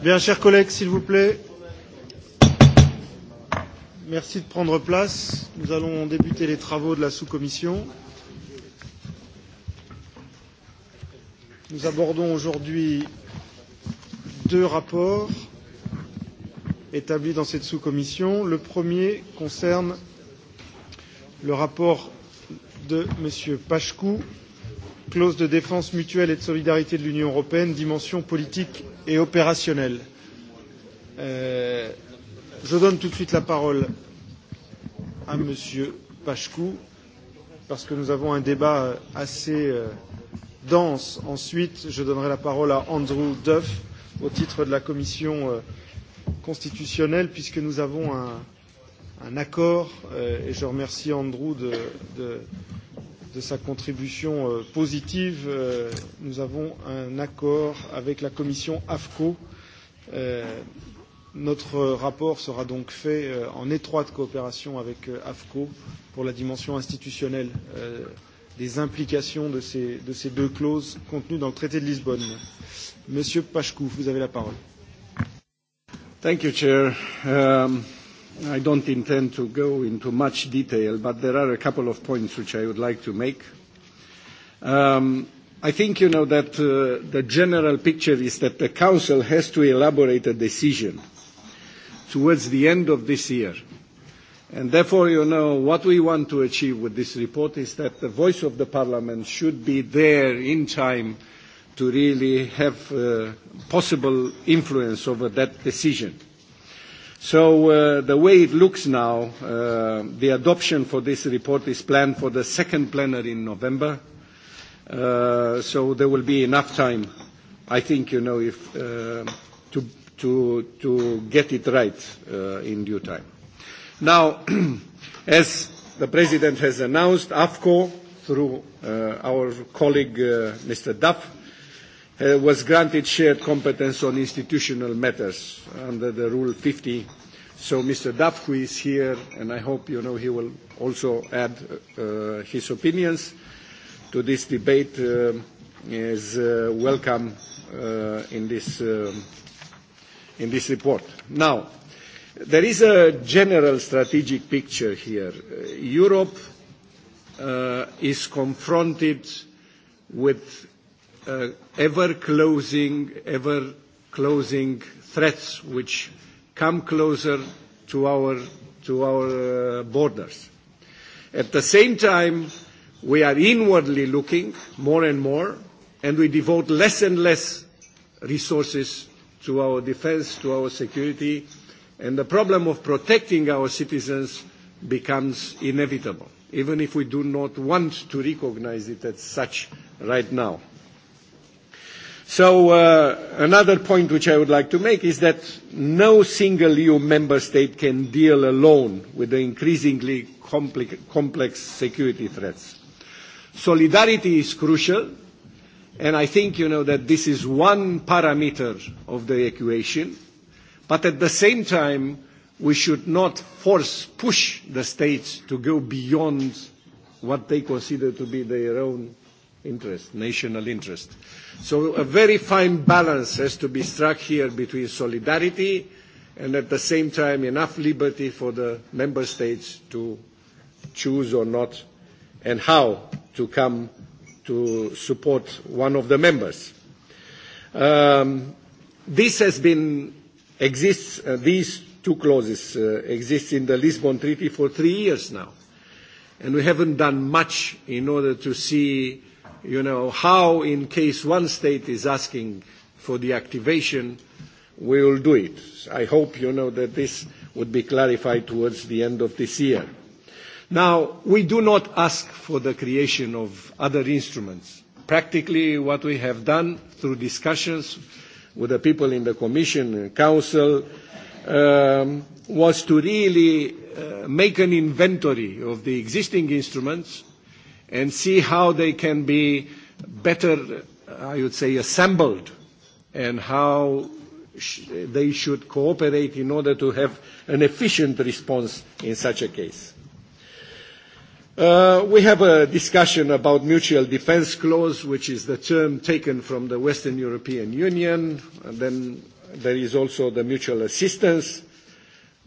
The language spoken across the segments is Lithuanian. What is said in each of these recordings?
Bien, chers collègues, s'il vous plaît. Merci de prendre place. Nous allons débuter les travaux de la sous-commission. Nous abordons aujourd'hui deux rapports établis dans cette sous-commission. Le premier concerne le rapport de M. Pachkou, clause de défense mutuelle et de solidarité de l'Union européenne, dimension politique et opérationnelle. Euh, je donne tout de suite la parole à Monsieur Pachkou, parce que nous avons un débat assez euh, dense. Ensuite, je donnerai la parole à Andrew Duff au titre de la Commission euh, constitutionnelle, puisque nous avons un, un accord, euh, et je remercie Andrew de, de, de sa contribution euh, positive, euh, nous avons un accord avec la commission AFCO. Euh, notre rapport sera donc fait euh, en étroite coopération avec euh, AFCO pour la dimension institutionnelle euh, des implications de ces, de ces deux clauses contenues dans le traité de Lisbonne. Monsieur Pachkou, vous avez la parole. Thank you, Chair. Um, I don't intend to go into much detail, but there are a couple of points which I would like to make. Um, I think you know that uh, the general picture is that the Council has to elaborate a decision towards the end of this year. And therefore, you know, what we want to achieve with this report is that the voice of the Parliament should be there in time to really have uh, possible influence over that decision. So uh, the way it looks now, uh, the adoption for this report is planned for the second plenary in November. Uh, so there will be enough time, I think, you know, if, uh, to, to, to get it right uh, in due time. Now, as the President has announced, AFCO, through uh, our colleague uh, Mr. Duff, uh, was granted shared competence on institutional matters under the Rule 50. So Mr. Duff, who is here, and I hope you know he will also add uh, uh, his opinions to this debate, uh, is uh, welcome uh, in, this, uh, in this report. Now, there is a general strategic picture here. Uh, Europe uh, is confronted with uh, ever closing, ever closing threats which come closer to our, to our uh, borders. At the same time, we are inwardly looking more and more, and we devote less and less resources to our defense, to our security, and the problem of protecting our citizens becomes inevitable, even if we do not want to recognize it as such right now. So uh, another point which I would like to make is that no single EU member state can deal alone with the increasingly compli- complex security threats. Solidarity is crucial, and I think you know that this is one parameter of the equation. But at the same time, we should not force, push the states to go beyond what they consider to be their own interest, national interest. So a very fine balance has to be struck here between solidarity and at the same time enough liberty for the member states to choose or not and how to come to support one of the members. Um, this has been exists uh, these two clauses uh, exist in the Lisbon Treaty for three years now and we haven't done much in order to see uh, you know, how in case one state is asking for the activation, we will do it. I hope, you know, that this would be clarified towards the end of this year. Now, we do not ask for the creation of other instruments. Practically, what we have done through discussions with the people in the Commission and Council um, was to really uh, make an inventory of the existing instruments and see how they can be better, I would say, assembled and how sh- they should cooperate in order to have an efficient response in such a case. Uh, we have a discussion about mutual defense clause, which is the term taken from the Western European Union. And then there is also the mutual assistance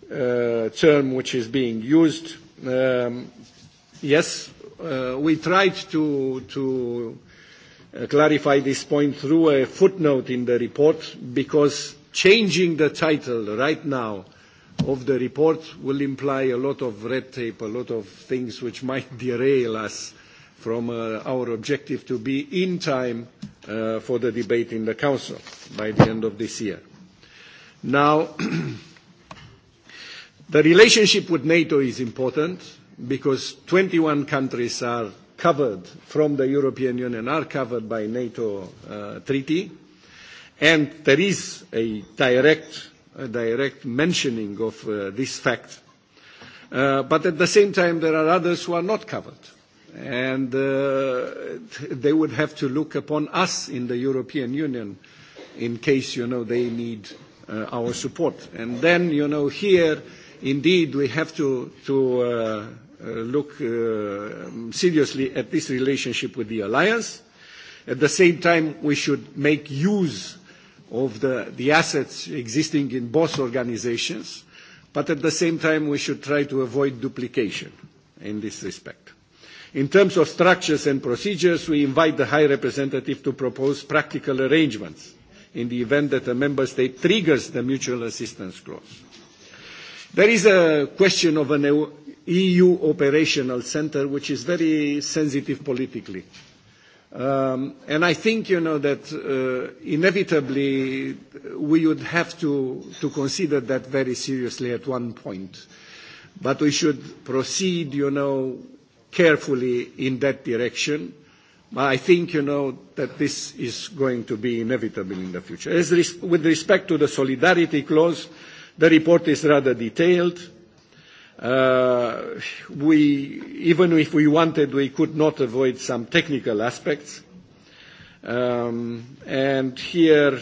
uh, term, which is being used. Um, yes, uh, we tried to, to uh, clarify this point through a footnote in the report because changing the title right now of the report will imply a lot of red tape, a lot of things which might derail us from uh, our objective to be in time uh, for the debate in the Council by the end of this year. Now, the relationship with NATO is important because 21 countries are covered from the European Union, are covered by NATO uh, treaty, and there is a direct, a direct mentioning of uh, this fact. Uh, but at the same time, there are others who are not covered. And uh, they would have to look upon us in the European Union in case, you know, they need uh, our support. And then, you know, here indeed we have to, to uh, uh, look uh, seriously at this relationship with the alliance. At the same time, we should make use of the, the assets existing in both organizations, but at the same time, we should try to avoid duplication in this respect. In terms of structures and procedures, we invite the High Representative to propose practical arrangements in the event that a member state triggers the mutual assistance clause. There is a question of an EU e operational center, which is very sensitive politically. Um, and I think, you know, that uh, inevitably we would have to, to consider that very seriously at one point. But we should proceed, you know, carefully in that direction. I think, you know, that this is going to be inevitable in the future. As res- with respect to the solidarity clause, uh, The report is rather detailed. Uh, we, even if we wanted, we could not avoid some technical aspects. Um, and here,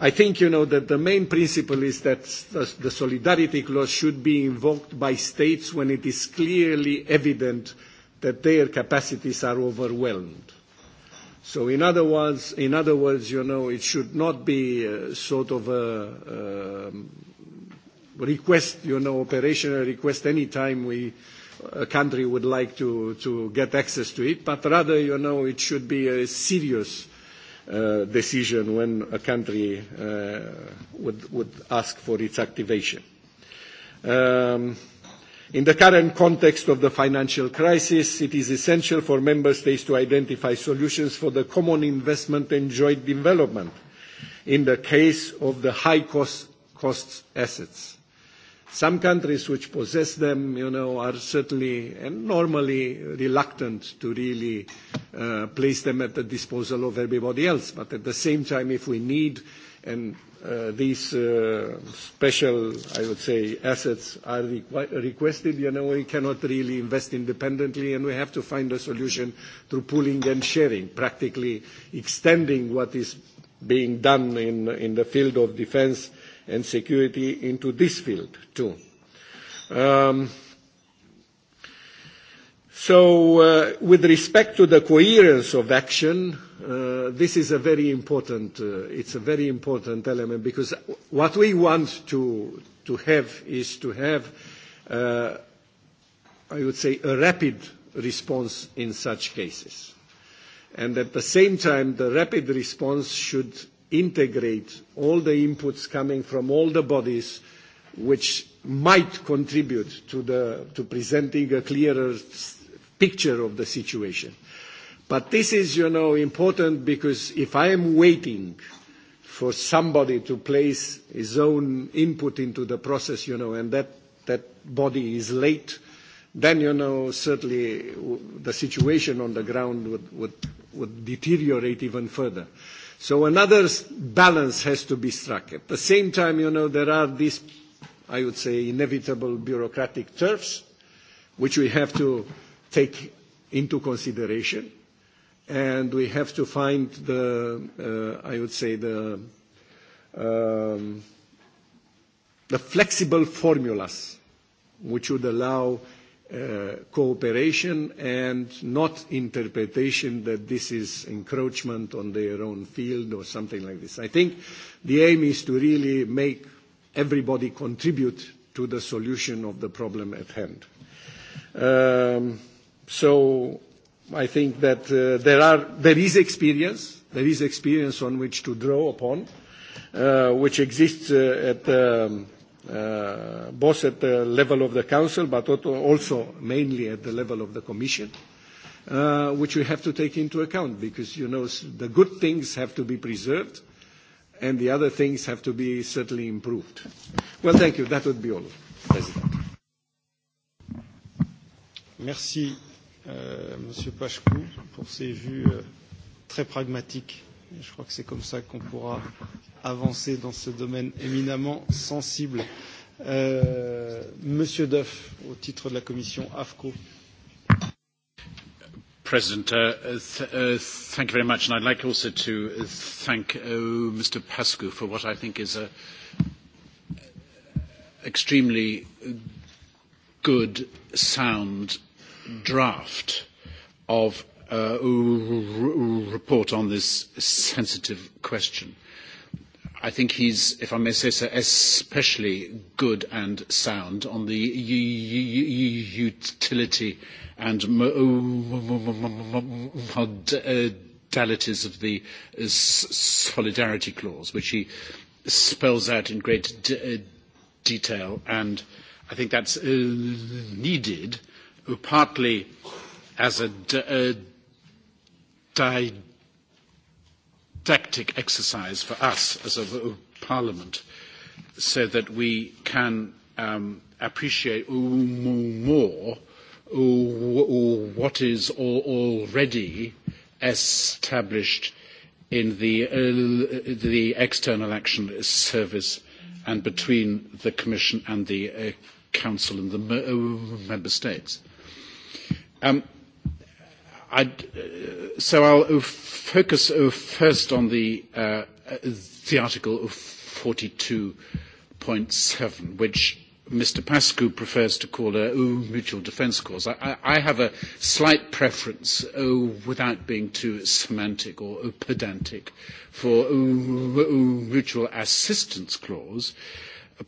I think you know that the main principle is that the solidarity clause should be invoked by states when it is clearly evident that their capacities are overwhelmed. So in other words, in other words, you know, it should not be uh, sort of a um, request, you know, operational request any time we a country would like to, to get access to it, but rather, you know, it should be a serious uh, decision when a country uh, would, would ask for its activation. Um, In the current context of the financial crisis, it is essential for member states to identify solutions for the common investment and joint development in the case of the high cost, cost assets. Some countries which possess them, you know, are certainly and normally reluctant to really uh, place them at the disposal of everybody else. But at the same time, if we need and uh, these uh, special, I would say, assets are requ- requested, you know, we cannot really invest independently and we have to find a solution through pooling and sharing, practically extending what is being done in, in the field of defense and security into this field too. Um, so uh, with respect to the coherence of action, uh, uh, this is a very important, uh, it's a very important element because what we want to, to have is to have, uh, I would say, a rapid response in such cases. And at the same time, the rapid response should integrate all the inputs coming from all the bodies which might contribute to, the, to presenting a clearer picture of the situation. But this is, you know, important because if I am waiting for somebody to place his own input into the process, you know, and that, that body is late, then, you know, certainly the situation on the ground would, would, would deteriorate even further. So another balance has to be struck. At the same time, you know, there are these, I would say, inevitable bureaucratic turfs, which we have to take into consideration and we have to find the, uh, I would say, the, um, the flexible formulas which would allow uh, cooperation and not interpretation that this is encroachment on their own field or something like this. I think the aim is to really make everybody contribute to the solution of the problem at hand. Um, so I think that uh, there, are, there is experience. There is experience on which to draw upon, uh, which exists uh, at um, uh, both at the level of the Council, but also mainly at the level of the Commission, uh, which we have to take into account because, you know, the good things have to be preserved and the other things have to be certainly improved. Well, thank you. That would be all, President. Merci euh, M. Pachkou pour ses vues euh, très pragmatiques. Et je crois que c'est comme ça qu'on pourra avancer dans ce domaine éminemment sensible. Euh, Monsieur Duff, au titre de la commission AFCO. President, uh, th uh, thank you very much, and I'd like also to uh, thank uh, Mr. Pascu for what I think is a extremely good, sound draft of a uh, report on this sensitive question. I think he's, if I may say so, especially good and sound on the utility and modalities of the solidarity clause, which he spells out in great uh, detail. And I think that's uh, needed partly as a di- uh, didactic exercise for us as a uh, parliament, so that we can um, appreciate more uh, uh, what is already established in the, uh, the External Action Service and between the Commission and the uh, Council and the member states. Uh, Um, I'd, uh, so I'll uh, focus uh, first on the, uh, uh the Article 42.7, which Mr. Pascu prefers to call a uh, mutual defence clause. I, I have a slight preference, oh, without being too semantic or oh, pedantic, for oh, oh, mutual assistance clause,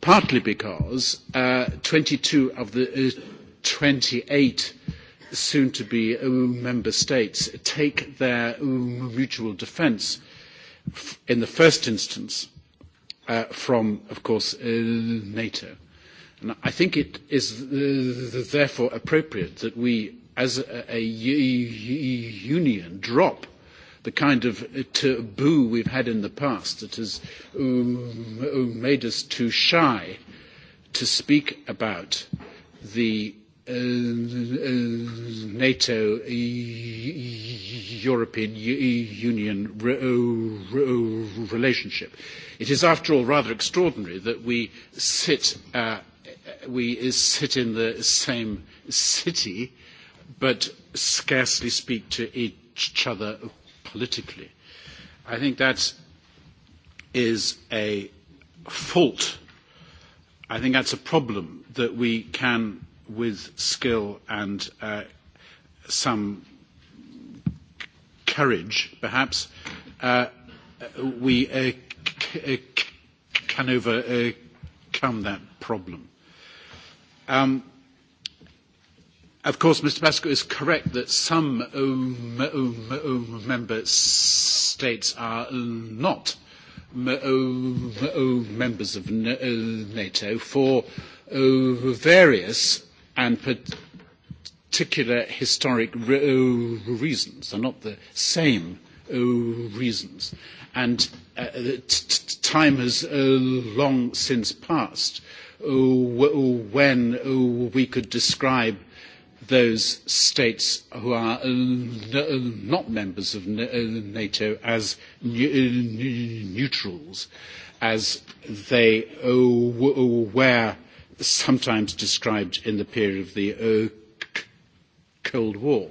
partly because uh, 22 of the uh, 28 soon to be uh, member states take their uh, mutual defence in the first instance uh, from, of course, uh, NATO. And I think it is uh, therefore appropriate that we, as a, a union, drop the kind of uh, taboo we've had in the past that has um, made us too shy to speak about the Uh, uh, NATO, e, European e, Union uh, uh, relationship. It is, after all, rather extraordinary that we sit, uh, we sit in the same city but scarcely speak to each other politically. I think that is a fault. I think that's a problem that we can with skill and uh, some courage, perhaps, uh, we uh, c- uh, c- can overcome that problem. Um, of course, Mr. Pascoe is correct that some um, um, um, member states are not um, um, members of uh, NATO for uh, various and particular historic re- oh, reasons. They're not the same oh, reasons. And uh, uh, t- t- time has uh, long since passed oh, w- when we could describe those states who are uh, uh, not members of NATO as neutrals, as they were sometimes described in the period of the uh, Cold War.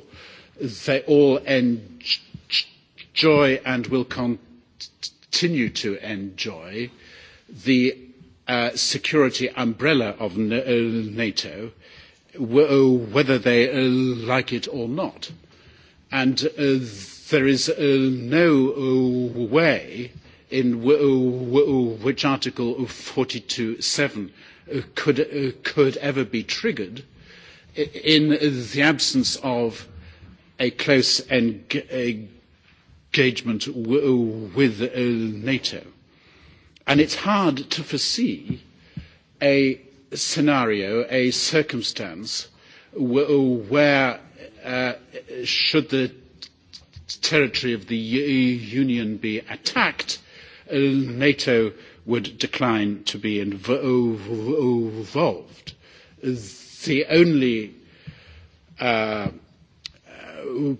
They all enjoy and will continue to enjoy the uh, security umbrella of uh, NATO, whether they uh, like it or not. And uh, there is uh, no uh, way in w- w- which Article 42.7 Uh, could, uh, could ever be triggered in the absence of a close eng- engagement w- with uh, NATO. And it's hard to foresee a scenario, a circumstance w- where, uh, should the territory of the Union be attacked, uh, NATO would decline to be involved. The only uh, uh,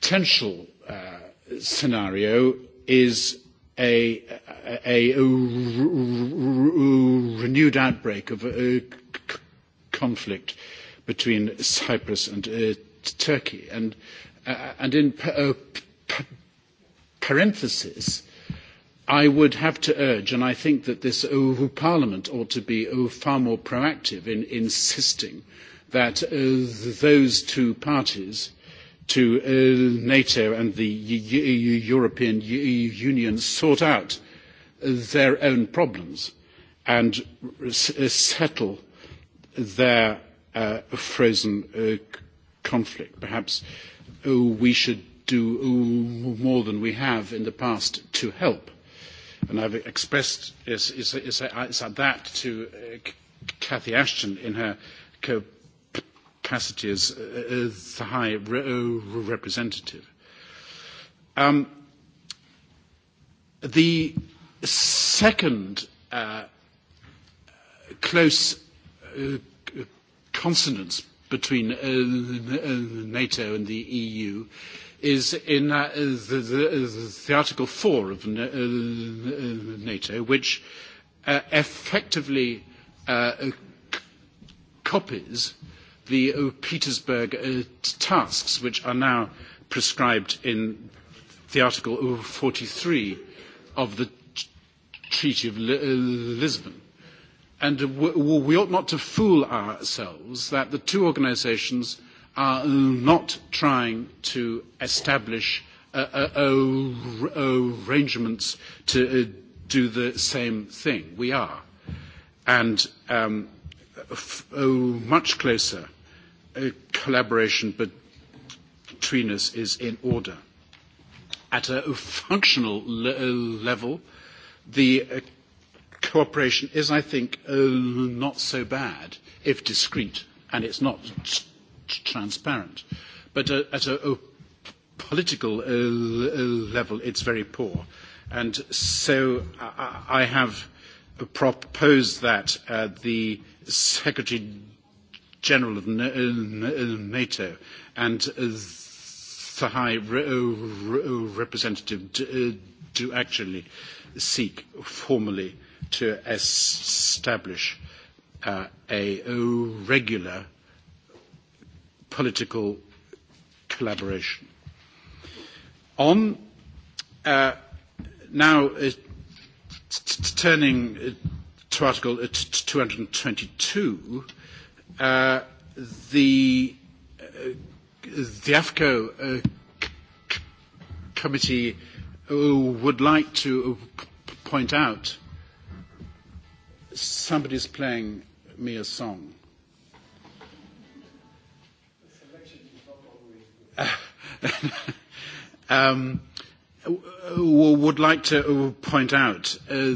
potential uh, scenario is a, a, a renewed outbreak of a uh, conflict between Cyprus and uh, Turkey. And, uh, and in pa- uh, pa- parentheses, I would have to urge, and I think that this uh, Parliament ought to be uh, far more proactive in insisting that uh, those two parties to uh, NATO and the U- U- European U- Union sort out uh, their own problems and s- uh, settle their uh, frozen uh, conflict. Perhaps uh, we should do oh, more than we have in the past to help and I've expressed is, is, is, is that to uh, Cathy Ashton in her capacity uh, as uh, the High re- uh, Representative. Um, the second uh, close uh, consonance between uh, uh NATO and the EU uh, is in uh, the, the, the Article 4 of uh, NATO, which uh, effectively uh, c- copies the uh, Petersburg uh, tasks, which are now prescribed in the Article 43 of the Treaty of Li- uh, Lisbon. And uh, w- we ought not to fool ourselves that the two organizations – are not trying to establish uh, uh, arrangements to uh, do the same thing. We are. And um, f- oh, much closer uh, collaboration between us is in order. At a functional le- uh, level, the uh, cooperation is, I think, uh, not so bad if discreet, and it's not t- transparent. But uh, at a, a political uh, uh level, it's very poor. And so I, I have proposed that uh, the Secretary General of uh, uh, NATO and the High Representative do actually seek formally to establish uh, a regular political collaboration. On uh, now uh, turning uh, to Article 222, uh, uh, the uh, the AFCO committee would like to point out somebody's playing me a song. um, would like to uh, point out uh,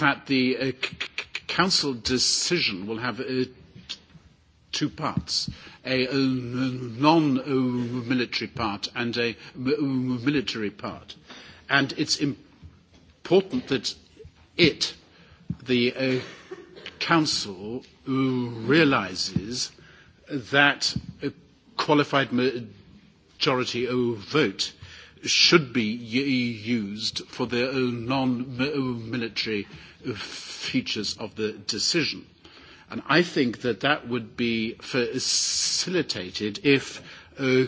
that the uh, c- council decision will have uh, two parts a, a uh, non military part and a m- military part. And it's important that it, the uh, Council, uh, realizes that qualified ma- majority vote should be used for the non-military features of the decision. And I think that that would be facilitated if uh,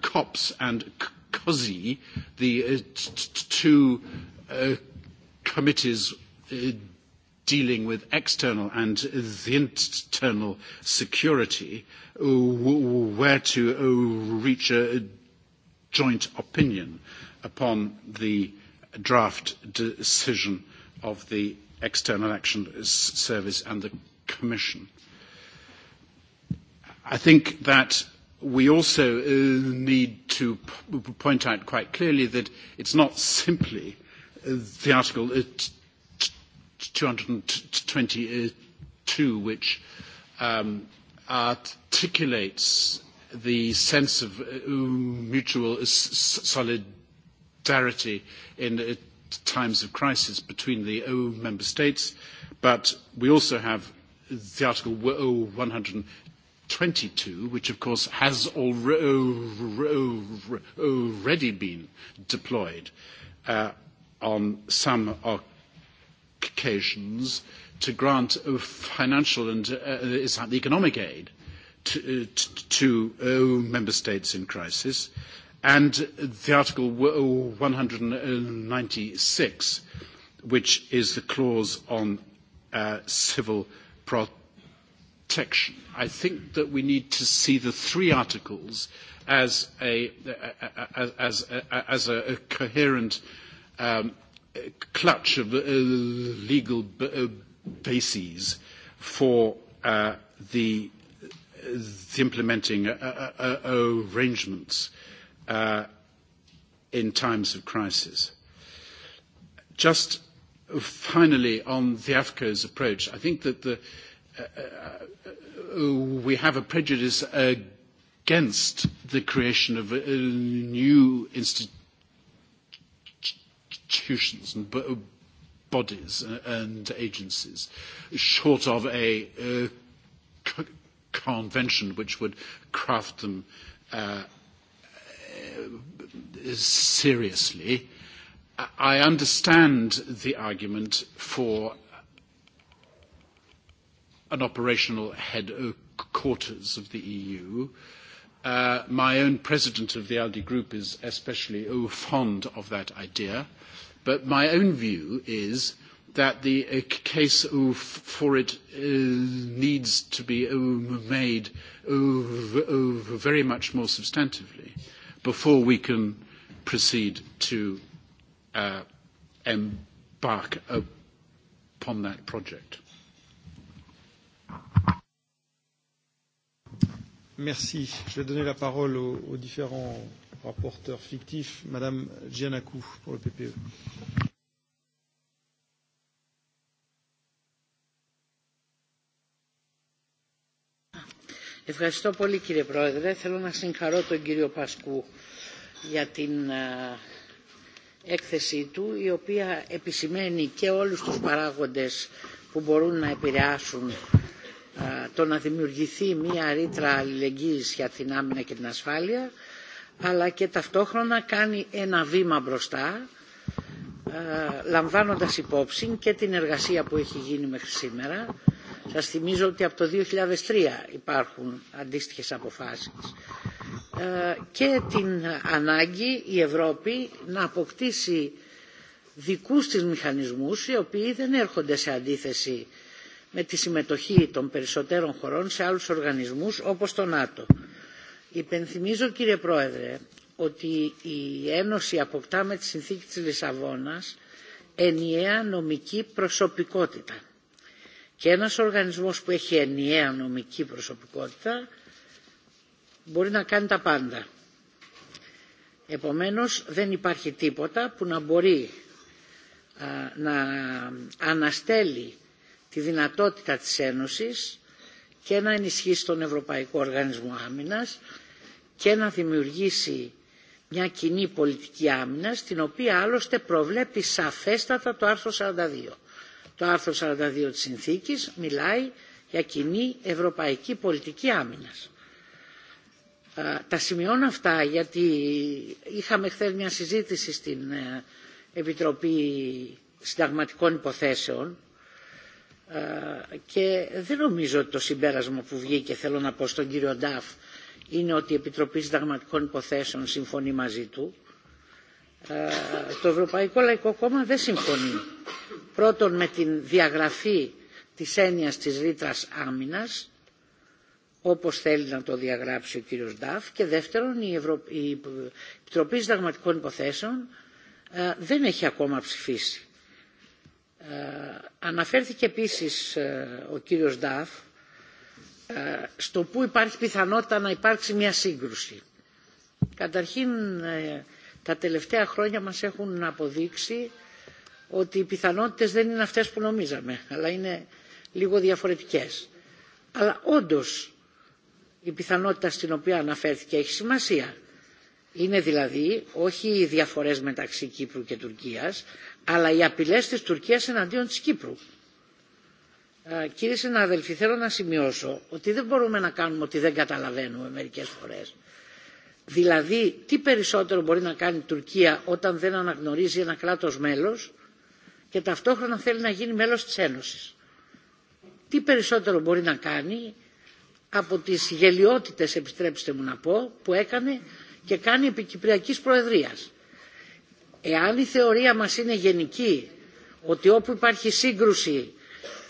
COPS and COSI, the uh, two uh, committees uh, dealing with external and the internal security, uh, where to uh, reach a joint opinion upon the draft decision of the External Action Service and the Commission. I think that we also uh, need to point out quite clearly that it's not simply the Article 222, which um, articulates the sense of uh, mutual s- solidarity in uh, times of crisis between the EU member states, but we also have the Article 122, which of course has already been deployed uh, on some applications to grant financial and uh, economic aid to, uh, to uh, member states in crisis, and the Article 196, which is the clause on uh, civil protection. I think that we need to see the three articles as a, as, as, as a coherent um, clutch of uh, legal b- uh, bases for uh, the, the implementing uh, uh, uh, arrangements uh, in times of crisis. Just finally, on the AFCO's approach, I think that the, uh, uh, uh we have a prejudice against the creation of a, a new institution institutions and b- bodies uh, and agencies, short of a uh, c- convention which would craft them uh, uh seriously. I understand the argument for an operational headquarters uh, of the EU. Uh, my own president of the ALDE group is especially oh, fond of that idea. Uh, But my own view is that the uh, case uh, for it uh, needs to be uh, made uh, uh, very much more substantively before we can proceed to uh, embark upon that project. Merci. Je vais donner la parole aux, aux différents rapporteur fictif, Madame Giannakou, pour le PPE. Ευχαριστώ πολύ κύριε Πρόεδρε. Θέλω να συγχαρώ τον κύριο Πασκού για την έκθεσή του η οποία επισημαίνει και όλους τους παράγοντες που μπορούν να επηρεάσουν το να δημιουργηθεί μια ρήτρα αλληλεγγύης για την άμυνα και την ασφάλεια αλλά και ταυτόχρονα κάνει ένα βήμα μπροστά λαμβάνοντας υπόψη και την εργασία που έχει γίνει μέχρι σήμερα. Σας θυμίζω ότι από το 2003 υπάρχουν αντίστοιχες αποφάσεις και την ανάγκη η Ευρώπη να αποκτήσει δικούς της μηχανισμούς οι οποίοι δεν έρχονται σε αντίθεση με τη συμμετοχή των περισσότερων χωρών σε άλλους οργανισμούς όπως το ΝΑΤΟ. Υπενθυμίζω κύριε Πρόεδρε ότι η Ένωση αποκτά με τη συνθήκη της Λισαβόνας ενιαία νομική προσωπικότητα. Και ένας οργανισμός που έχει ενιαία νομική προσωπικότητα μπορεί να κάνει τα πάντα. Επομένως δεν υπάρχει τίποτα που να μπορεί α, να αναστέλει τη δυνατότητα της Ένωσης και να ενισχύσει τον Ευρωπαϊκό Οργανισμό Άμυνας και να δημιουργήσει μια κοινή πολιτική άμυνας, την οποία άλλωστε προβλέπει σαφέστατα το άρθρο 42. Το άρθρο 42 της συνθήκης μιλάει για κοινή ευρωπαϊκή πολιτική άμυνας. Τα σημειώνω αυτά γιατί είχαμε χθε μια συζήτηση στην Επιτροπή Συνταγματικών Υποθέσεων και δεν νομίζω ότι το συμπέρασμα που βγήκε, θέλω να πω στον κύριο Νταφ, είναι ότι η Επιτροπή Συνταγματικών Υποθέσεων συμφωνεί μαζί του. Ε, το Ευρωπαϊκό Λαϊκό Κόμμα δεν συμφωνεί. Πρώτον με την διαγραφή της έννοιας της ρήτρας άμυνας, όπως θέλει να το διαγράψει ο κύριος Νταφ και δεύτερον η, Ευρω... η Επιτροπή Συνταγματικών Υποθέσεων ε, δεν έχει ακόμα ψηφίσει. Ε, αναφέρθηκε επίσης ε, ο κύριος Νταφ στο πού υπάρχει πιθανότητα να υπάρξει μια σύγκρουση. Καταρχήν τα τελευταία χρόνια μας έχουν αποδείξει ότι οι πιθανότητες δεν είναι αυτές που νομίζαμε, αλλά είναι λίγο διαφορετικές. Αλλά όντως η πιθανότητα στην οποία αναφέρθηκε έχει σημασία. Είναι δηλαδή όχι οι διαφορές μεταξύ Κύπρου και Τουρκίας, αλλά οι απειλές της Τουρκίας εναντίον της Κύπρου. Κύριοι συνάδελφοι, θέλω να σημειώσω ότι δεν μπορούμε να κάνουμε ότι δεν καταλαβαίνουμε μερικές φορές. Δηλαδή, τι περισσότερο μπορεί να κάνει η Τουρκία όταν δεν αναγνωρίζει ένα κράτος μέλος και ταυτόχρονα θέλει να γίνει μέλος της Ένωσης. Τι περισσότερο μπορεί να κάνει από τις γελιότητες, επιστρέψτε μου να πω, που έκανε και κάνει επί Κυπριακής Προεδρίας. Εάν η θεωρία μας είναι γενική, ότι όπου υπάρχει σύγκρουση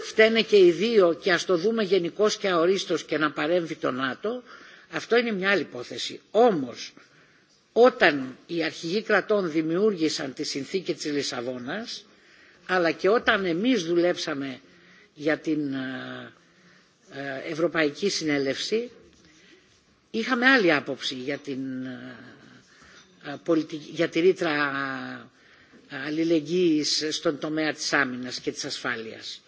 φταίνε και οι δύο και ας το δούμε γενικώ και αορίστος και να παρέμβει το ΝΑΤΟ, αυτό είναι μια άλλη υπόθεση. Όμως, όταν οι αρχηγοί κρατών δημιούργησαν τη συνθήκη της Λισαβόνας, αλλά και όταν εμείς δουλέψαμε για την Ευρωπαϊκή Συνέλευση, είχαμε άλλη άποψη για, την, για τη ρήτρα αλληλεγγύης στον τομέα της άμυνας και της ασφάλειας.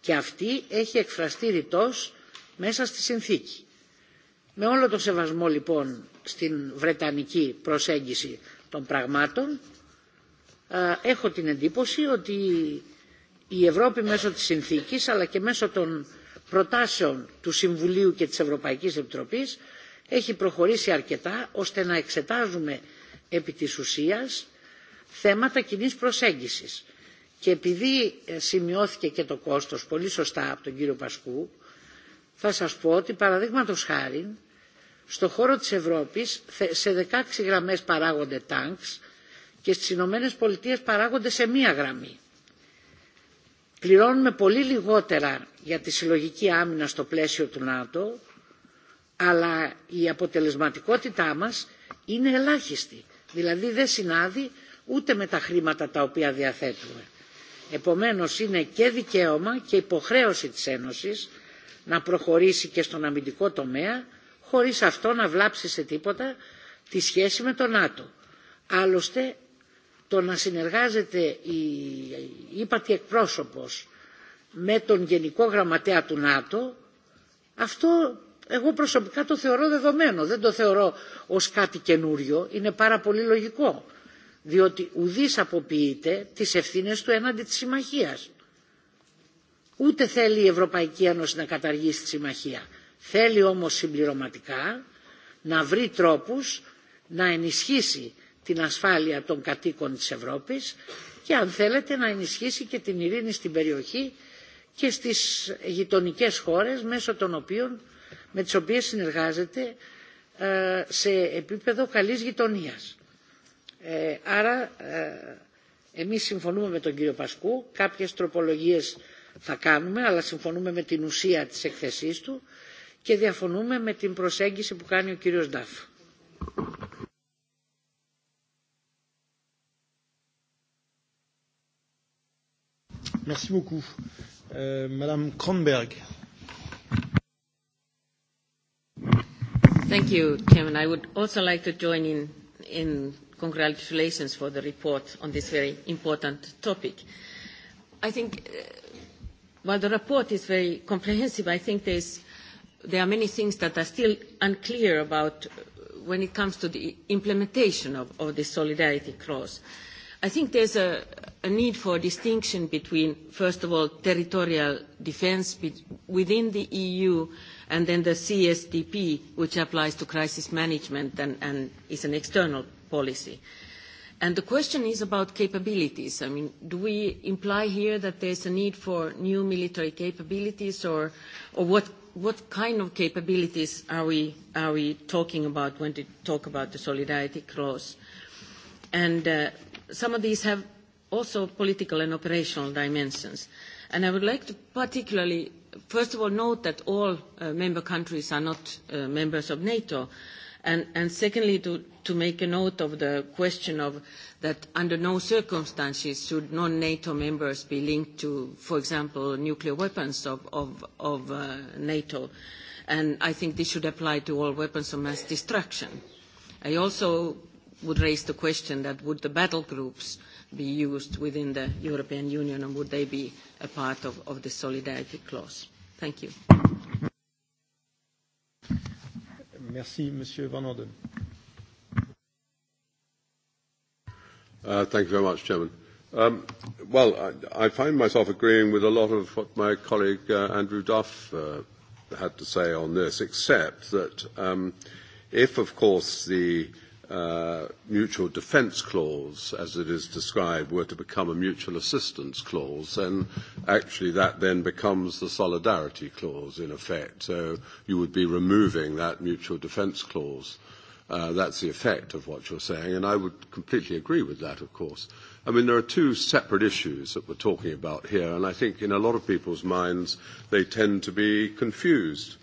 Και αυτή έχει εκφραστεί ρητός μέσα στη συνθήκη. Με όλο το σεβασμό λοιπόν στην βρετανική προσέγγιση των πραγμάτων, έχω την εντύπωση ότι η Ευρώπη μέσω της συνθήκης αλλά και μέσω των προτάσεων του Συμβουλίου και της Ευρωπαϊκής Επιτροπής έχει προχωρήσει αρκετά ώστε να εξετάζουμε επί της ουσίας θέματα κοινής προσέγγισης Και επειδή σημειώθηκε και το κόστος πολύ σωστά από τον κύριο Πασκού, θα σας πω ότι παραδείγματο χάρη στο χώρο της Ευρώπης σε 16 γραμμές παράγονται τάγκς και στις Ηνωμένε Πολιτείε παράγονται σε μία γραμμή. Πληρώνουμε πολύ λιγότερα για τη συλλογική άμυνα στο πλαίσιο του ΝΑΤΟ, αλλά η αποτελεσματικότητά μας είναι ελάχιστη. Δηλαδή δεν συνάδει ούτε με τα χρήματα τα οποία διαθέτουμε. Επομένως είναι και δικαίωμα και υποχρέωση της Ένωσης να προχωρήσει και στον αμυντικό τομέα χωρίς αυτό να βλάψει σε τίποτα τη σχέση με τον ΝΑΤΟ. Άλλωστε το να συνεργάζεται η ύπατη εκπρόσωπος με τον Γενικό Γραμματέα του ΝΑΤΟ αυτό εγώ προσωπικά το θεωρώ δεδομένο, δεν το θεωρώ ως κάτι καινούριο, είναι πάρα πολύ λογικό διότι ουδής αποποιείται τις ευθύνες του έναντι της συμμαχίας. Ούτε θέλει η Ευρωπαϊκή Ένωση να καταργήσει τη συμμαχία. Θέλει όμως συμπληρωματικά να βρει τρόπους να ενισχύσει την ασφάλεια των κατοίκων της Ευρώπης και αν θέλετε να ενισχύσει και την ειρήνη στην περιοχή και στις γειτονικές χώρες μέσω των οποίων, με τις οποίες συνεργάζεται σε επίπεδο καλής γειτονίας. Ε, άρα ε, εμείς συμφωνούμε με τον κύριο Πασκού, κάποιες τροπολογίες θα κάνουμε, αλλά συμφωνούμε με την ουσία της εκθεσής του και διαφωνούμε με την προσέγγιση που κάνει ο κύριος Νταφ. Merci beaucoup. Euh, Madame Kronberg. Thank you, Chairman. I would also like to join in, in congratulations for the report on this very important topic. I think uh, while the report is very comprehensive, I think there's, there are many things that are still unclear about uh, when it comes to the implementation of, of the solidarity clause. I think there's a, a need for a distinction between, first of all, territorial defense be, within the EU and then the CSDP, which applies to crisis management and, and is an external policy. And the question is about capabilities. I mean, do we imply here that there's a need for new military capabilities, or, or what, what kind of capabilities are we, are we talking about when we talk about the solidarity clause? And uh, some of these have also political and operational dimensions. And I would like to particularly, first of all, note that all uh, member countries are not uh, members of NATO, And, and secondly, to, to make a note of the question of that under no circumstances should non-NATO members be linked to, for example, nuclear weapons of, of, of uh, NATO. And I think this should apply to all weapons of mass destruction. I also would raise the question that would the battle groups be used within the European Union, and would they be a part of, of the solidarity clause? Thank you. Merci, Monsieur Van Orden. Uh, thank you very much, Chairman. Um, well, I, I find myself agreeing with a lot of what my colleague uh, Andrew Duff uh, had to say on this, except that um, if, of course, the uh, uh, mutual defence clause, as it is described, were to become a mutual assistance clause, then actually that then becomes the solidarity clause in effect. So you would be removing that mutual defence clause. Uh, that's the effect of what you're saying, and I would completely agree with that, of course. I mean, there are two separate issues that we're talking about here, and I think in a lot of people's minds they tend to be confused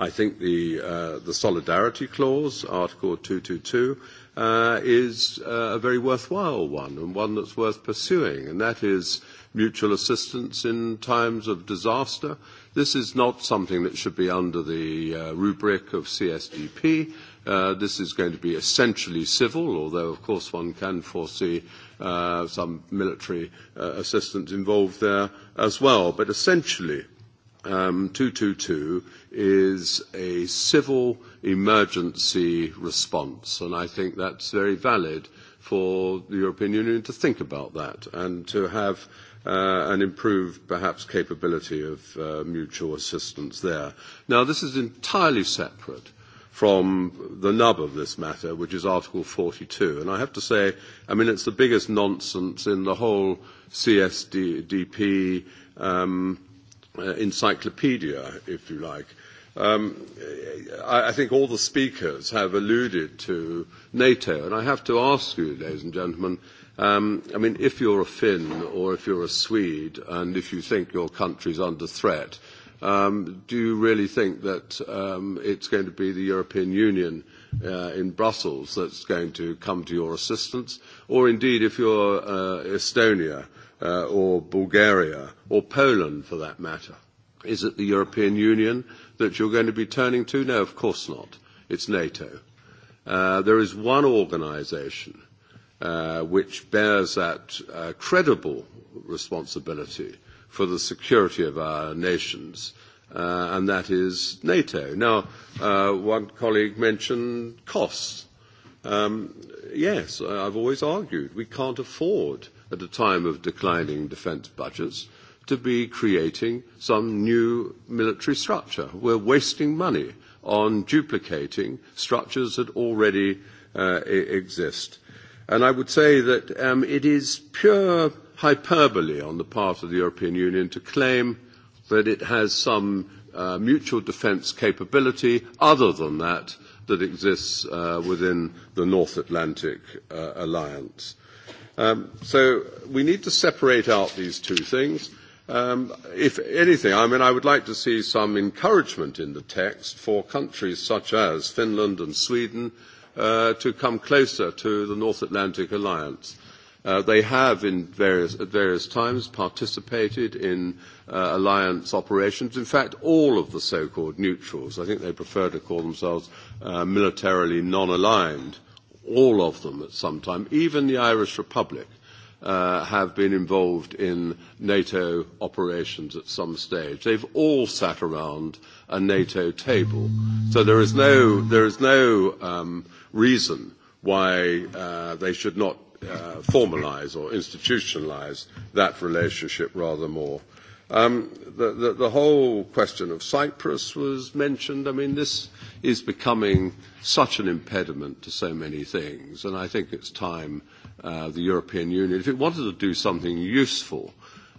I think the, uh, the solidarity clause, Article 222, uh, is uh, a very worthwhile one and one that's worth pursuing, and that is mutual assistance in times of disaster. This is not something that should be under the uh, rubric of CSDP. Uh, this is going to be essentially civil, although, of course, one can foresee uh, some military uh, assistance involved there as well. But essentially, um, 222 is a civil emergency response, and I think that's very valid for the European Union to think about that and to have uh, an improved, perhaps, capability of uh, mutual assistance there. Now, this is entirely separate from the nub of this matter, which is Article 42. And I have to say, I mean, it's the biggest nonsense in the whole CSDP um, uh, encyclopedia, if you like. Um, I, I think all the speakers have alluded to NATO, and I have to ask you, ladies and gentlemen, um, I mean, if you're a Finn or if you're a Swede, and if you think your country's under threat, um, do you really think that um, it's going to be the European Union uh, in Brussels that's going to come to your assistance? Or indeed, if you're uh, Estonia, uh, or Bulgaria or Poland for that matter. Is it the European Union that you're going to be turning to? No, of course not. It's NATO. Uh, there is one organization uh, which bears that uh, credible responsibility for the security of our nations, uh, and that is NATO. Now, uh, one colleague mentioned costs. Um, yes, I've always argued we can't afford at a time of declining defence budgets to be creating some new military structure. We're wasting money on duplicating structures that already uh, e-, exist. And I would say that um, it is pure hyperbole on the part of the European Union to claim that it has some uh, mutual defence capability other than that that exists uh, within the North Atlantic uh, Alliance. Uh, Um, so we need to separate out these two things. Um, if anything, I mean, I would like to see some encouragement in the text for countries such as Finland and Sweden uh, to come closer to the North Atlantic Alliance. Uh, they have, in various, at various times, participated in uh, alliance operations. In fact, all of the so-called neutrals, I think they prefer to call themselves uh, militarily non-aligned, all of them at some time. Even the Irish Republic uh, have been involved in NATO operations at some stage. They've all sat around a NATO table. So there is no, there is no um, reason why uh, they should not uh, formalize or institutionalize that relationship rather more Um, the, the, the whole question of Cyprus was mentioned. I mean, this is becoming such an impediment to so many things, and I think it's time uh, the European Union, if it wanted to do something useful,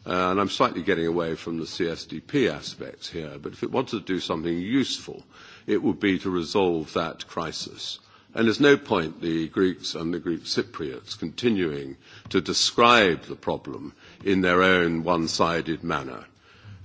uh, and I'm slightly getting away from the CSDP aspects here, but if it wanted to do something useful, it would be to resolve that crisis. And there's no point the Greeks and the Greek Cypriots continuing to describe the problem in their own one-sided manner.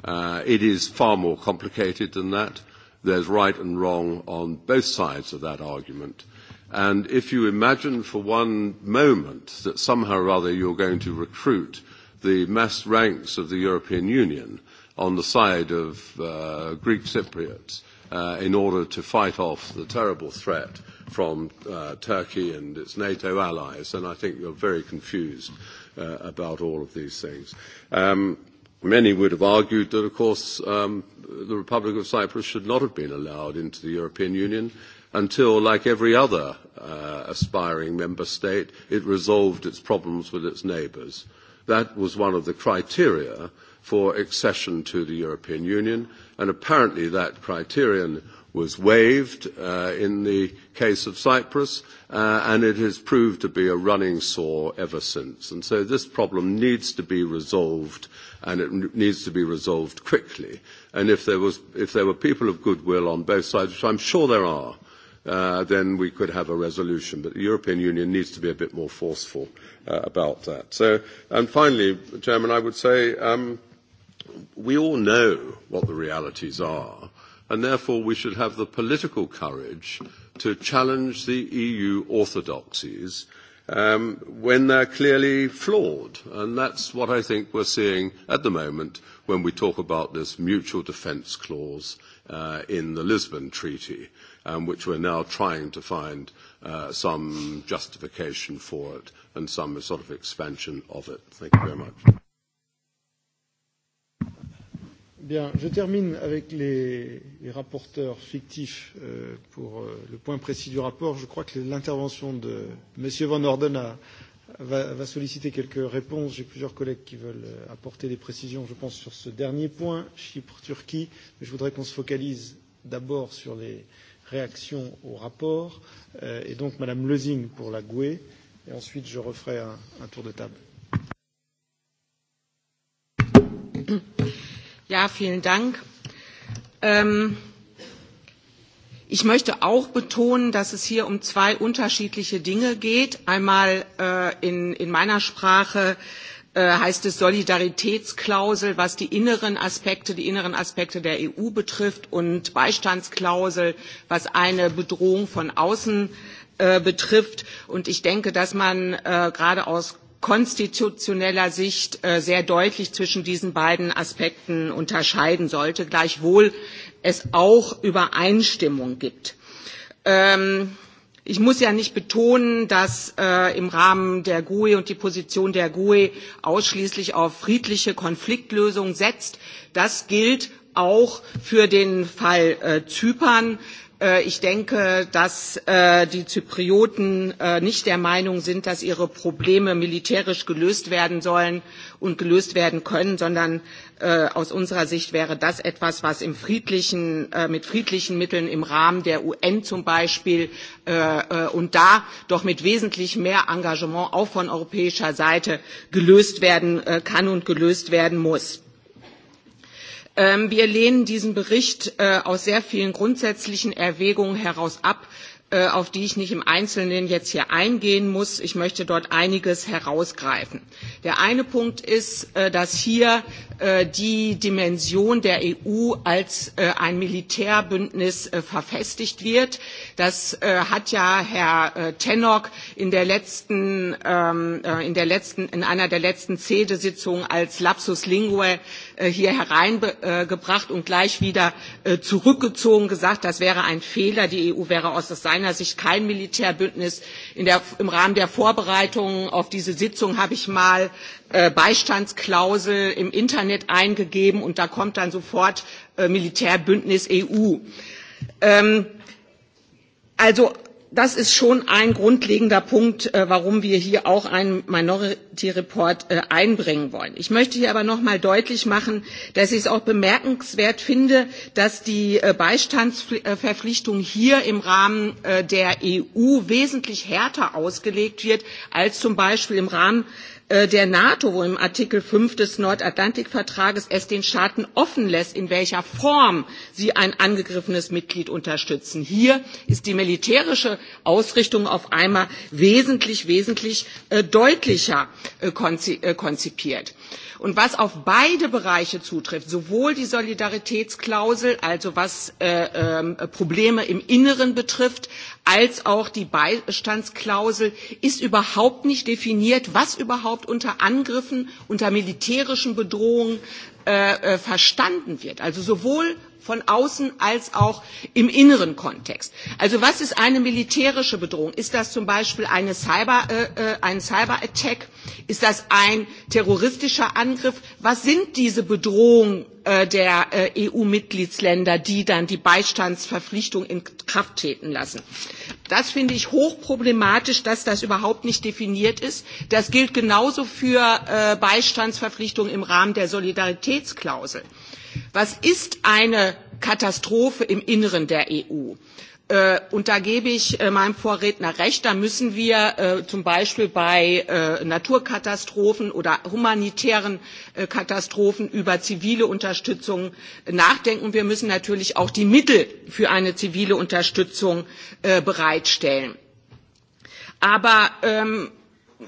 Uh, it is far more complicated than that. There's right and wrong on both sides of that argument. And if you imagine for one moment that somehow or other you're going to recruit the mass ranks of the European Union on the side of uh, Greek Cypriots uh, in order to fight off the terrible threat from uh, Turkey and its NATO allies, then I think you're very confused uh, about all of these things. Um, Many would have argued that, of course, um, the Republic of Cyprus should not have been allowed into the European Union until, like every other uh, aspiring member state, it resolved its problems with its neighbours. That was one of the criteria for accession to the European Union, and apparently that criterion was waived uh, in the case of Cyprus, uh, and it has proved to be a running sore ever since. And so this problem needs to be resolved, and it needs to be resolved quickly. And if there, was, if there were people of goodwill on both sides, which I'm sure there are, uh, then we could have a resolution. But the European Union needs to be a bit more forceful uh, about that. So, and finally, Chairman, I would say um, we all know what the realities are and therefore we should have the political courage to challenge the EU orthodoxies um, when they're clearly flawed. And that's what I think we're seeing at the moment when we talk about this mutual defence clause uh, in the Lisbon Treaty, um, which we're now trying to find uh, some justification for it and some sort of expansion of it. Thank you very much. Bien, je termine avec les, les rapporteurs fictifs euh, pour euh, le point précis du rapport. Je crois que l'intervention de M. Van Orden a, va, va solliciter quelques réponses. J'ai plusieurs collègues qui veulent euh, apporter des précisions, je pense, sur ce dernier point, Chypre-Turquie. Mais je voudrais qu'on se focalise d'abord sur les réactions au rapport. Euh, et donc, Mme Lezing pour la GUE. Et ensuite, je referai un, un tour de table. Ja, vielen Dank. Ähm, ich möchte auch betonen, dass es hier um zwei unterschiedliche Dinge geht. Einmal äh, in, in meiner Sprache äh, heißt es Solidaritätsklausel, was die inneren Aspekte, die inneren Aspekte der EU betrifft und Beistandsklausel, was eine Bedrohung von außen äh, betrifft. Und ich denke, dass man äh, gerade aus konstitutioneller Sicht äh, sehr deutlich zwischen diesen beiden Aspekten unterscheiden sollte, gleichwohl es auch Übereinstimmung gibt. Ähm, ich muss ja nicht betonen, dass äh, im Rahmen der GUE und die Position der GUE ausschließlich auf friedliche Konfliktlösung setzt. Das gilt auch für den Fall äh, Zypern äh, ich denke, dass äh, die Zyprioten äh, nicht der Meinung sind, dass ihre Probleme militärisch gelöst werden sollen und gelöst werden können, sondern äh, aus unserer Sicht wäre das etwas, was im friedlichen, äh, mit friedlichen Mitteln im Rahmen der UN zum Beispiel äh, äh, und da doch mit wesentlich mehr Engagement auch von europäischer Seite gelöst werden äh, kann und gelöst werden muss. Ähm, wir lehnen diesen Bericht äh, aus sehr vielen grundsätzlichen Erwägungen heraus ab, äh, auf die ich nicht im Einzelnen jetzt hier eingehen muss. Ich möchte dort einiges herausgreifen. Der eine Punkt ist, äh, dass hier äh, die Dimension der EU als äh, ein Militärbündnis äh, verfestigt wird. Das äh, hat ja Herr äh, Tenok in der letzten, ähm, äh, in der letzten, in einer der letzten CEDE-Sitzungen als Lapsus Linguae Äh, hier hereingebracht und gleich wieder äh, zurückgezogen, gesagt, das wäre ein Fehler. Die EU wäre aus seiner Sicht kein Militärbündnis. In der, Im Rahmen der Vorbereitungen auf diese Sitzung habe ich mal äh, Beistandsklausel im Internet eingegeben und da kommt dann sofort Militärbündnis EU. Ähm, also das ist schon ein grundlegender Punkt, äh, warum wir hier auch einen Minority Report äh, einbringen wollen. Ich möchte hier aber noch mal deutlich machen, dass ich es auch bemerkenswert finde, dass die äh, Beistandsverpflichtung hier im Rahmen der EU wesentlich härter ausgelegt wird als zum Beispiel im Rahmen Äh, der NATO, wo im Artikel 5 des Nordatlantikvertrages es den Staaten offen lässt, in welcher Form sie ein angegriffenes Mitglied unterstützen. Hier ist die militärische Ausrichtung auf einmal wesentlich, wesentlich äh, deutlicher äh, konzipiert und was auf beide Bereiche zutrifft, sowohl die Solidaritätsklausel, also was äh, äh, Probleme im Inneren betrifft, als auch die Beistandsklausel, ist überhaupt nicht definiert, was überhaupt unter Angriffen, unter militärischen Bedrohungen äh, äh verstanden wird. Also sowohl von außen als auch im inneren Kontext. Also was ist eine militärische Bedrohung? Ist das zum Beispiel eine Cyber, äh, äh ein Cyber-Attack? Ist das ein terroristischer Angriff? Was sind diese Bedrohungen äh, der äh, EU-Mitgliedsländer, die dann die Beistandsverpflichtung in Kraft treten lassen? Das finde ich hochproblematisch, dass das überhaupt nicht definiert ist. Das gilt genauso für äh, Beistandsverpflichtungen im Rahmen der Solidaritätsklausel. Äh, Was ist eine Katastrophe im Inneren der EU? Äh, und da gebe ich äh, meinem Vorredner recht, da müssen wir äh, zum Beispiel bei Naturkatastrophen oder humanitären Katastrophen über zivile Unterstützung nachdenken. Und wir müssen natürlich auch die Mittel für eine zivile Unterstützung bereitstellen. Aber ähm,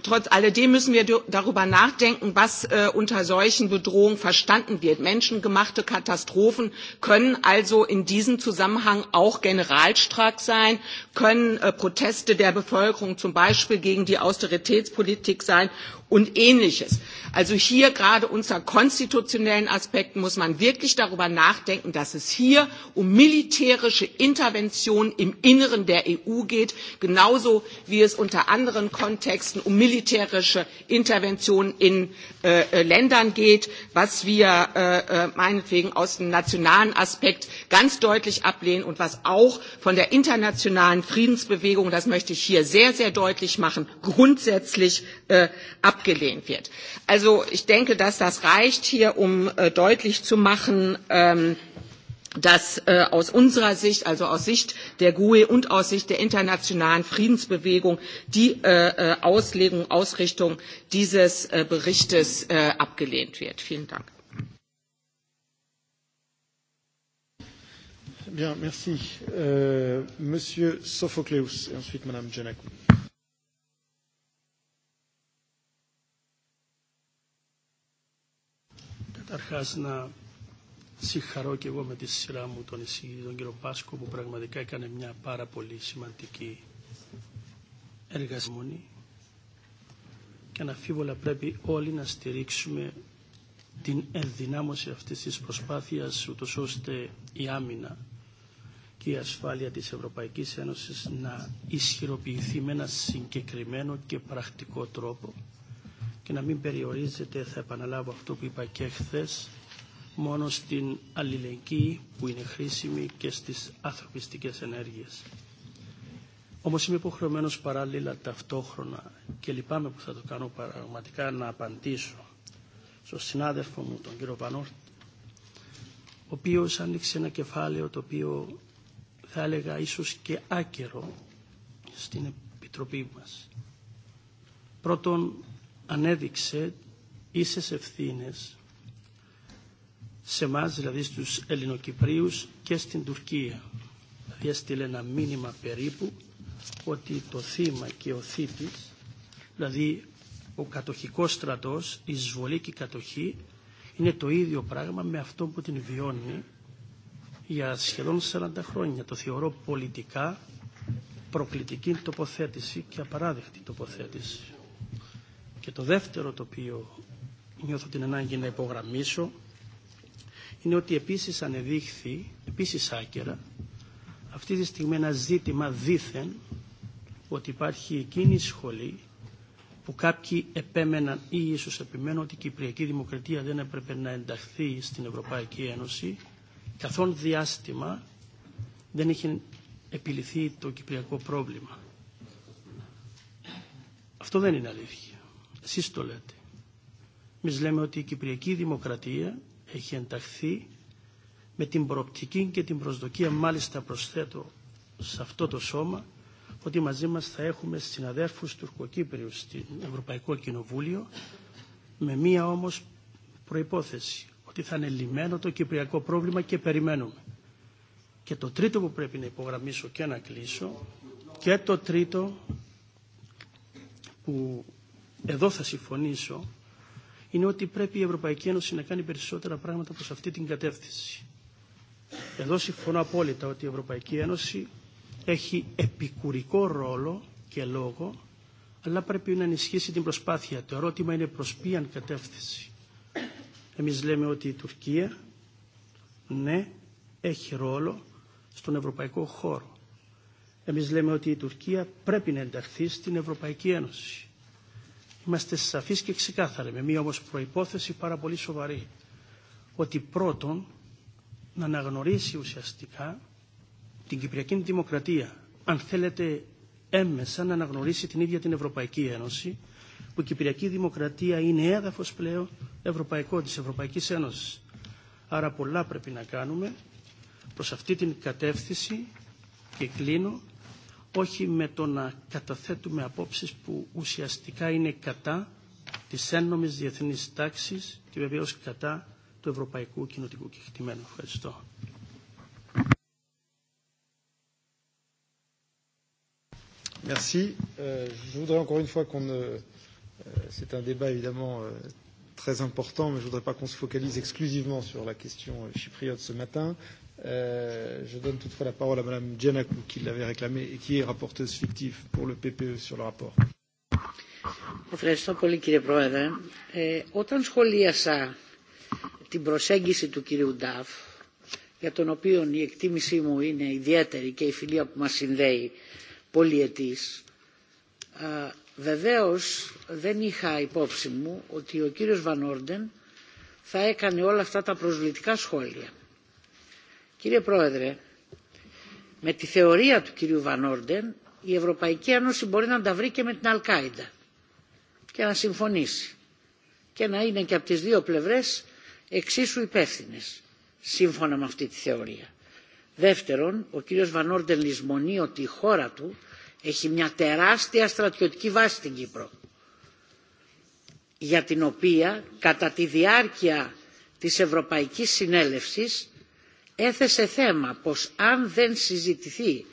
trotz alledem müssen wir darüber nachdenken, was äh, unter solchen Bedrohungen verstanden wird. Menschengemachte Katastrophen können also in diesem Zusammenhang auch Generalstreik sein, können äh, Proteste der Bevölkerung zum Beispiel gegen die Austeritätspolitik sein und ähnliches. Also hier gerade unter konstitutionellen Aspekten muss man wirklich darüber nachdenken, dass es hier um militärische Intervention im Inneren der EU geht, genauso wie es unter anderen Kontexten um militärische Intervention in äh, äh Ländern geht, was wir äh, äh, meinetwegen aus dem nationalen Aspekt ganz deutlich ablehnen und was auch von der internationalen Friedensbewegung, das möchte ich hier sehr, sehr deutlich machen, grundsätzlich äh, ablehnen abgelehnt wird. Also ich denke, dass das reicht hier, um äh, deutlich zu machen, ähm, dass äh, aus unserer Sicht, also aus Sicht der GUE und aus Sicht der internationalen Friedensbewegung die äh, äh Auslegung, Ausrichtung dieses äh, Berichtes äh, abgelehnt wird. Vielen Dank. Bien, merci. Euh, Monsieur Sophocleus et ensuite Madame Janakou. Καταρχάς να συγχαρώ και εγώ με τη σειρά μου τον εισηγητή τον κύριο Πάσκο που πραγματικά έκανε μια πάρα πολύ σημαντική εργασμονή και αναφίβολα πρέπει όλοι να στηρίξουμε την ενδυνάμωση αυτής της προσπάθειας ούτως ώστε η άμυνα και η ασφάλεια της Ευρωπαϊκής Ένωσης να ισχυροποιηθεί με ένα συγκεκριμένο και πρακτικό τρόπο και να μην περιορίζεται, θα επαναλάβω αυτό που είπα και χθε, μόνο στην αλληλεγγύη που είναι χρήσιμη και στις ανθρωπιστικές ενέργειες. Όμως είμαι υποχρεωμένος παράλληλα ταυτόχρονα και λυπάμαι που θα το κάνω πραγματικά να απαντήσω στον συνάδελφο μου, τον κύριο Πανόρτη, ο οποίος άνοιξε ένα κεφάλαιο το οποίο θα έλεγα ίσως και άκερο στην Επιτροπή μας. Πρώτον, ανέδειξε ίσες ευθύνες σε εμά, δηλαδή στους Ελληνοκυπρίους και στην Τουρκία. Δηλαδή έστειλε ένα μήνυμα περίπου ότι το θύμα και ο θήτης, δηλαδή ο κατοχικός στρατός, η εισβολή και η κατοχή, είναι το ίδιο πράγμα με αυτό που την βιώνει για σχεδόν 40 χρόνια. Το θεωρώ πολιτικά προκλητική τοποθέτηση και απαράδεκτη τοποθέτηση. Και το δεύτερο το οποίο νιώθω την ανάγκη να υπογραμμίσω είναι ότι επίσης ανεδείχθη, επίσης άκερα, αυτή τη στιγμή ένα ζήτημα δήθεν ότι υπάρχει εκείνη η σχολή που κάποιοι επέμεναν ή ίσως επιμένουν ότι η Κυπριακή Δημοκρατία δεν έπρεπε να ενταχθεί στην Ευρωπαϊκή Ένωση καθόν διάστημα δεν είχε επιληθεί το κυπριακό πρόβλημα. Αυτό δεν είναι αλήθεια. Εσείς το λέτε. Εμείς λέμε ότι η Κυπριακή Δημοκρατία έχει ενταχθεί με την προοπτική και την προσδοκία μάλιστα προσθέτω σε αυτό το σώμα ότι μαζί μας θα έχουμε συναδέρφους τουρκοκύπριους στην Ευρωπαϊκό Κοινοβούλιο με μία όμως προϋπόθεση ότι θα είναι λυμένο το κυπριακό πρόβλημα και περιμένουμε. Και το τρίτο που πρέπει να υπογραμμίσω και να κλείσω και το τρίτο που εδώ θα συμφωνήσω, είναι ότι πρέπει η Ευρωπαϊκή Ένωση να κάνει περισσότερα πράγματα προς αυτή την κατεύθυνση. Εδώ συμφωνώ απόλυτα ότι η Ευρωπαϊκή Ένωση έχει επικουρικό ρόλο και λόγο, αλλά πρέπει να ενισχύσει την προσπάθεια. Το ερώτημα είναι προς ποιαν κατεύθυνση. Εμείς λέμε ότι η Τουρκία, ναι, έχει ρόλο στον ευρωπαϊκό χώρο. Εμείς λέμε ότι η Τουρκία πρέπει να ενταχθεί στην Ευρωπαϊκή Ένωση είμαστε σαφείς και ξεκάθαροι, με μία όμως προϋπόθεση πάρα πολύ σοβαρή, ότι πρώτον να αναγνωρίσει ουσιαστικά την Κυπριακή Δημοκρατία, αν θέλετε έμμεσα να αναγνωρίσει την ίδια την Ευρωπαϊκή Ένωση, που η Κυπριακή Δημοκρατία είναι έδαφος πλέον ευρωπαϊκό της Ευρωπαϊκής Ένωσης. Άρα πολλά πρέπει να κάνουμε προς αυτή την κατεύθυνση και κλείνω όχι με το να καταθέτουμε απόψεις που ουσιαστικά είναι κατά της έννομης διεθνής τάξης και βεβαίως κατά του ευρωπαϊκού κοινοτικού κεκτημένου. Ευχαριστώ. Merci. Euh, je voudrais encore une fois qu'on ne. Euh, C'est un débat évidemment euh, très important, mais je ne voudrais pas qu'on se focalise exclusivement sur la question euh, chypriote ce matin. Euh, je donne toutefois la parole à Madame Giannakou, qui l'avait réclamé et qui est rapporteuse fictive pour le PPE sur le rapport. Ευχαριστώ πολύ κύριε Πρόεδρε. Ε, όταν σχολίασα την προσέγγιση του κύριου Νταφ, για τον οποίο η εκτίμησή μου είναι ιδιαίτερη και η φιλία που μας συνδέει πολυετής, ε, βεβαίως δεν είχα υπόψη μου ότι ο κύριος Βαν Όρντεν θα έκανε όλα αυτά τα προσβλητικά σχόλια Κύριε Πρόεδρε, με τη θεωρία του κυρίου Βανόρντεν η Ευρωπαϊκή Ένωση μπορεί να τα βρει και με την Αλκάιντα και να συμφωνήσει και να είναι και από τις δύο πλευρές εξίσου υπεύθυνε σύμφωνα με αυτή τη θεωρία. Δεύτερον, ο κύριος Βανόρντεν λησμονεί ότι η χώρα του έχει μια τεράστια στρατιωτική βάση στην Κύπρο για την οποία κατά τη διάρκεια της Ευρωπαϊκής Συνέλευσης έθεσε θέμα πως αν δεν συζητηθεί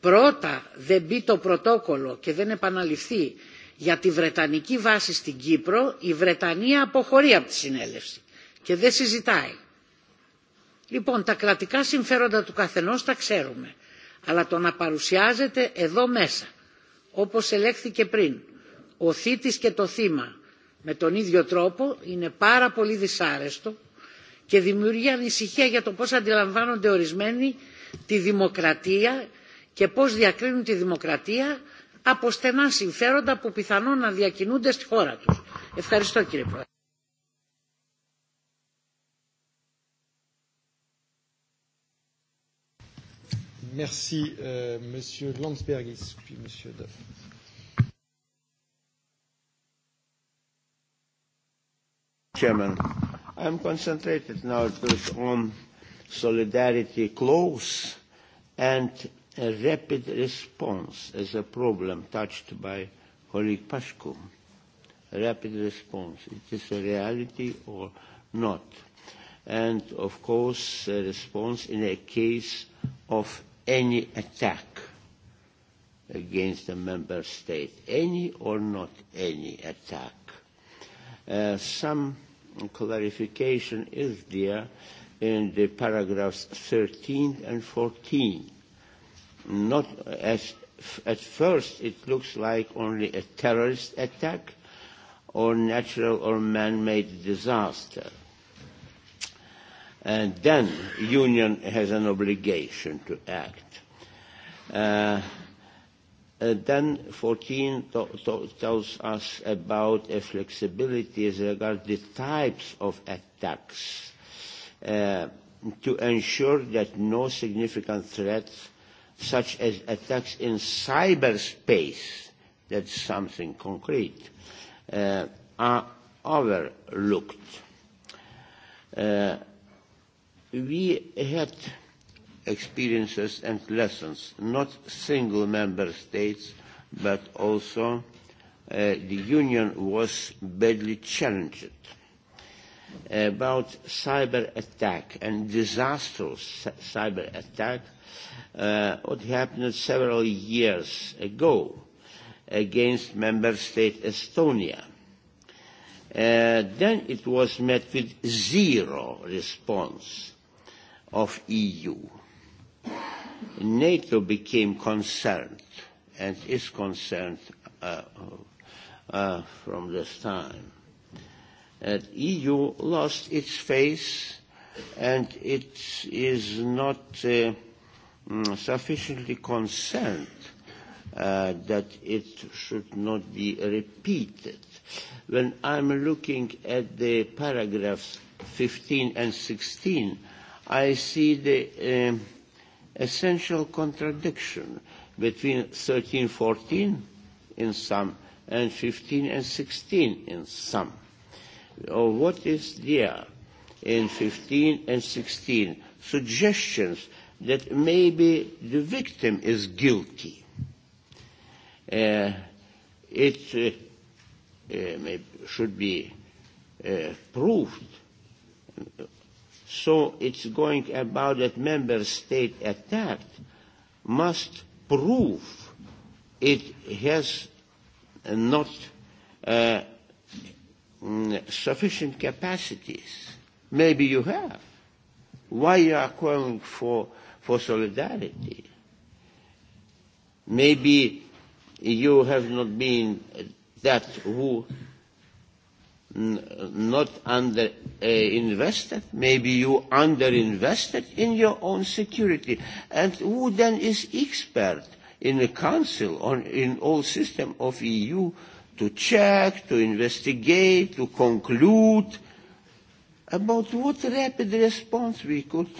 πρώτα δεν μπει το πρωτόκολλο και δεν επαναληφθεί για τη Βρετανική βάση στην Κύπρο, η Βρετανία αποχωρεί από τη συνέλευση και δεν συζητάει. Λοιπόν, τα κρατικά συμφέροντα του καθενός τα ξέρουμε, αλλά το να παρουσιάζεται εδώ μέσα, όπως ελέγχθηκε πριν, ο θήτης και το θύμα με τον ίδιο τρόπο είναι πάρα πολύ δυσάρεστο και δημιουργεί ανησυχία για το πώς αντιλαμβάνονται ορισμένοι τη δημοκρατία και πώς διακρίνουν τη δημοκρατία από στενά συμφέροντα που πιθανόν να διακινούνται στη χώρα τους. Ευχαριστώ κύριε Πρόεδρε. Merci, euh, Monsieur Landsbergis, puis Monsieur Duff. Chairman, I'm concentrated now on solidarity close and a rapid response as a problem touched by colleague Pashko. Rapid response, it is a reality or not. And of course, a response in a case of any attack against a member state, any or not any attack. Uh, some clarification is there in the paragraphs 13 and 14. Not as at first it looks like only a terrorist attack or natural or man-made disaster. And then union has an obligation to act. Uh, Uh, then 14 to, to, tells us about uh, flexibility as regards the types of attacks uh, to ensure that no significant threats such as attacks in cyberspace, that's something concrete, uh, are overlooked. Uh, we had experiences and lessons, not single member states, but also uh, the Union was badly challenged. About cyber attack and disastrous cyber attack, uh, what happened several years ago against member state Estonia. Uh, then it was met with zero response of EU. Uh, NATO became concerned and is concerned uh, uh, from this time. And EU lost its face and it is not uh, mm, sufficiently concerned uh, that it should not be repeated. When I'm looking at the paragraphs 15 and 16, I see the uh, essential contradiction between 13, 14 in some and 15 and 16 in some. Or uh, what is there in 15 and 16? Suggestions that maybe the victim is guilty. Uh, it uh, uh, should be uh, proved So it's going about that member state attacked must prove it has not uh, mm, sufficient capacities. Maybe you have. Why you are calling for, for solidarity? Maybe you have not been that who not under uh, invested, maybe you underinvested in your own security. And who then is expert in the council on in all system of EU to check, to investigate, to conclude about what rapid response we could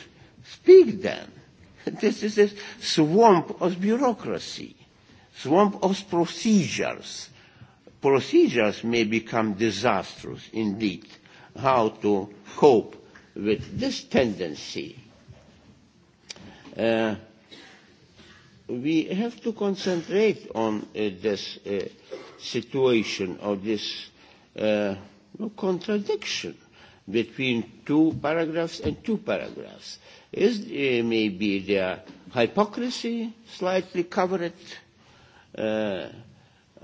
speak then? This is a swamp of bureaucracy, swamp of procedures procedures may become disastrous indeed, how to cope with this tendency. Uh, we have to concentrate on uh, this uh, situation of this uh, contradiction between two paragraphs and two paragraphs. Is uh, maybe their hypocrisy slightly covered? Uh,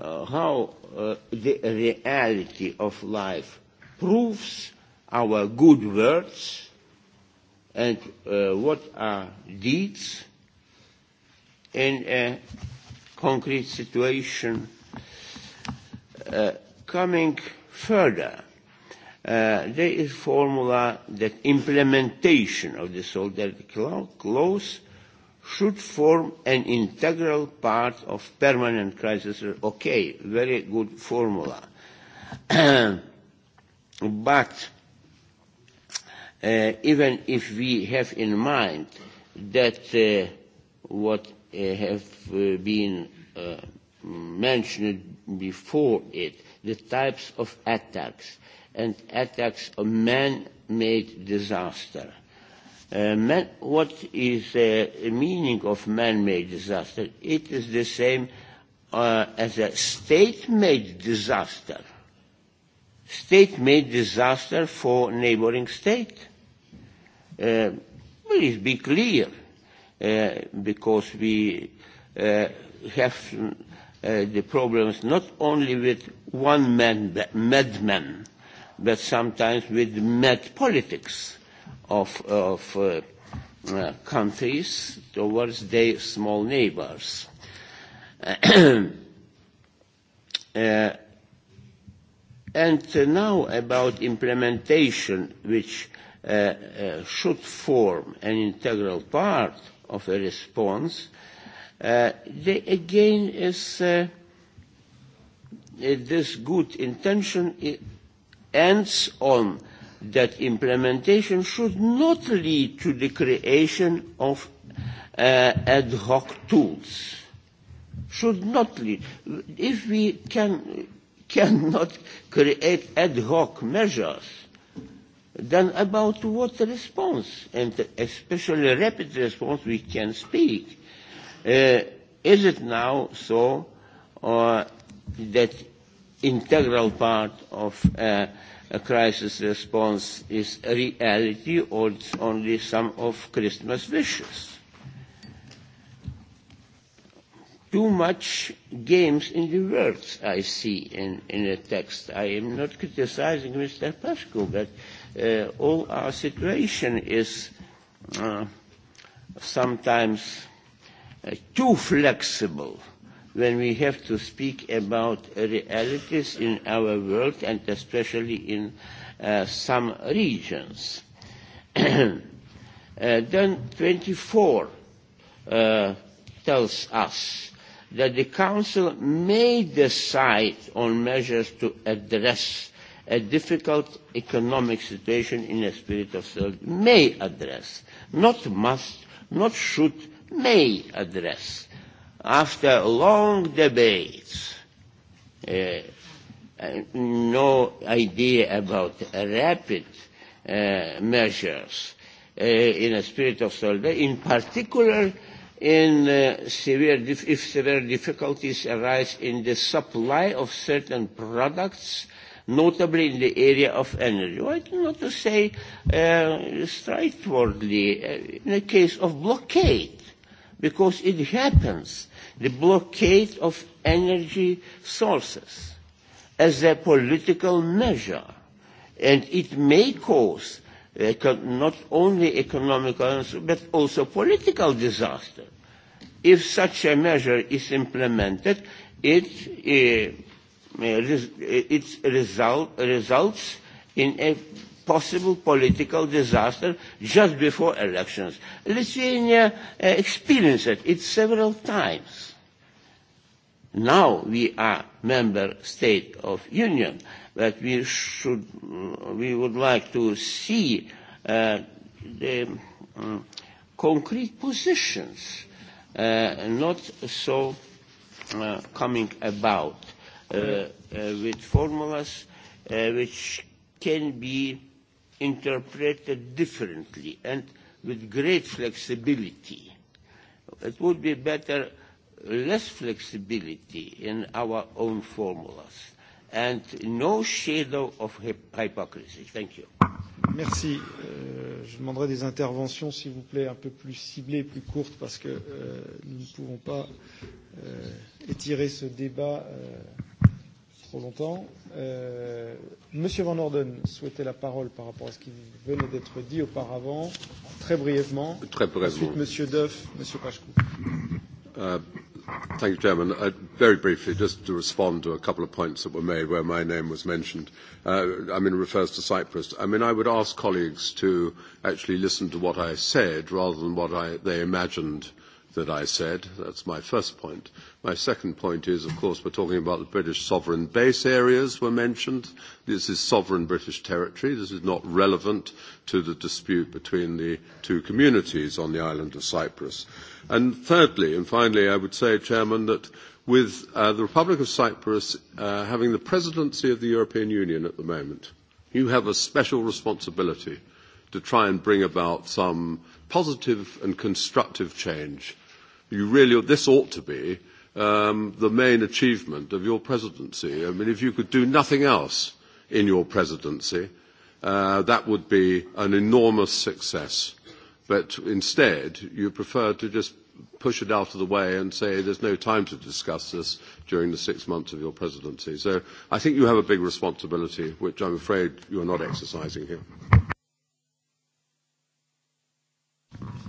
uh, how uh, the reality of life proves our good words and uh, what are deeds in a concrete situation. Uh, coming further, uh, there is formula that implementation of the solidarity clause should form an integral part of permanent crisis. Okay, very good formula. but uh, even if we have in mind that uh, what uh, have uh, been uh, mentioned before it, the types of attacks and attacks of man-made disaster, Uh, man, what is the uh, meaning of man-made disaster? It is the same uh, as a state-made disaster. State-made disaster for neighboring state. Uh, please be clear, uh, because we uh, have uh, the problems not only with one man, madman, but sometimes with mad politics of, of uh, uh, countries towards their small neighbors. uh, and uh, now about implementation, which uh, uh, should form an integral part of a response, uh, they again is uh, uh this good intention ends on that implementation should not lead to the creation of uh, ad hoc tools. Should not lead. If we can, cannot create ad hoc measures, then about what response, and especially rapid response, we can speak. Uh, is it now so or uh, that integral part of uh, a crisis response is a reality or it's only some of Christmas wishes. Too much games in the words I see in, in the text. I am not criticizing Mr. Pascu, but uh, all our situation is uh, sometimes uh, too flexible when we have to speak about realities in our world and especially in uh, some regions. uh, then 24 uh, tells us that the Council may decide on measures to address a difficult economic situation in a spirit of solidarity. May address, not must, not should, may address after long debates, uh, uh, no idea about rapid uh, measures uh, in a spirit of solidarity, in particular in uh, severe dif- if severe difficulties arise in the supply of certain products, notably in the area of energy. What not to say uh, straightforwardly, uh, in the case of blockade, because it happens the blockade of energy sources as a political measure, and it may cause not only economic but also political disaster. If such a measure is implemented, it, uh, eh, eh, eh, it result, results in a possible political disaster just before elections. Lithuania experienced it several times Now we are member state of union, but we should, we would like to see uh, the um, concrete positions, uh, not so uh, coming about uh, uh, with formulas uh, which can be interpreted differently and with great flexibility. It would be better less flexibility in our own formulas and no shadow of hypocrisy. Thank you. Merci. Euh, je demanderai des interventions, s'il vous plaît, un peu plus ciblées, plus courtes, parce que euh, nous ne pouvons pas euh, étirer ce débat euh, trop longtemps. Euh, Monsieur Van Orden souhaitait la parole par rapport à ce qui venait d'être dit auparavant, très brièvement. Très brièvement. Ensuite, Monsieur Duff, Monsieur Pachkou. Euh, Thank you, Chairman. Uh, very briefly, just to respond to a couple of points that were made where my name was mentioned. Uh, I mean, it refers to Cyprus. I mean, I would ask colleagues to actually listen to what I said rather than what I, they imagined that I said. That's my first point. My second point is, of course, we're talking about the British sovereign base areas were mentioned. This is sovereign British territory. This is not relevant to the dispute between the two communities on the island of Cyprus. Uh, And thirdly, and finally, I would say, Chairman, that with uh, the Republic of Cyprus uh, having the presidency of the European Union at the moment, you have a special responsibility to try and bring about some positive and constructive change. You really, this ought to be um, the main achievement of your presidency. I mean, if you could do nothing else in your presidency, uh, that would be an enormous success but instead you prefer to just push it out of the way and say there's no time to discuss this during the six months of your presidency. So I think you have a big responsibility, which I'm afraid you're not exercising here.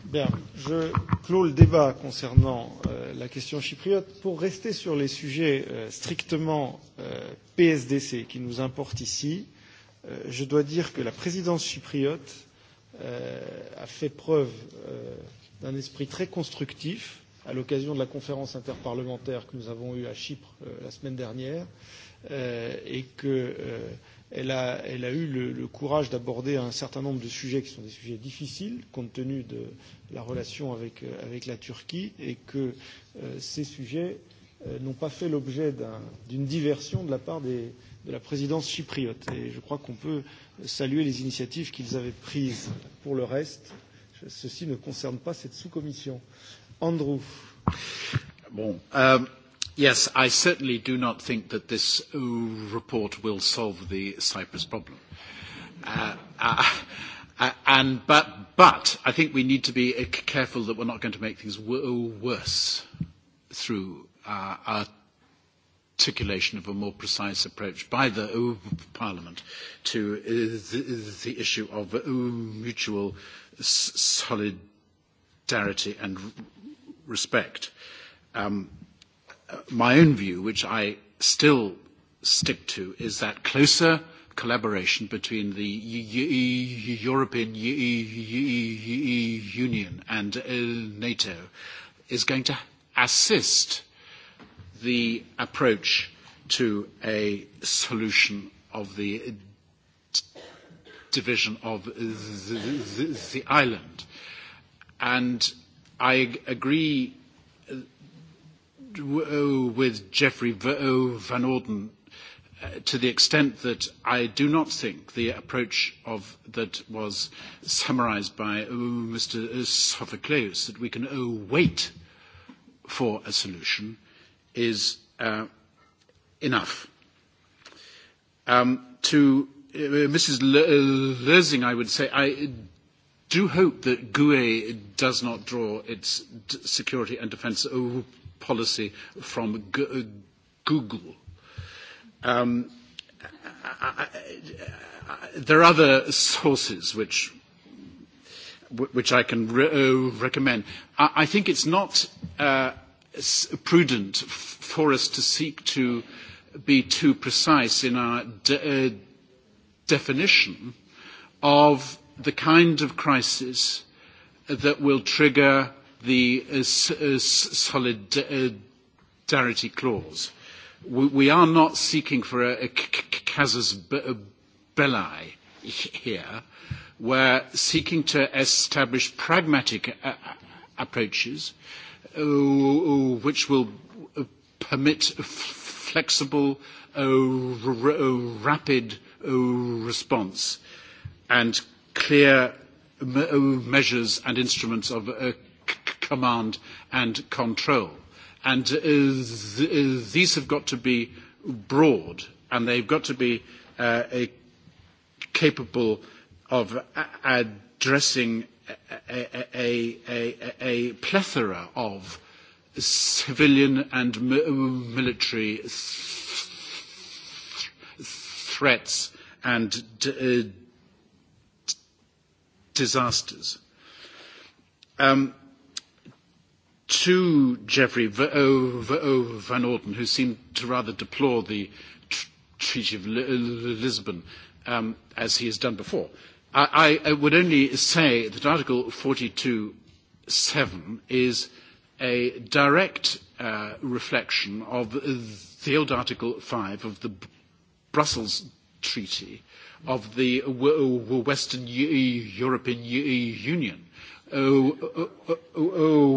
Bien, je clôt le débat concernant euh, la question chypriote pour rester sur les sujets euh, strictement euh, PSDC qui nous importent ici. Euh, je dois dire que la présidence chypriote euh, euh, a fait preuve euh, d'un esprit très constructif à l'occasion de la conférence interparlementaire que nous avons eue à Chypre euh, la semaine dernière euh, et que euh, elle a, elle a eu le, le courage d'aborder un certain nombre de sujets qui sont des sujets difficiles compte tenu de la relation avec, euh, avec la Turquie et que euh, ces sujets Euh, n'ont pas fait l'objet d'une un, diversion de la part des, de la présidence chypriote. Et je crois qu'on peut saluer les initiatives qu'ils avaient prises. Pour le reste, ceci ne concerne pas cette sous-commission. Andrew. Bon. Um... Yes, I certainly do not think that this uh, report will solve the Cyprus problem. Uh, uh, uh, and, but, but I think we need to be uh, careful that we're not going to make things w- worse through uh, articulation of a more precise approach by the uh, Parliament to uh, the, the issue of uh, mutual s- solidarity and r- respect. Um, my own view, which I still stick to, is that closer collaboration between the e, European e, e, Union and uh, NATO is going to assist the approach to a solution of the division of the, the, the island. And I agree uh, oh, with Jeffrey oh, Van Orden uh, to the extent that I do not think the approach of, that was summarized by uh, Mr. Sophocleus, that we can wait for a solution, is uh, enough. Um, to uh, Mrs. Lersing, uh, I would say, I do hope that GUE does not draw its d- security and defence uh, policy from G- uh, Google. Um, I, I, I, there are other sources which which I can re- uh, recommend. I, I think it's not uh, prudent for us to seek to be too precise in our de- uh, definition of the kind of crisis that will trigger the uh, s- uh, solidarity clause. We, we are not seeking for a, a casus uh, belli here. We're seeking to establish pragmatic uh, approaches uh, Uh, uh, which will uh, permit flexible, rapid response and clear measures and instruments of command and control. And these have got to be broad and they've got to be capable of addressing a, a, a, a plethora of civilian and m- military th- threats and d- uh, d- disasters. Um, to Geoffrey v- o- v- o- Van Orden, who seemed to rather deplore the tr- Treaty of L- L- Lisbon, um, as he has done before, uh, I, I would only say that Article 42.7 is a direct uh, reflection of the old Article 5 of the Brussels Treaty of the Western European Union, uh, uh, uh,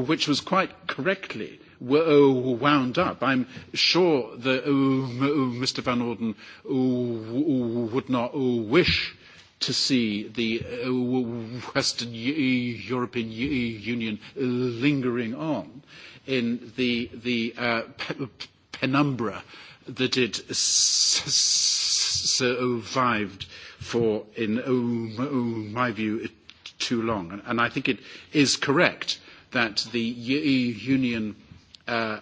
which was quite correctly wound up. I'm sure that Mr. Van Orden would not wish to see the uh, Western European Union uh, lingering on in the, the uh, penumbra that it survived for, in oh, oh, my view, too long. And I think it is correct that the union uh,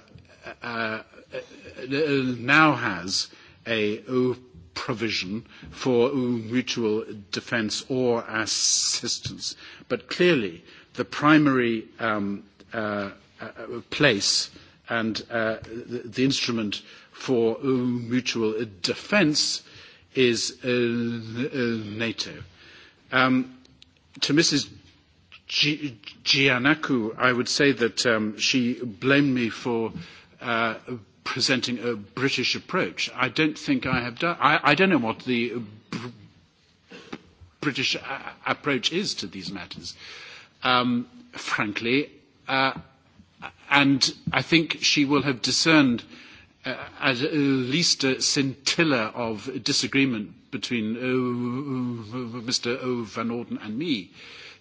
uh, uh, now has a oh, provision for uh, mutual defense or assistance. But clearly, the primary um, uh, uh, place and uh, the, the instrument for uh, mutual defense is uh, uh, NATO. Um, to Mrs. G- Giannakou, I would say that um, she blamed me for uh, presenting a British approach. I don't think I have done. I, I don't know what the br- British a- uh, approach is to these matters, um, frankly. Uh, and I think she will have discerned uh, at least a scintilla of disagreement between uh, Mr. O. Van Orden and me,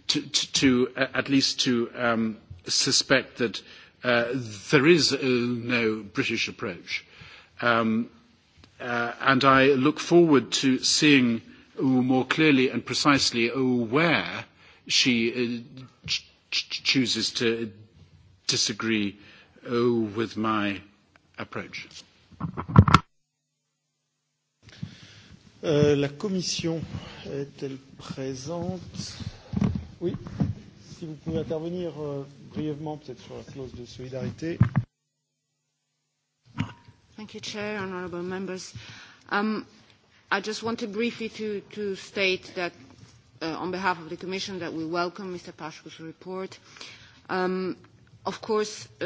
to, to, to uh, at least to um, suspect that uh, Uh, there is uh, no British approach. Um, uh, and I look forward to seeing uh, more clearly and precisely uh, where she uh, ch- ch- chooses to disagree uh, with my approach. Euh, la commission est-elle présente Oui, si vous pouvez intervenir. Euh brièvement peut-être sur la clause de solidarité. Thank you, Chair, honourable members. Um, I just wanted briefly to, to state that uh, on behalf of the Commission that we welcome Mr. Pashku's report. Um, of course, uh,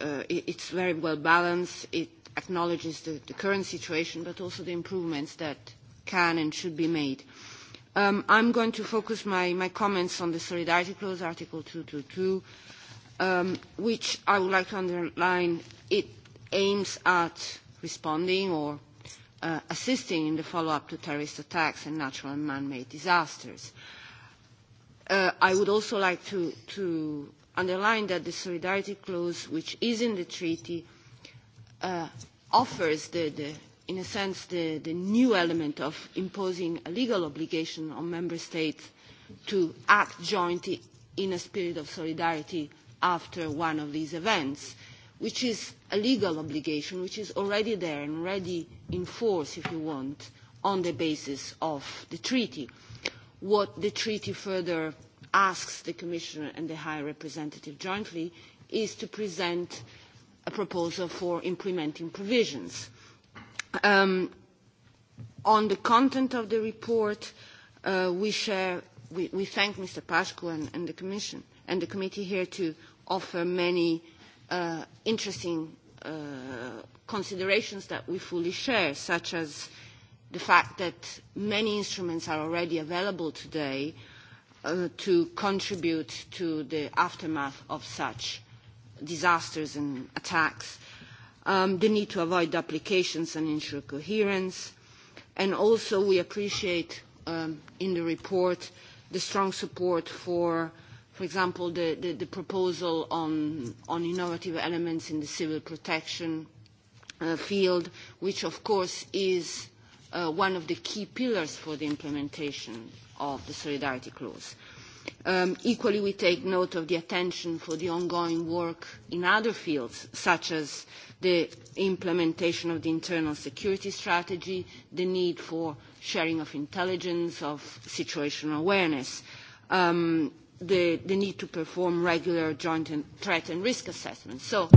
uh, it, it's very well balanced. It acknowledges the, the current situation, but also the improvements that can and should be made. Um, I'm going to focus my, my comments on the Solidarity Clause, Article 222, um, which I would like to underline, it aims at responding or uh, assisting in the follow-up to terrorist attacks and natural and man-made disasters. Uh, I would also like to, to underline that the solidarity clause, which is in the treaty, uh, offers, the, the, in a sense, the, the new element of imposing a legal obligation on member states to act jointly in a spirit of solidarity after one of these events, which is a legal obligation, which is already there and already in force, if you want, on the basis of the treaty. What the treaty further asks the Commissioner and the High Representative jointly is to present a proposal for implementing provisions. Um, on the content of the report, uh, we share, we, we thank Mr. Pascu and, and the Commission and the committee here to offer many uh, interesting uh, considerations that we fully share, such as the fact that many instruments are already available today uh, to contribute to the aftermath of such disasters and attacks, um, the need to avoid duplications and ensure coherence, and also we appreciate um, in the report the strong support for uh, for example, the, the, the proposal on, on innovative elements in the civil protection uh, field, which of course is uh, one of the key pillars for the implementation of the Solidarity Clause. Um, equally, we take note of the attention for the ongoing work in other fields, such as the implementation of the internal security strategy, the need for sharing of intelligence, of situational awareness. Um, the, the need to perform regular joint and threat and risk assessments. So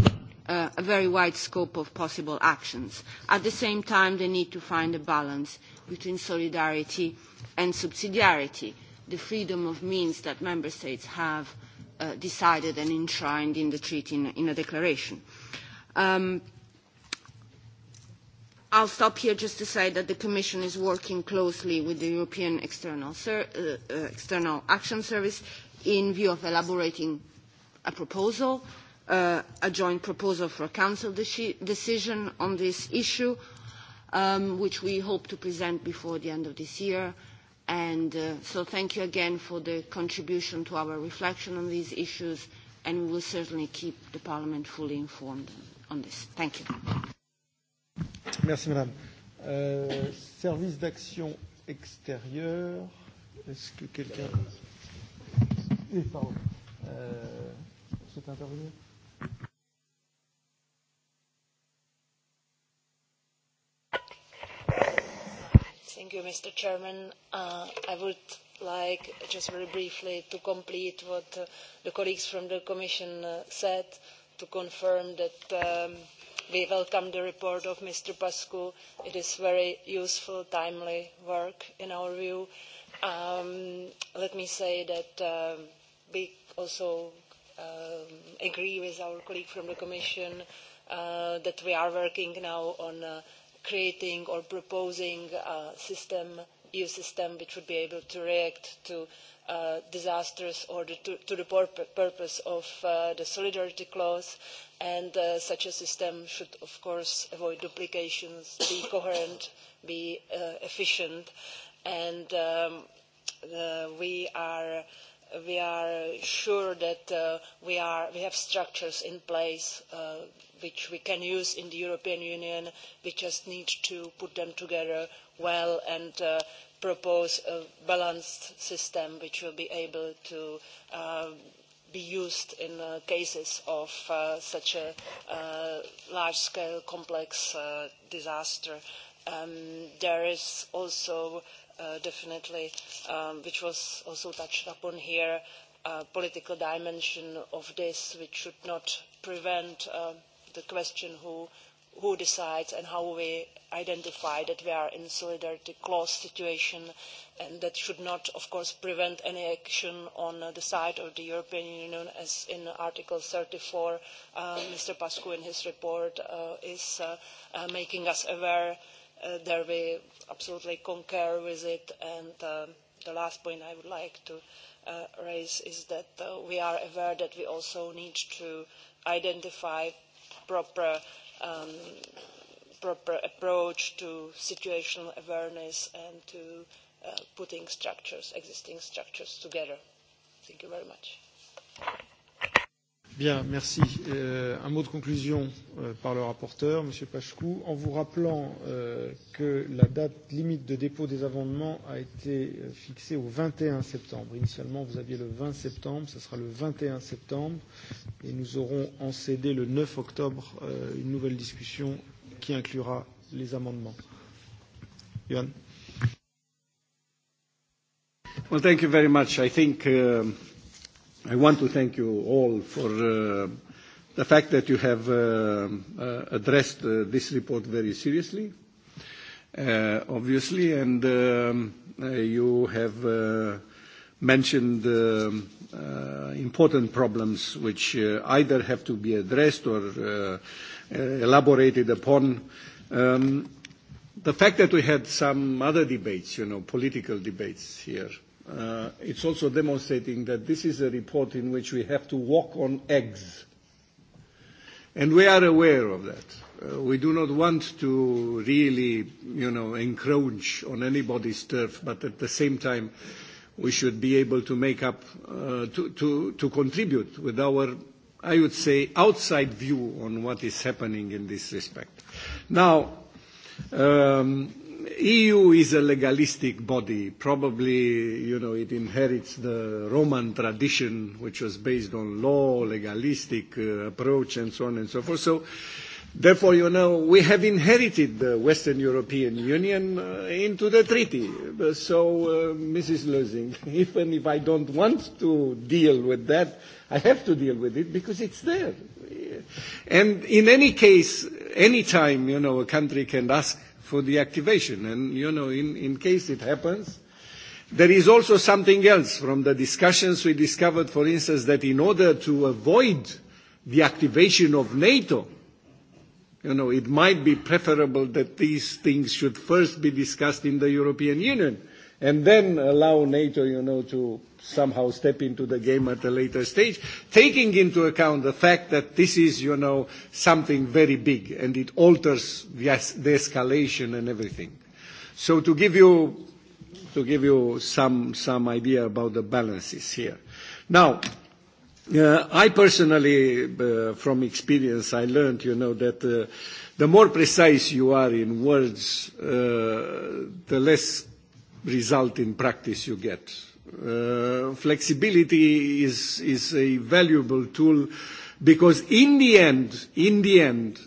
uh, a very wide scope of possible actions. At the same time, they need to find a balance between solidarity and subsidiarity, the freedom of means that member states have uh, decided and enshrined in the treaty in, in a declaration. Um, I'll stop here just to say that the Commission is working closely with the European External, Ser uh, uh, External Action Service in view of elaborating a proposal, uh, a joint proposal for a council de decision on this issue, um, which we hope to present before the end of this year. And uh, so thank you again for the contribution to our reflection on these issues, and we will certainly keep the Parliament fully informed on this. Thank you. Merci, Madame. Euh, service d'action extérieure, est-ce que quelqu'un... Euh, Hugues, pardon, euh, souhaite intervenir Thank you, Mr. Chairman. Uh, I would like just very briefly to complete what uh, the colleagues from the Commission uh, said, to confirm that um, we welcome the report of Mr. Pascu. It is very useful, timely work in our view. Um, let me say that um, we also um, agree with our colleague from the Commission uh, that we are working now on uh, creating or proposing a system, EU system, which would be able to react to uh, disasters or the, to, to the pur purpose of uh, the solidarity clause. And uh, such a system should, of course, avoid duplications, be coherent, be uh, efficient. And um, uh, we are uh, we are sure that uh, we, are, we have structures in place uh, which we can use in the European Union. We just need to put them together well and uh, propose a balanced system which will be able to uh, be used in uh, cases of uh, such a uh, large-scale complex uh, disaster. Um, there is also uh, uh, definitely, um, which was also touched upon here, uh, political dimension of this, which should not prevent uh, the question who who decides and how we identify that we are in solidarity clause situation and that should not of course prevent any action on uh, the side of the european union as in article 34 uh, mr pascu in his report uh, is uh, uh, making us aware uh, uh, there we absolutely concur with it. And uh, the last point I would like to uh, raise is that uh, we are aware that we also need to identify proper um, proper approach to situational awareness and to uh, putting structures, existing structures together. Thank you very much. Bien, merci. Euh, un mot de conclusion euh, par le rapporteur, M. Pachkou, en vous rappelant euh, que la date limite de dépôt des amendements a été euh, fixée au 21 septembre. Initialement, vous aviez le 20 septembre, ce sera le 21 septembre, et nous aurons en CD le 9 octobre euh, une nouvelle discussion qui inclura les amendements. Johan. Well, thank you very much. I think. Uh, I want to thank you all for uh, the fact that you have uh, uh, addressed uh, this report very seriously, uh, obviously, and um, uh, you have uh, mentioned um, uh, important problems which uh, either have to be addressed or uh, uh elaborated upon. Um, the fact that we had some other debates, you know, political debates here, uh, uh, it's also demonstrating that this is a report in which we have to walk on eggs. And we are aware of that. Uh, we do not want to really, you know, encroach on anybody's turf, but at the same time, we should be able to make up, uh, to, to, to contribute with our, I would say, outside view on what is happening in this respect. Now, um, EU is a legalistic body. Probably, you know, it inherits the Roman tradition, which was based on law, legalistic uh, approach, and so on and so forth. So, therefore, you know, we have inherited the Western European Union uh, into the treaty. So, uh, Mrs. Losing, even if I don't want to deal with that, I have to deal with it because it's there. And in any case, any time, you know, a country can ask for the activation. And, you know, in, in case it happens, there is also something else. From the discussions we discovered, for instance, that in order to avoid the activation of NATO, you know, it might be preferable that these things should first be discussed in the European Union and then allow NATO, you know, to somehow step into the game at a later stage, taking into account the fact that this is, you know, something very big and it alters the, es- the escalation and everything. So to give you, to give you some, some idea about the balances here. Now, uh, I personally, uh, from experience, I learned, you know, that uh, the more precise you are in words, uh, the less result in practice you get. Uh, flexibility is, is a valuable tool because in the end, in the end,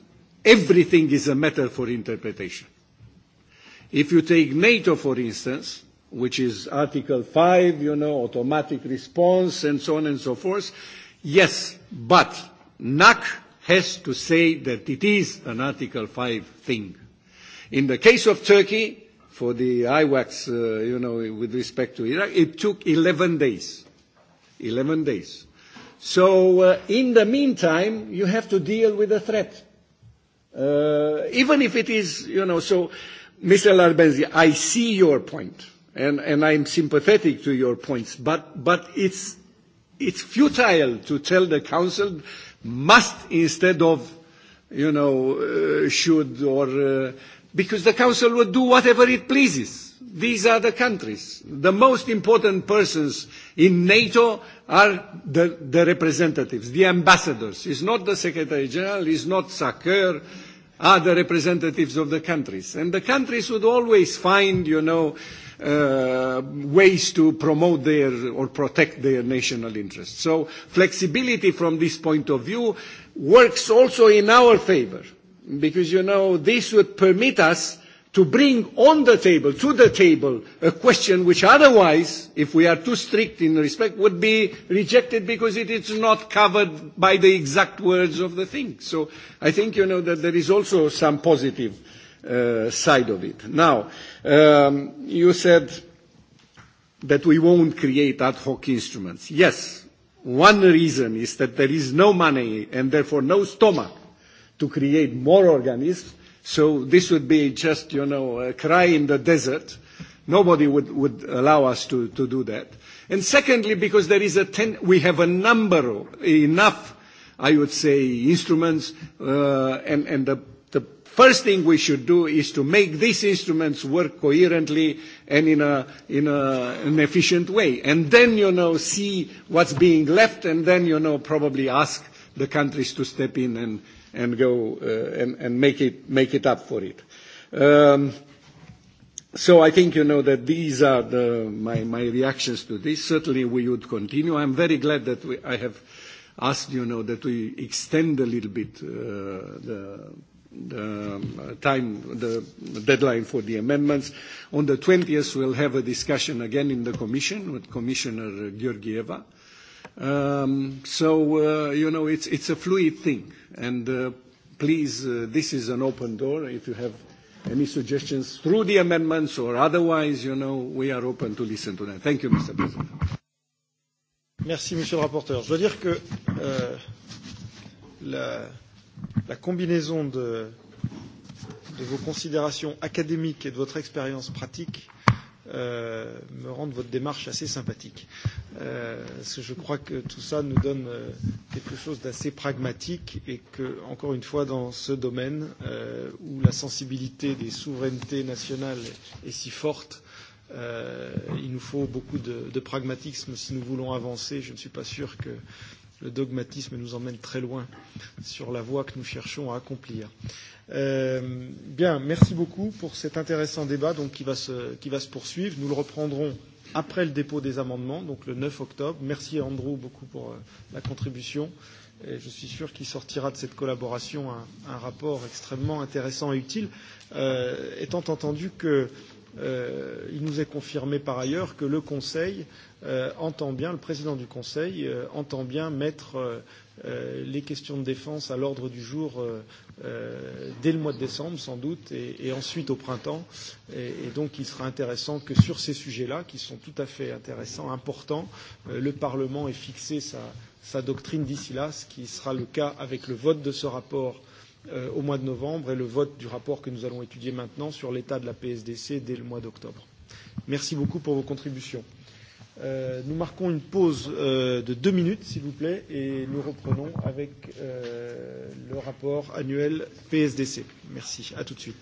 everything is a matter for interpretation. If you take NATO, for instance, which is Article 5, you know, automatic response and so on and so forth, yes, but NAC has to say that it is an Article 5 thing. In the case of Turkey, for the IWACS, uh, you know, with respect to Iraq, it took 11 days. 11 days. So uh, in the meantime, you have to deal with the threat. Uh, even if it is, you know, so, Mr. Larbenzi, I see your point, and, and I'm sympathetic to your points, but, but it's, it's futile to tell the Council must instead of, you know, uh, should or uh, because the Council would do whatever it pleases. These are the countries. The most important persons in NATO are the, the representatives, the ambassadors. It's not the Secretary General, it's not SACEUR, are the representatives of the countries. And the countries would always find, you know, uh, ways to promote their or protect their national interests. So flexibility from this point of view works also in our favor because, you know, this would permit us to bring on the table, to the table, a question which otherwise, if we are too strict in respect, would be rejected because it is not covered by the exact words of the thing. So I think, you know, that there is also some positive uh, side of it. Now, um, you said that we won't create ad hoc instruments. Yes, one reason is that there is no money and therefore no stomach to create more organisms. So this would be just, you know, a cry in the desert. Nobody would, would allow us to, to do that. And secondly, because there is a ten, we have a number, enough, I would say, instruments, uh, and, and the, the first thing we should do is to make these instruments work coherently and in, a, in a, an efficient way. And then, you know, see what's being left, and then, you know, probably ask the countries to step in and, and go uh, and, and make it make it up for it. Um, so I think you know that these are the, my, my reactions to this. Certainly, we would continue. I'm very glad that we, I have asked you know that we extend a little bit uh, the the um, time, the deadline for the amendments. On the 20th, we'll have a discussion again in the Commission with Commissioner Georgieva. Um, so, uh, you know, it's, it's a fluid thing. And uh, please, uh, this is an open door. If you have any suggestions through the amendments or otherwise, you know, we are open to listen to that. Thank you, Mr. President. Merci, Monsieur le rapporteur. Je dois dire que euh, la, la combinaison de, de vos considérations académiques et de votre expérience pratique euh, euh, me rendent votre démarche assez sympathique. Euh, parce que je crois que tout ça nous donne euh, quelque chose d'assez pragmatique et que, encore une fois, dans ce domaine euh, où la sensibilité des souverainetés nationales est si forte, euh, il nous faut beaucoup de, de pragmatisme si nous voulons avancer. Je ne suis pas sûr que euh, le dogmatisme nous emmène très loin sur la voie que nous cherchons à accomplir. Euh, bien, merci beaucoup pour cet intéressant débat donc, qui, va se, qui va se poursuivre. Nous le reprendrons après le dépôt des amendements, donc le 9 octobre. Merci à Andrew beaucoup pour euh, la contribution. Et je suis sûr qu'il sortira de cette collaboration un, un rapport extrêmement intéressant et utile, euh, étant entendu que euh, il nous est confirmé par ailleurs que le Conseil euh, euh, entend bien, le président du Conseil euh, entend bien mettre euh, euh, les questions de défense à l'ordre du jour euh, euh, dès le mois de décembre sans doute et, et ensuite au printemps. Et, et donc il sera intéressant que sur ces sujets-là, qui sont tout à fait intéressants, importants, euh, le Parlement ait fixé sa, sa doctrine d'ici là, ce qui sera le cas avec le vote de ce rapport euh, au mois de novembre et le vote du rapport que nous allons étudier maintenant sur l'état de la PSDC dès le mois d'octobre. Merci beaucoup pour vos contributions. Euh, nous marquons une pause euh, de deux minutes, s'il vous plaît, et nous reprenons avec euh, le rapport annuel PSDC. Merci. À tout de suite.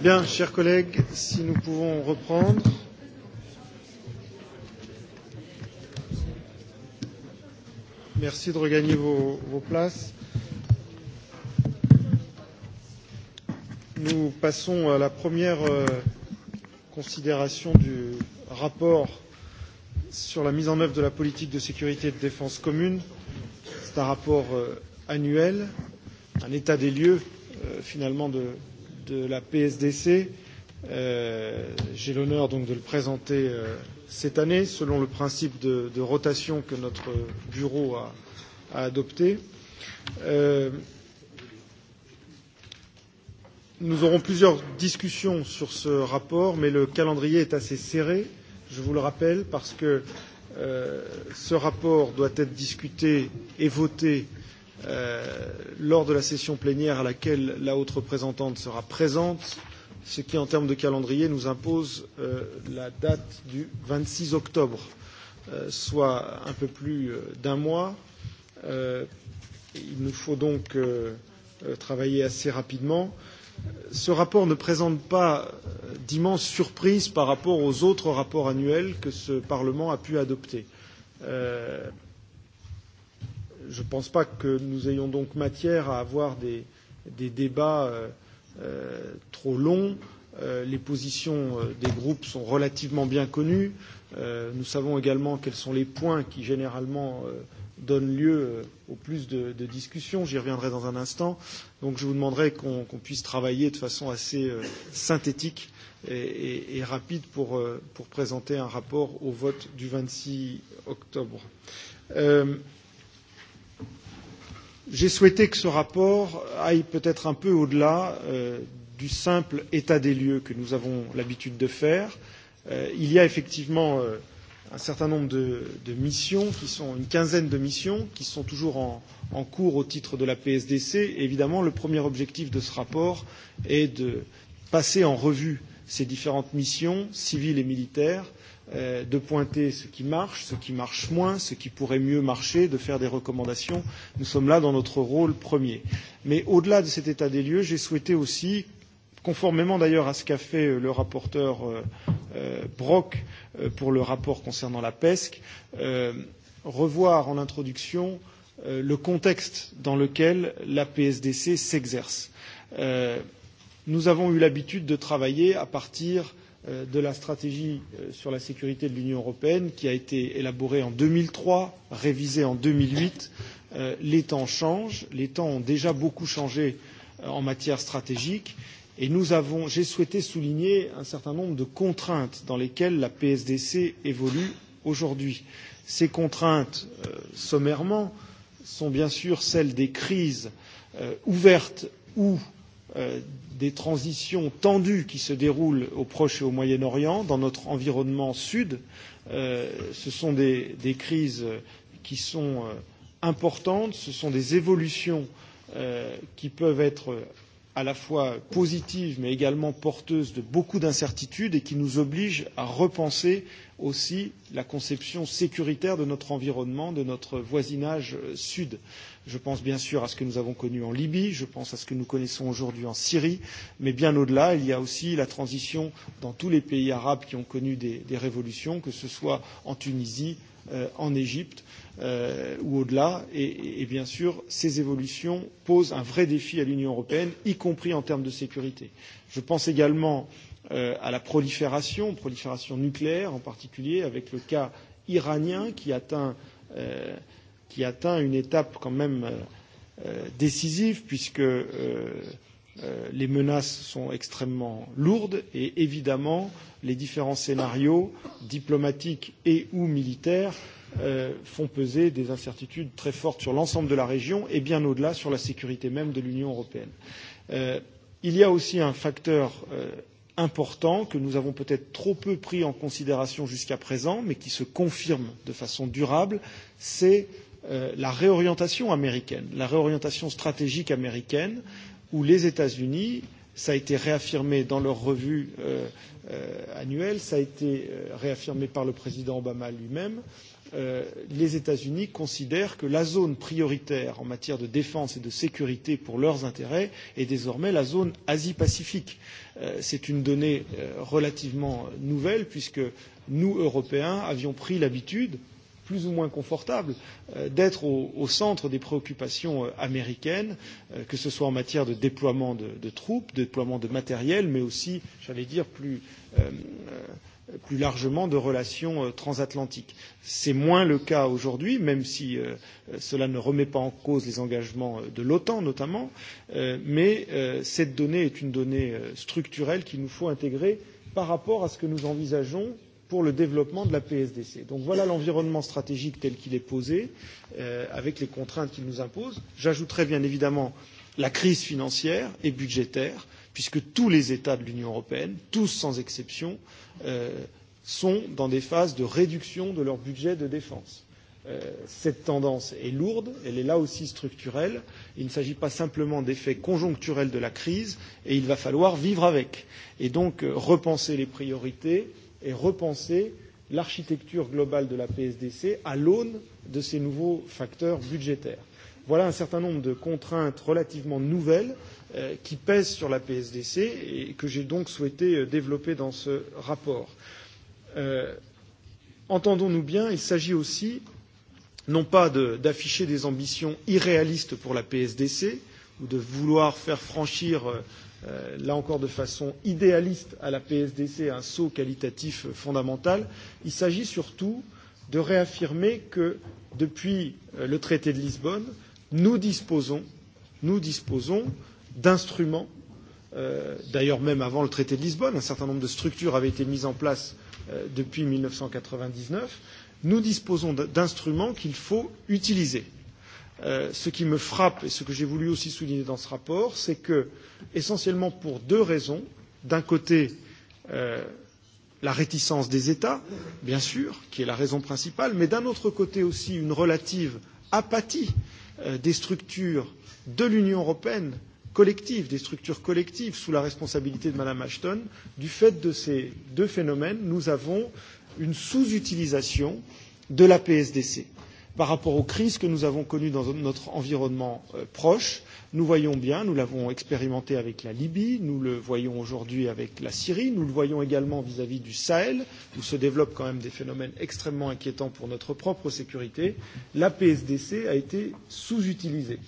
Bien, chers collègues, si nous pouvons reprendre. Merci de regagner vos, vos places. Nous passons à la première euh, considération du rapport sur la mise en œuvre de la politique de sécurité et de défense commune. C'est un rapport euh, annuel, un état des lieux euh, finalement de, de la PSDC. Euh, J'ai l'honneur donc de le présenter euh, cette année, selon le principe de, de rotation que notre bureau a, a adopté. Euh, nous aurons plusieurs discussions sur ce rapport, mais le calendrier est assez serré, je vous le rappelle, parce que euh, ce rapport doit être discuté et voté euh, euh, lors de la session plénière à laquelle la haute représentante sera présente, ce qui, en termes de calendrier, nous impose euh, la date du 26 octobre, euh, soit un peu plus euh, d'un mois. Euh, il nous faut donc euh, euh travailler assez rapidement. Ce rapport ne présente pas euh, d'immense surprise par rapport aux autres rapports annuels que ce Parlement a pu adopter. Euh, je ne pense pas que nous ayons donc matière à avoir des, des débats euh, euh, trop longs. Euh, les positions euh, des groupes sont relativement bien connues. Euh, nous savons également quels sont les points qui généralement euh, donnent lieu euh, au plus de, de discussions. J'y reviendrai dans un instant. Donc je vous demanderai qu'on qu puisse travailler de façon assez euh, synthétique et, et, et rapide pour, euh, pour présenter un rapport au vote du 26 octobre. Euh, J'ai souhaité que ce rapport aille peut-être un peu au-delà euh, du simple état des lieux que nous avons l'habitude de faire. Euh, il y a effectivement euh, un certain nombre de, de missions, qui sont une quinzaine de missions, qui sont toujours en, en cours au titre de la PSDC. Et évidemment, le premier objectif de ce rapport est de passer en revue ces différentes missions civiles et militaires, euh, euh, de pointer ce qui marche, ce qui marche moins, ce qui pourrait mieux marcher, de faire des recommandations. Nous sommes là dans notre rôle premier. Mais au-delà de cet état des lieux, j'ai souhaité aussi conformément d'ailleurs à ce qu'a fait euh, le rapporteur euh, euh, Brock euh, pour le rapport concernant la PESC, euh, revoir en introduction euh, le contexte dans lequel la PSDC s'exerce. Euh, nous avons eu l'habitude de travailler à partir Euh, de la stratégie euh, sur la sécurité de l'Union européenne qui a été élaborée en 2003, révisée en 2008. Euh, les temps changent, les temps ont déjà beaucoup changé en matière stratégique et nous avons, j'ai souhaité souligner un certain nombre de contraintes dans lesquelles la PSDC évolue aujourd'hui. Ces contraintes, euh, sommairement, sont bien sûr celles des crises euh, ouvertes ou euh, des transitions tendues qui se déroulent au Proche et au Moyen-Orient, dans notre environnement sud. Euh, ce sont des, des crises qui sont euh, importantes, ce sont des évolutions euh, qui peuvent être à la fois positives mais également porteuses de beaucoup d'incertitudes et qui nous obligent à repenser aussi la conception sécuritaire de notre environnement, de notre voisinage euh, sud. Euh, Je pense bien sûr à ce que nous avons connu en Libye, je pense à ce que nous connaissons aujourd'hui en Syrie, mais bien au-delà, il y a aussi la transition dans tous les pays arabes qui ont connu des, des révolutions, que ce soit en Tunisie, euh, en Égypte euh, ou au-delà. Et, et bien sûr, ces évolutions posent un vrai défi à l'Union européenne, y compris en termes de sécurité. Je pense également euh, à la prolifération, prolifération nucléaire en particulier, avec le cas iranien qui atteint euh, qui atteint une étape quand même euh, euh, décisive, puisque euh, euh, les menaces sont extrêmement lourdes et évidemment les différents scénarios diplomatiques et ou militaires euh, font peser des incertitudes très fortes sur l'ensemble de la région et bien au-delà sur la sécurité même de l'Union européenne. Euh, il y a aussi un facteur euh, important que nous avons peut-être trop peu pris en considération jusqu'à présent, mais qui se confirme de façon durable, c'est euh, euh, la réorientation américaine, la réorientation stratégique américaine, où les États-Unis, ça a été réaffirmé dans leur revue euh, euh, annuelle, ça a été euh, réaffirmé par le président Obama lui-même, euh, les États-Unis considèrent que la zone prioritaire en matière de défense et de sécurité pour leurs intérêts est désormais la zone Asie-Pacifique. Euh, C'est une donnée euh, relativement nouvelle puisque nous, Européens, avions pris l'habitude euh, plus ou moins confortable euh, d'être au, au centre des préoccupations euh, américaines, euh, que ce soit en matière de déploiement de, de troupes, de déploiement de matériel, mais aussi, j'allais dire, plus. Euh, euh plus largement de relations euh, transatlantiques. C'est moins le cas aujourd'hui, même si euh, cela ne remet pas en cause les engagements euh, de l'OTAN notamment, euh, mais euh, cette donnée est une donnée euh, structurelle qu'il nous faut intégrer par rapport à ce que nous envisageons pour le développement de la PSDC. Donc voilà l'environnement stratégique tel qu'il est posé, euh, avec les contraintes qu'il nous impose. J'ajouterai bien évidemment la crise financière et budgétaire, puisque tous les États de l'Union européenne, tous sans exception, euh, sont dans des phases de réduction de leur budget de défense. Euh, cette tendance est lourde, elle est là aussi structurelle. Il ne s'agit pas simplement d'effets conjoncturels de la crise, et il va falloir vivre avec. Et donc euh, repenser les priorités, euh, et repenser l'architecture globale de la PSDC à l'aune de ces nouveaux facteurs budgétaires. Voilà un certain nombre de contraintes relativement nouvelles euh, qui pèsent sur la PSDC et que j'ai donc souhaité euh, développer dans ce rapport. Euh, Entendons-nous bien, il s'agit aussi non pas d'afficher de, des ambitions irréalistes pour la PSDC ou de vouloir faire franchir euh, euh, là encore de façon idéaliste à la PSDC un saut qualitatif fondamental. Il s'agit surtout de réaffirmer que depuis euh, le traité de Lisbonne, nous disposons, nous disposons d'instruments, euh, d'ailleurs même avant le traité de Lisbonne, un certain nombre de structures avaient été mises en place euh, depuis 1999, nous disposons d'instruments qu'il faut utiliser Euh, ce qui me frappe et ce que j'ai voulu aussi souligner dans ce rapport, c'est que, essentiellement pour deux raisons, d'un côté, euh, la réticence des États, bien sûr, qui est la raison principale, mais d'un autre côté aussi une relative apathie euh, des structures de l'Union européenne collective, des structures collectives sous la responsabilité de Mme Ashton. Du fait de ces deux phénomènes, nous avons une sous-utilisation de la PSDC par rapport aux crises que nous avons connues dans notre environnement euh, proche. Nous voyons bien, nous l'avons expérimenté avec la Libye, nous le voyons aujourd'hui avec la Syrie, nous le voyons également vis-à-vis -vis du Sahel, où se développent quand même des phénomènes extrêmement inquiétants pour notre propre sécurité. La PSDC a été sous-utilisée.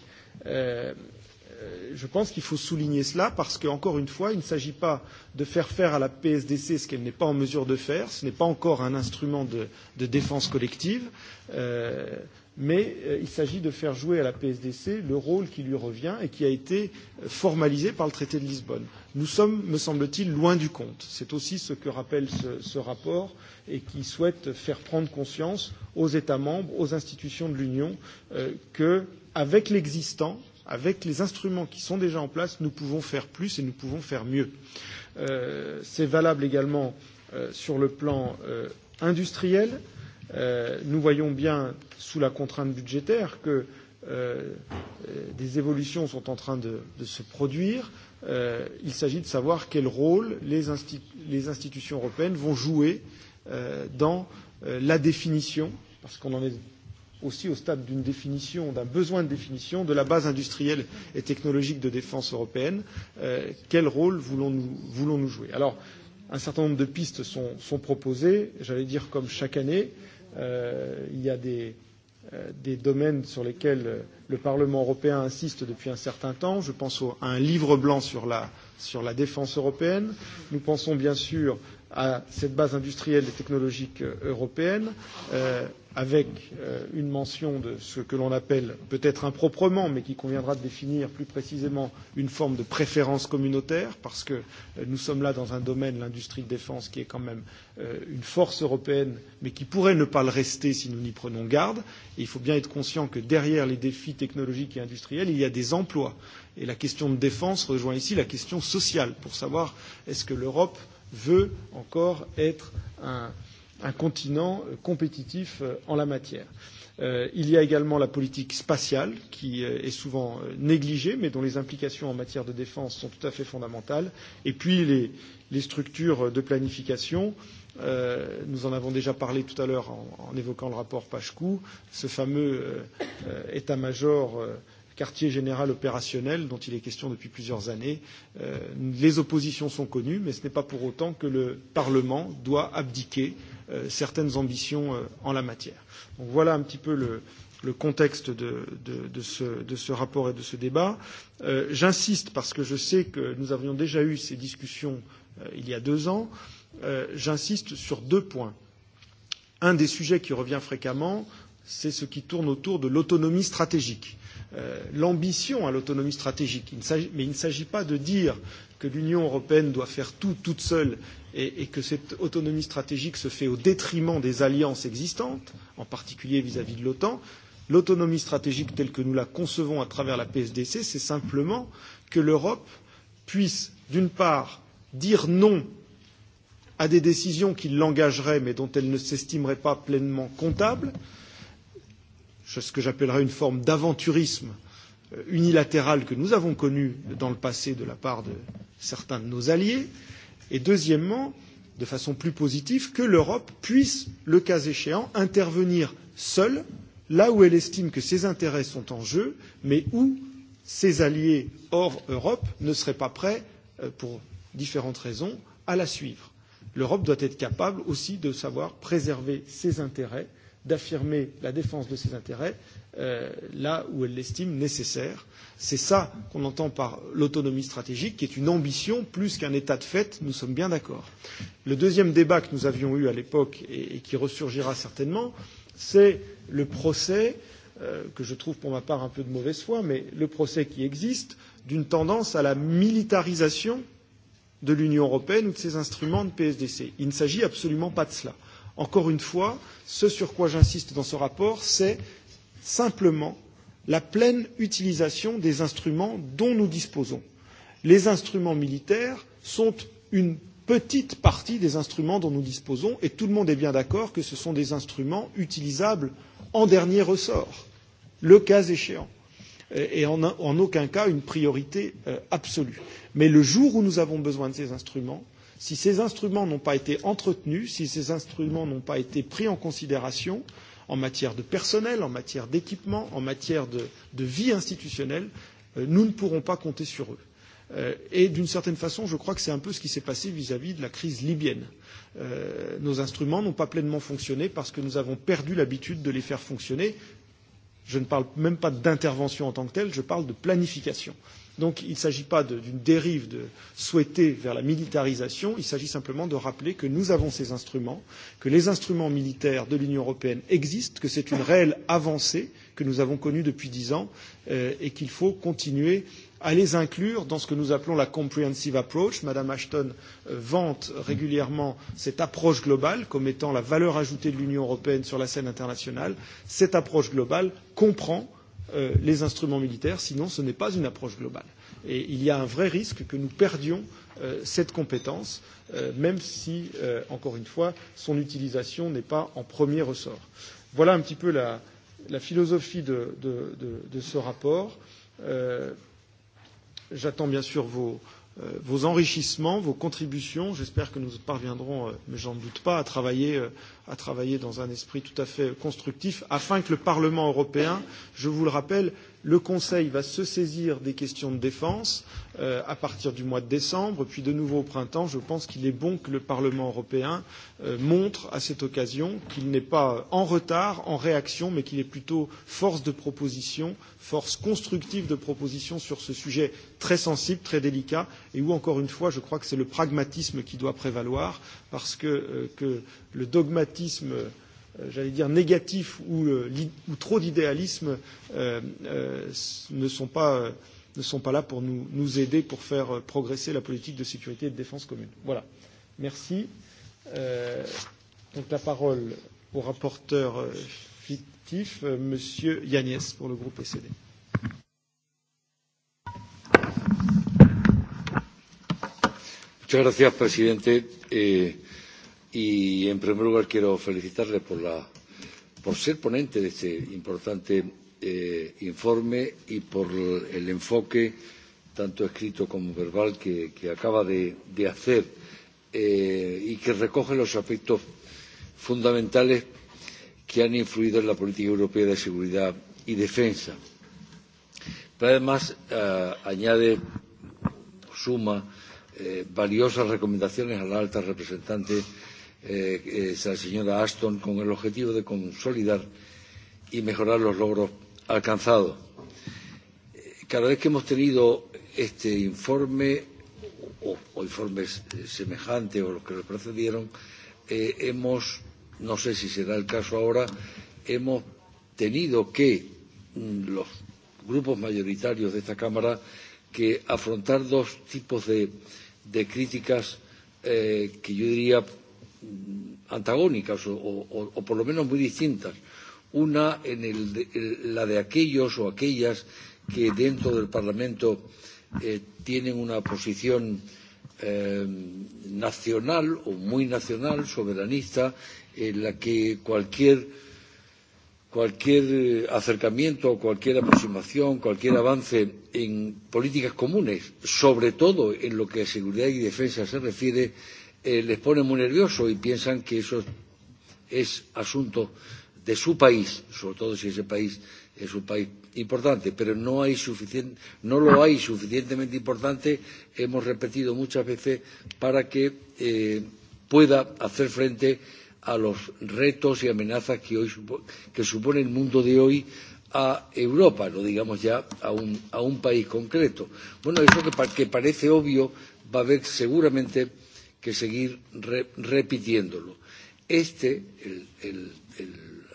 Euh, Euh, je pense qu'il faut souligner cela parce qu'encore une fois, il ne s'agit pas de faire faire à la PSDC ce qu'elle n'est pas en mesure de faire. Ce n'est pas encore un instrument de, de défense collective. Euh, mais euh, il s'agit de faire jouer à la PSDC le rôle qui lui revient et qui a été formalisé par le traité de Lisbonne. Nous sommes, me semble-t-il, loin du compte. C'est aussi ce que rappelle ce, ce rapport et qui souhaite faire prendre conscience aux États membres, aux institutions de l'Union, euh, qu'avec l'existant, avec les instruments qui sont déjà en place, nous pouvons faire plus et nous pouvons faire mieux. Euh, C'est valable également euh, sur le plan euh, industriel. Euh, nous voyons bien, sous la contrainte budgétaire, que euh, euh, des évolutions sont en train de, de se produire. Euh, il s'agit de savoir quel rôle les, insti les institutions européennes vont jouer euh, dans euh, la définition, parce qu'on en est aussi au stade d'une définition, d'un besoin de définition de la base industrielle et technologique de défense européenne. Euh, quel rôle voulons-nous voulons -nous jouer Alors, un certain nombre de pistes sont, sont proposées. J'allais dire comme chaque année, euh, il y a des, euh, des domaines sur lesquels le Parlement européen insiste depuis un certain temps. Je pense au, à un livre blanc sur la, sur la défense européenne. Nous pensons bien sûr à cette base industrielle et technologique euh, européenne. Euh, avec euh, une mention de ce que l'on appelle peut-être improprement, mais qui conviendra de définir plus précisément une forme de préférence communautaire, parce que euh, nous sommes là dans un domaine, l'industrie de défense, qui est quand même euh, une force européenne, mais qui pourrait ne pas le rester si nous n'y prenons garde. Et il faut bien être conscient que derrière les défis technologiques et industriels, il y a des emplois. Et la question de défense rejoint ici la question sociale, pour savoir est-ce que l'Europe veut encore être un, euh, un continent euh, compétitif euh, en la matière. Euh, il y a également la politique spatiale qui euh, est souvent euh, négligée, mais dont les implications en matière de défense sont tout à fait fondamentales. Et puis les, les structures de planification. Euh, nous en avons déjà parlé tout à l'heure en, en évoquant le rapport Pachkou, ce fameux euh, euh, état-major euh, quartier général opérationnel dont il est question depuis plusieurs années. Euh, les oppositions sont connues, mais ce n'est pas pour autant que le Parlement doit abdiquer euh, certaines ambitions euh, en la matière. Donc voilà un petit peu le, le contexte de, de, de, ce, de ce rapport et de ce débat. Euh, J'insiste parce que je sais que nous avions déjà eu ces discussions euh, il y a deux ans. Euh, J'insiste sur deux points. Un des sujets qui revient fréquemment, c'est ce qui tourne autour de l'autonomie stratégique euh, l'ambition à l'autonomie stratégique. Il mais il ne s'agit pas de dire que l'Union européenne doit faire tout toute seule et, et que cette autonomie stratégique se fait au détriment des alliances existantes, en particulier vis-à-vis -vis de l'OTAN. L'autonomie stratégique telle que nous la concevons à travers la PSDC, c'est simplement que l'Europe puisse, d'une part, dire non à des décisions qui l'engageraient mais dont elle ne s'estimerait pas pleinement comptable, euh, ce que j'appellerais une forme d'aventurisme euh, unilatéral que nous avons connu dans le passé de la part de certains de nos alliés, et deuxièmement, de façon plus positive, que l'Europe puisse, le cas échéant, intervenir seule là où elle estime que ses intérêts sont en jeu, mais où ses alliés hors Europe ne seraient pas prêts, euh, pour différentes raisons, à la suivre. L'Europe doit être capable aussi de savoir préserver ses intérêts d'affirmer la défense de ses intérêts euh, là où elle l'estime nécessaire. C'est ça qu'on entend par l'autonomie stratégique, qui est une ambition plus qu'un état de fait, nous sommes bien d'accord. Le deuxième débat que nous avions eu à l'époque et, et qui ressurgira certainement, c'est le procès euh, que je trouve pour ma part un peu de mauvaise foi, mais le procès qui existe d'une tendance à la militarisation de l'Union européenne ou de ses instruments de PSDC. Il ne s'agit absolument pas de cela. Encore une fois, ce sur quoi j'insiste dans ce rapport, c'est simplement la pleine utilisation des instruments dont nous disposons. Les instruments militaires sont une petite partie des instruments dont nous disposons et tout le monde est bien d'accord que ce sont des instruments utilisables en dernier ressort, le cas échéant, et en, en aucun cas une priorité euh, absolue. Mais le jour où nous avons besoin de ces instruments, Si ces instruments n'ont pas été entretenus, si ces instruments n'ont pas été pris en considération en matière de personnel, en matière d'équipement, en matière de, de vie institutionnelle, euh, nous ne pourrons pas compter sur eux. Euh, et d'une certaine façon, je crois que c'est un peu ce qui s'est passé vis-à-vis -vis de la crise libyenne. Euh, nos instruments n'ont pas pleinement fonctionné parce que nous avons perdu l'habitude de les faire fonctionner. Je ne parle même pas d'intervention en tant que telle, je parle de planification. Euh, Donc il ne s'agit pas d'une dérive de, souhaitée vers la militarisation, il s'agit simplement de rappeler que nous avons ces instruments, que les instruments militaires de l'Union européenne existent, que c'est une réelle avancée que nous avons connue depuis dix ans euh, et qu'il faut continuer à les inclure dans ce que nous appelons la comprehensive approach. Madame Ashton euh, vante régulièrement cette approche globale comme étant la valeur ajoutée de l'Union européenne sur la scène internationale. Cette approche globale comprend euh, les instruments militaires, sinon ce n'est pas une approche globale. Et il y a un vrai risque que nous perdions euh, cette compétence, euh, même si, euh, encore une fois, son utilisation n'est pas en premier ressort. Voilà un petit peu la, la philosophie de, de, de, de ce rapport. Euh, J'attends bien sûr vos, Euh, vos enrichissements, vos contributions. J'espère que nous parviendrons, euh, mais j'en doute pas, à travailler, euh, à travailler dans un esprit tout à fait constructif afin que le Parlement européen, je vous le rappelle, Le Conseil va se saisir des questions de défense euh, à partir du mois de décembre, puis de nouveau au printemps. Je pense qu'il est bon que le Parlement européen euh, montre à cette occasion qu'il n'est pas en retard, en réaction, mais qu'il est plutôt force de proposition, force constructive de proposition sur ce sujet très sensible, très délicat, et où, encore une fois, je crois que c'est le pragmatisme qui doit prévaloir, parce que, euh, que le dogmatisme euh, Euh, j'allais dire, négatif ou, euh, ou trop d'idéalisme euh, euh, ne, sont pas, euh, ne sont pas là pour nous, nous aider pour faire progresser la politique de sécurité et de défense commune. Voilà. Merci. Euh, donc la parole au rapporteur fictif, euh, Monsieur Yanis, pour le groupe ECD. Muchas gracias, presidente. Eh, y en primer lugar quiero felicitarle por, la, por ser ponente de este importante eh, informe y por el enfoque tanto escrito como verbal que, que acaba de, de hacer eh, y que recoge los aspectos fundamentales que han influido en la política europea de seguridad y defensa. Pero además eh, añade, suma eh, valiosas recomendaciones a la alta representante eh, eh, esa señora Ashton con el objetivo de consolidar y mejorar los logros alcanzados. Eh, cada vez que hemos tenido este informe o, o informes eh, semejantes o los que le precedieron, eh, hemos, no sé si será el caso ahora, hemos tenido que mm, los grupos mayoritarios de esta Cámara que afrontar dos tipos de, de críticas eh, que yo diría antagónicas o, o, o por lo menos muy distintas. Una en el de, el, la de aquellos o aquellas que dentro del Parlamento eh, tienen una posición eh, nacional o muy nacional, soberanista, en la que cualquier, cualquier eh, acercamiento, cualquier aproximación, cualquier avance en políticas comunes, sobre todo en lo que a seguridad y defensa se refiere, eh, eh, les pone muy nerviosos y piensan que eso es asunto de su país, sobre todo si ese país es un país importante, pero no, hay suficient, no lo hay suficientemente importante, hemos repetido muchas veces, para que eh, pueda hacer frente a los retos y amenazas que, hoy, que supone el mundo de hoy a Europa, no digamos ya a un, a un país concreto. Bueno, eso que, que parece obvio va a haber seguramente que seguir re, repitiéndolo. Este, el, el, el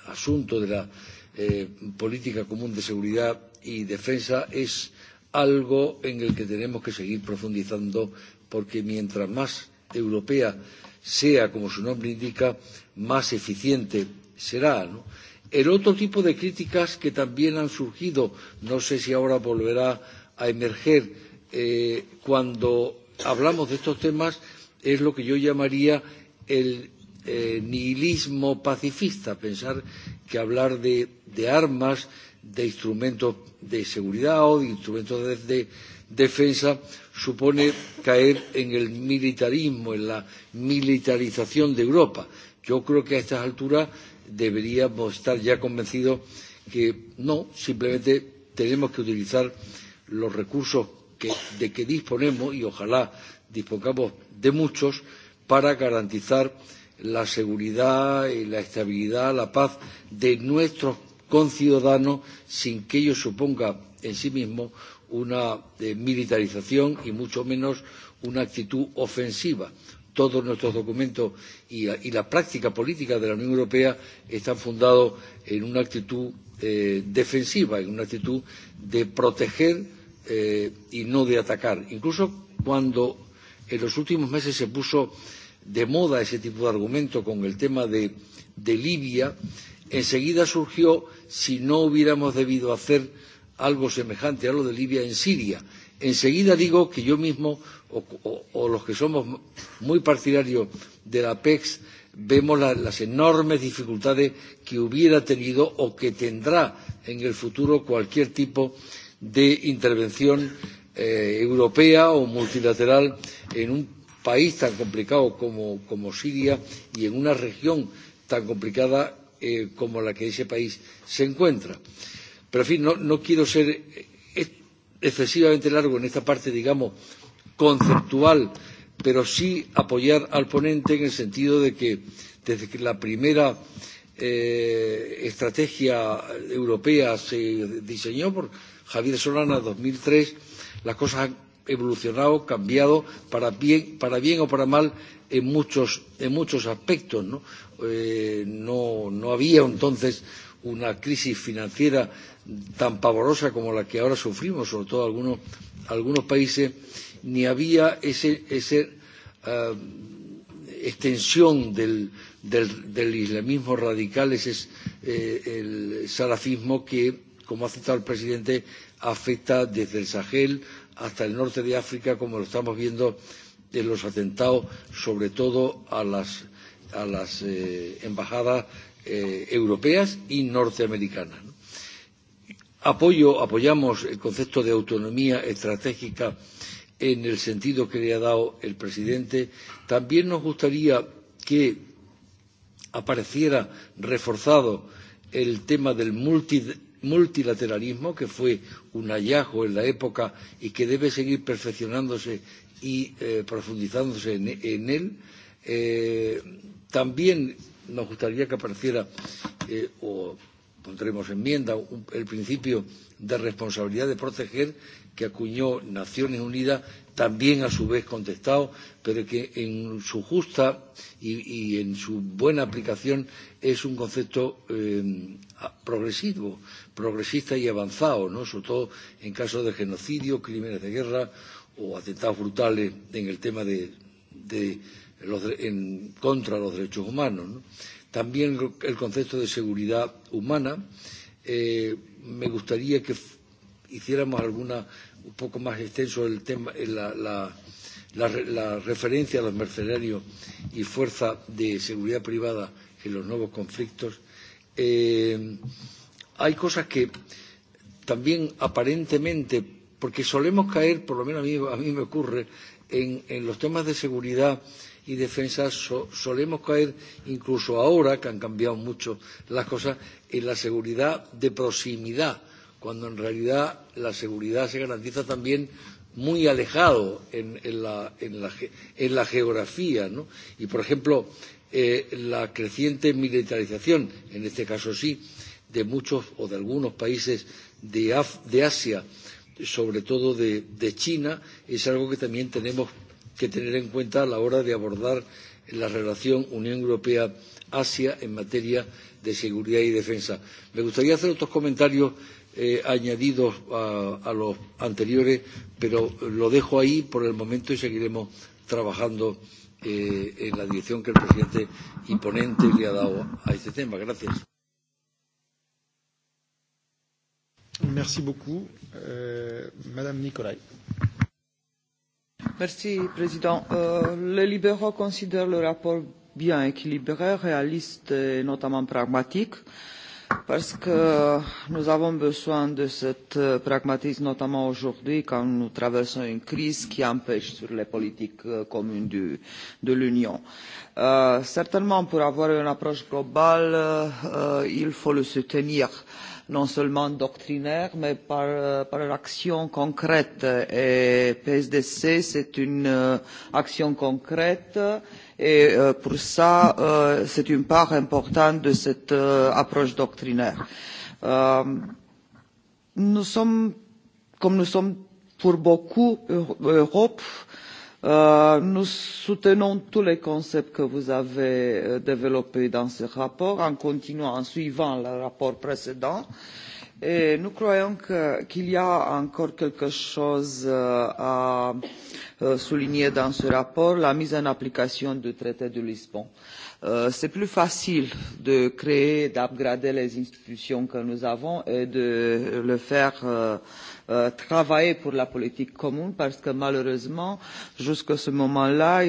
asunto de la eh, política común de seguridad y defensa, es algo en el que tenemos que seguir profundizando porque mientras más europea sea, como su nombre indica, más eficiente será. ¿no? El otro tipo de críticas que también han surgido, no sé si ahora volverá a emerger, eh, cuando hablamos de estos temas es lo que yo llamaría el eh, nihilismo pacifista, pensar que hablar de, de armas, de instrumentos de seguridad o de instrumentos de, de defensa supone caer en el militarismo, en la militarización de Europa. Yo creo que a estas alturas deberíamos estar ya convencidos que no, simplemente tenemos que utilizar los recursos que, de que disponemos y ojalá dispongamos de muchos para garantizar la seguridad y la estabilidad, la paz de nuestros conciudadanos sin que ello suponga en sí mismo una eh, militarización y mucho menos una actitud ofensiva. Todos nuestros documentos y, y la práctica política de la Unión Europea están fundados en una actitud eh, defensiva, en una actitud de proteger eh, y no de atacar. Incluso cuando en los últimos meses se puso de moda ese tipo de argumento con el tema de, de Libia, enseguida surgió si no hubiéramos debido hacer algo semejante a lo de Libia en Siria. Enseguida digo que yo mismo o, o, o los que somos muy partidarios de la PEX vemos la, las enormes dificultades que hubiera tenido o que tendrá en el futuro cualquier tipo de intervención eh, europea o multilateral en un país tan complicado como, como Siria y en una región tan complicada eh, como la que ese país se encuentra. Pero, en fin, no, no quiero ser eh, excesivamente largo en esta parte, digamos, conceptual, pero sí apoyar al ponente en el sentido de que desde que la primera eh, estrategia europea se diseñó por Javier Solana 2003, las cosas han evolucionado, cambiado para bien, para bien o para mal en muchos, en muchos aspectos. ¿no? Eh, no, no había entonces una crisis financiera tan pavorosa como la que ahora sufrimos, sobre todo algunos, algunos países, ni había esa ese, ese uh, extensión del, del, del islamismo radical, ese es eh, el salafismo que, como ha citado el presidente, afecta desde el Sahel hasta el norte de África, como lo estamos viendo en los atentados, sobre todo a las, a las eh, embajadas eh, europeas y norteamericanas. ¿no? Apoyo, apoyamos el concepto de autonomía estratégica en el sentido que le ha dado el presidente. También nos gustaría que apareciera reforzado el tema del multi, multilateralismo, que fue un hallazgo en la época y que debe seguir perfeccionándose y eh, profundizándose en, en él. Eh, también nos gustaría que apareciera, eh, o pondremos enmienda, un, el principio de responsabilidad de proteger que acuñó Naciones Unidas, también a su vez contestado, pero que en su justa y, y en su buena aplicación es un concepto eh, progresivo, progresista y avanzado, ¿no? sobre todo en casos de genocidio, crímenes de guerra o atentados brutales en el tema de, de los, en contra los derechos humanos. ¿no? También el concepto de seguridad humana. Eh, me gustaría que hiciéramos alguna un poco más extenso el tema, la, la, la, la referencia a los mercenarios y fuerzas de seguridad privada en los nuevos conflictos. Eh, hay cosas que también aparentemente, porque solemos caer, por lo menos a mí, a mí me ocurre, en, en los temas de seguridad y defensa so, solemos caer, incluso ahora que han cambiado mucho las cosas, en la seguridad de proximidad cuando en realidad la seguridad se garantiza también muy alejado en, en, la, en, la, en la geografía. ¿no? Y, por ejemplo, eh, la creciente militarización, en este caso sí, de muchos o de algunos países de, Af de Asia, sobre todo de, de China, es algo que también tenemos que tener en cuenta a la hora de abordar la relación Unión Europea-Asia en materia de seguridad y defensa. Me gustaría hacer otros comentarios eh, añadidos a, a los anteriores, pero lo dejo ahí por el momento y seguiremos trabajando eh, en la dirección que el presidente y ponente le ha dado a este tema. Gracias. Merci beaucoup. Euh, Madame Nicolai. Merci, Président. Euh, les libéraux considèrent le rapport bien équilibré, réaliste et notamment pragmatique. Euh, parce que nous avons besoin de ce euh, pragmatisme, notamment aujourd'hui, quand nous traversons une crise qui empêche sur les politiques euh, communes du, de l'Union. Euh, certainement, pour avoir une approche globale, euh, il faut le soutenir non seulement doctrinaire, mais par, euh, par l'action concrète. Et PSDC, c'est une action concrète euh, Et euh, pour ça, euh, c'est une part importante de cette euh, approche doctrinaire. Euh, nous sommes, comme nous sommes pour beaucoup Europe, euh, nous soutenons tous les concepts que vous avez euh, développés dans ce rapport en continuant, en suivant le rapport précédent. Et nous croyons qu'il qu y a encore quelque chose euh, à euh, souligné dans ce rapport la mise en application du traité de lisbonne. Euh, c'est plus facile de créer d'upgrader les institutions que nous avons et de les faire euh, euh, travailler pour la politique commune parce que malheureusement jusqu'à ce moment là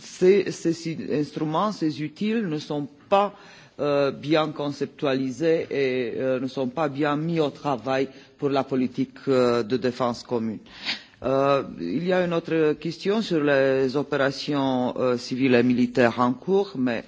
ces, ces instruments ces outils ne sont pas bien conceptualisés et ne sont pas bien mis au travail pour la politique de défense commune. il Euh, il y a une autre question sur les opérations euh, civiles et militaires en cours, mais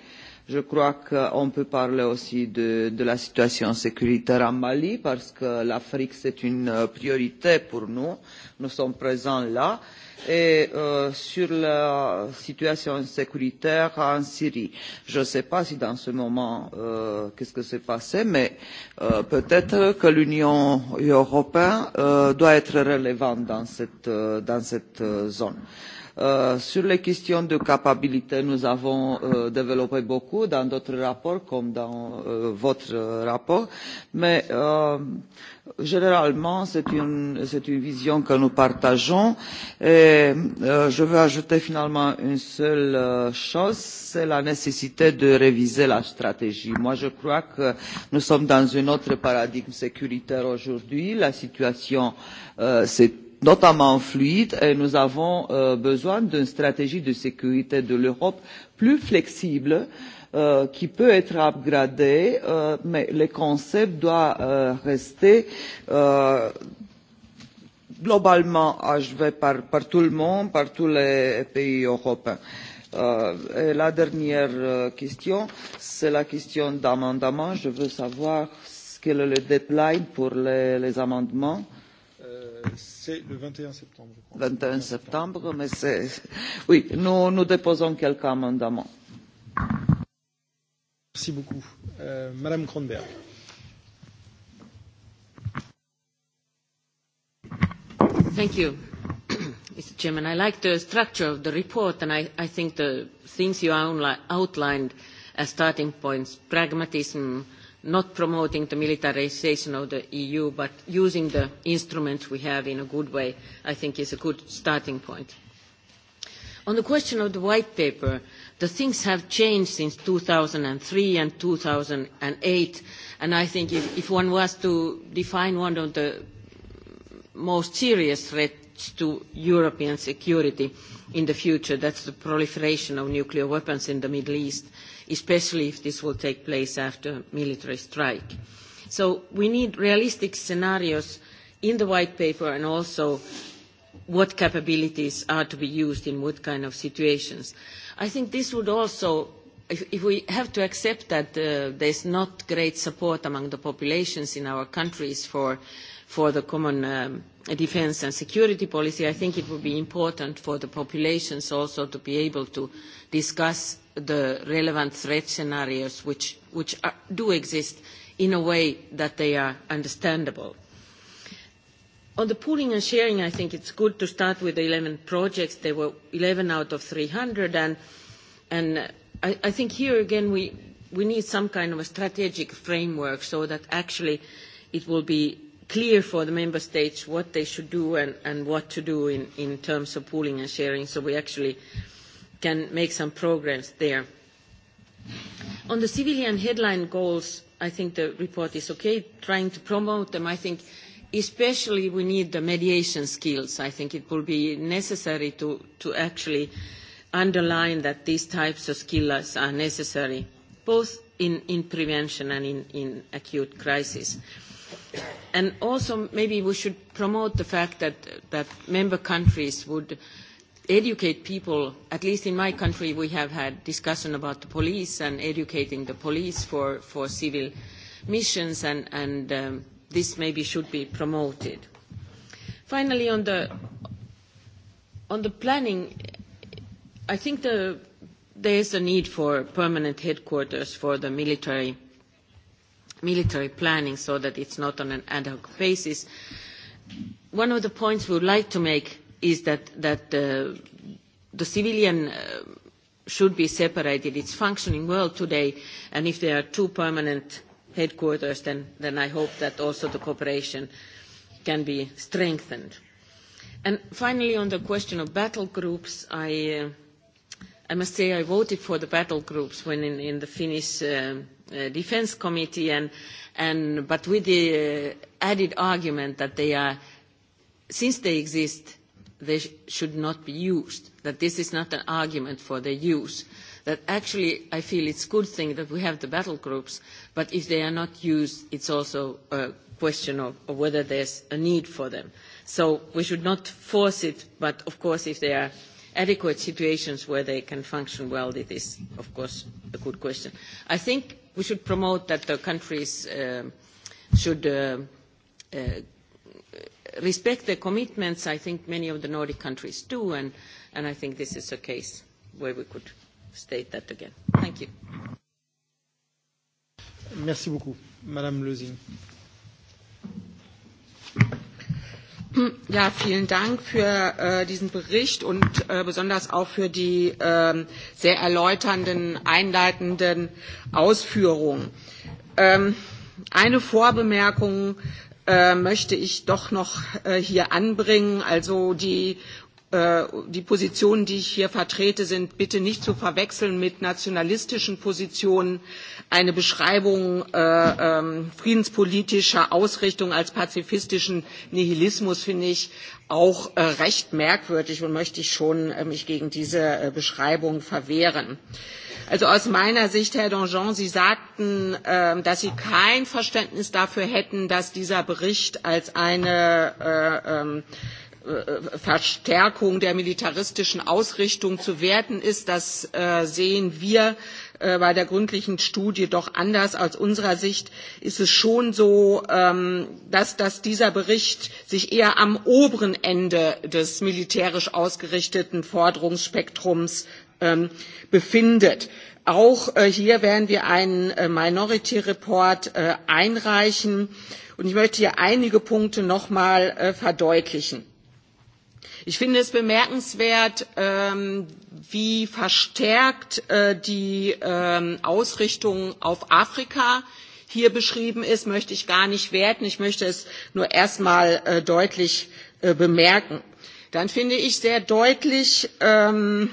je crois qu'on peut parler aussi de, de la situation sécuritaire en Mali, parce que l'Afrique, c'est une euh, priorité pour nous. Nous sommes présents là. Euh, et euh, sur la situation sécuritaire en Syrie. Je ne sais pas si dans ce moment, euh, qu'est-ce que s'est passé, mais euh, peut-être que l'Union européenne euh, doit être relevante dans cette, euh, dans cette euh, zone. Euh, Euh, sur les questions de capacité, nous avons euh, développé beaucoup dans d'autres rapports comme dans euh, votre rapport, mais euh, généralement, c'est une, une vision que nous partageons. Et euh, je veux ajouter finalement une seule euh, chose, c'est la nécessité de réviser la stratégie. Moi, je crois que nous sommes dans un autre paradigme sécuritaire aujourd'hui. La situation euh, s'est notamment fluide et nous avons euh, besoin d'une stratégie de sécurité de l'Europe plus flexible euh, qui peut être upgradée, euh, mais le concept doit euh, rester euh, globalement achevé par, par tout le monde, par tous les pays européens. Euh, et la dernière euh, question, c'est la question d'amendement. Je veux savoir quel est le deadline pour les, les amendements. Euh, Euh, c'est le 21 septembre. Je crois. 21 septembre, mais c'est... Oui, nous, nous déposons quelques amendements. Merci beaucoup. Euh, Madame Kronberg. Thank you. Mr. Chairman, I like the structure of the report, and I, I think the things you outlined as starting points, pragmatism, uh, not promoting the militarization of the EU, but using the instruments we have in a good way, I think is a good starting point. On the question of the white paper, the things have changed since 2003 and 2008, and I think if, if one was to define one of the most serious threats to European security in the future, that's the proliferation of nuclear weapons in the Middle East. Uh, especially if this will take place after military strike. So we need realistic scenarios in the white paper and also what capabilities are to be used in what kind of situations. I think this would also If, if we have to accept that uh, there's not great support among the populations in our countries for for the common um, defense and security policy, I think it would be important for the populations also to be able to discuss the relevant threat scenarios which, which are, do exist in a way that they are understandable. On the pooling and sharing, I think it's good to start with the 11 projects. There were 11 out of 300, and, and uh, I, I think here again we, we need some kind of a strategic framework so that actually it will be clear for the member states what they should do and, and what to do in, in terms of pooling and sharing, so we actually can make some progress there. On the civilian headline goals, I think the report is okay, trying to promote them. I think especially we need the mediation skills. I think it will be necessary to, to actually underline that these types of skills are necessary, both in, in prevention and in, in acute crisis. Mm-hmm. And also, maybe we should promote the fact that, that member countries would educate people. At least in my country, we have had discussion about the police and educating the police for, for civil missions, and, and um, this maybe should be promoted. Finally, on the, on the planning, I think the, there is a need for permanent headquarters for the military military planning so that it's not on an ad hoc basis. One of the points we would like to make is that, that uh, the civilian uh, should be separated. It's functioning well today, and if there are two permanent headquarters, then, then I hope that also the cooperation can be strengthened. And finally, on the question of battle groups, I, uh, I must say I voted for the battle groups when in, in the Finnish um, uh, Defense Committee, and, and, but with the uh, added argument that they are, since they exist, they sh should not be used, that this is not an argument for their use. That actually, I feel it's a good thing that we have the battle groups, but if they are not used, it's also a question of, of whether there's a need for them. So we should not force it, but of course, if there are adequate situations where they can function well, it is, of course, a good question. I think we should promote that the countries uh, should uh, uh, respect their commitments. I think many of the Nordic countries do, and, and I think this is a case where we could state that again. Thank you. Merci beaucoup, Madame Lezing. Hm, ja, vielen Dank für äh, diesen Bericht und äh, besonders auch für die äh, sehr erläuternden, einleitenden Ausführungen. Ähm, eine Vorbemerkung äh, möchte ich doch noch äh, hier anbringen. Also die Äh, die Positionen, die ich hier vertrete, sind bitte nicht zu verwechseln mit nationalistischen Positionen. Eine Beschreibung äh, ähm, friedenspolitischer Ausrichtung als pazifistischen Nihilismus finde ich auch äh, recht merkwürdig und möchte ich schon äh, mich gegen diese äh, Beschreibung verwehren. Also aus meiner Sicht, Herr Donjon, Sie sagten, äh, dass Sie kein Verständnis dafür hätten, dass dieser Bericht als eine äh, ähm, Äh, Verstärkung der militaristischen Ausrichtung zu werten ist. Das äh, sehen wir äh, bei der gründlichen Studie doch anders. Aus unserer Sicht ist es schon so, ähm, dass, dass dieser Bericht sich eher am oberen Ende des militärisch ausgerichteten Forderungsspektrums ähm, befindet. Auch hier werden wir einen Minority Report einreichen. Und ich möchte hier einige Punkte nochmal verdeutlichen Ich finde es bemerkenswert, ähm, wie verstärkt äh, die ähm, Ausrichtung auf Afrika hier beschrieben ist, möchte ich gar nicht werten. Ich möchte es nur erstmal äh, deutlich äh, bemerken. Dann finde ich sehr deutlich, ähm,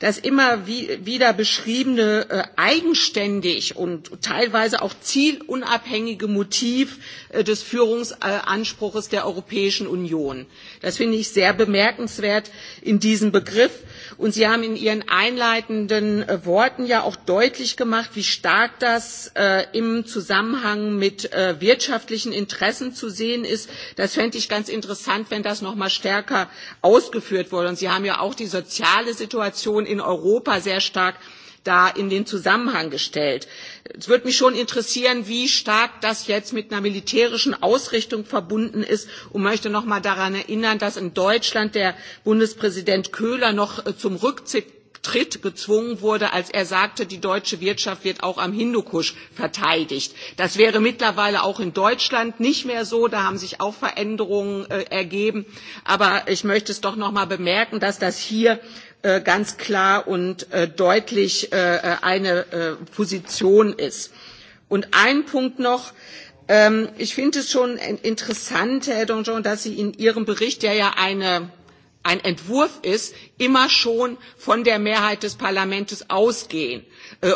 das immer wie, wieder beschriebene äh, eigenständig und teilweise auch zielunabhängige Motiv äh, des Führungsanspruches der Europäischen Union. Das finde ich sehr bemerkenswert in diesem Begriff. Äh, Und Sie haben in Ihren einleitenden äh, Worten ja auch deutlich gemacht, wie stark das äh, im Zusammenhang mit äh, wirtschaftlichen Interessen zu sehen ist. Das fände ich ganz interessant, wenn das noch mal stärker ausgeführt wurde. Und Sie haben ja auch die soziale Situation in Europa sehr stark da in den Zusammenhang gestellt. Es würde mich schon interessieren, wie stark das jetzt mit einer militärischen Ausrichtung verbunden ist und möchte noch mal daran erinnern, dass in Deutschland der Bundespräsident Köhler noch äh, zum Rückzug Tritt gezwungen wurde, als er sagte, die deutsche Wirtschaft wird auch am Hindukusch verteidigt. Das wäre mittlerweile auch in Deutschland nicht mehr so. Da haben sich auch Veränderungen äh, ergeben. Aber ich möchte es doch noch mal bemerken, dass das hier Äh, ganz klar und äh, deutlich äh, eine Position ist. Und ein Punkt noch, ähm, ich finde es schon interessant, Herr Donjon, dass Sie in Ihrem Bericht, der ja eine, ein Entwurf ist, immer schon von der Mehrheit des Parlaments ausgehen,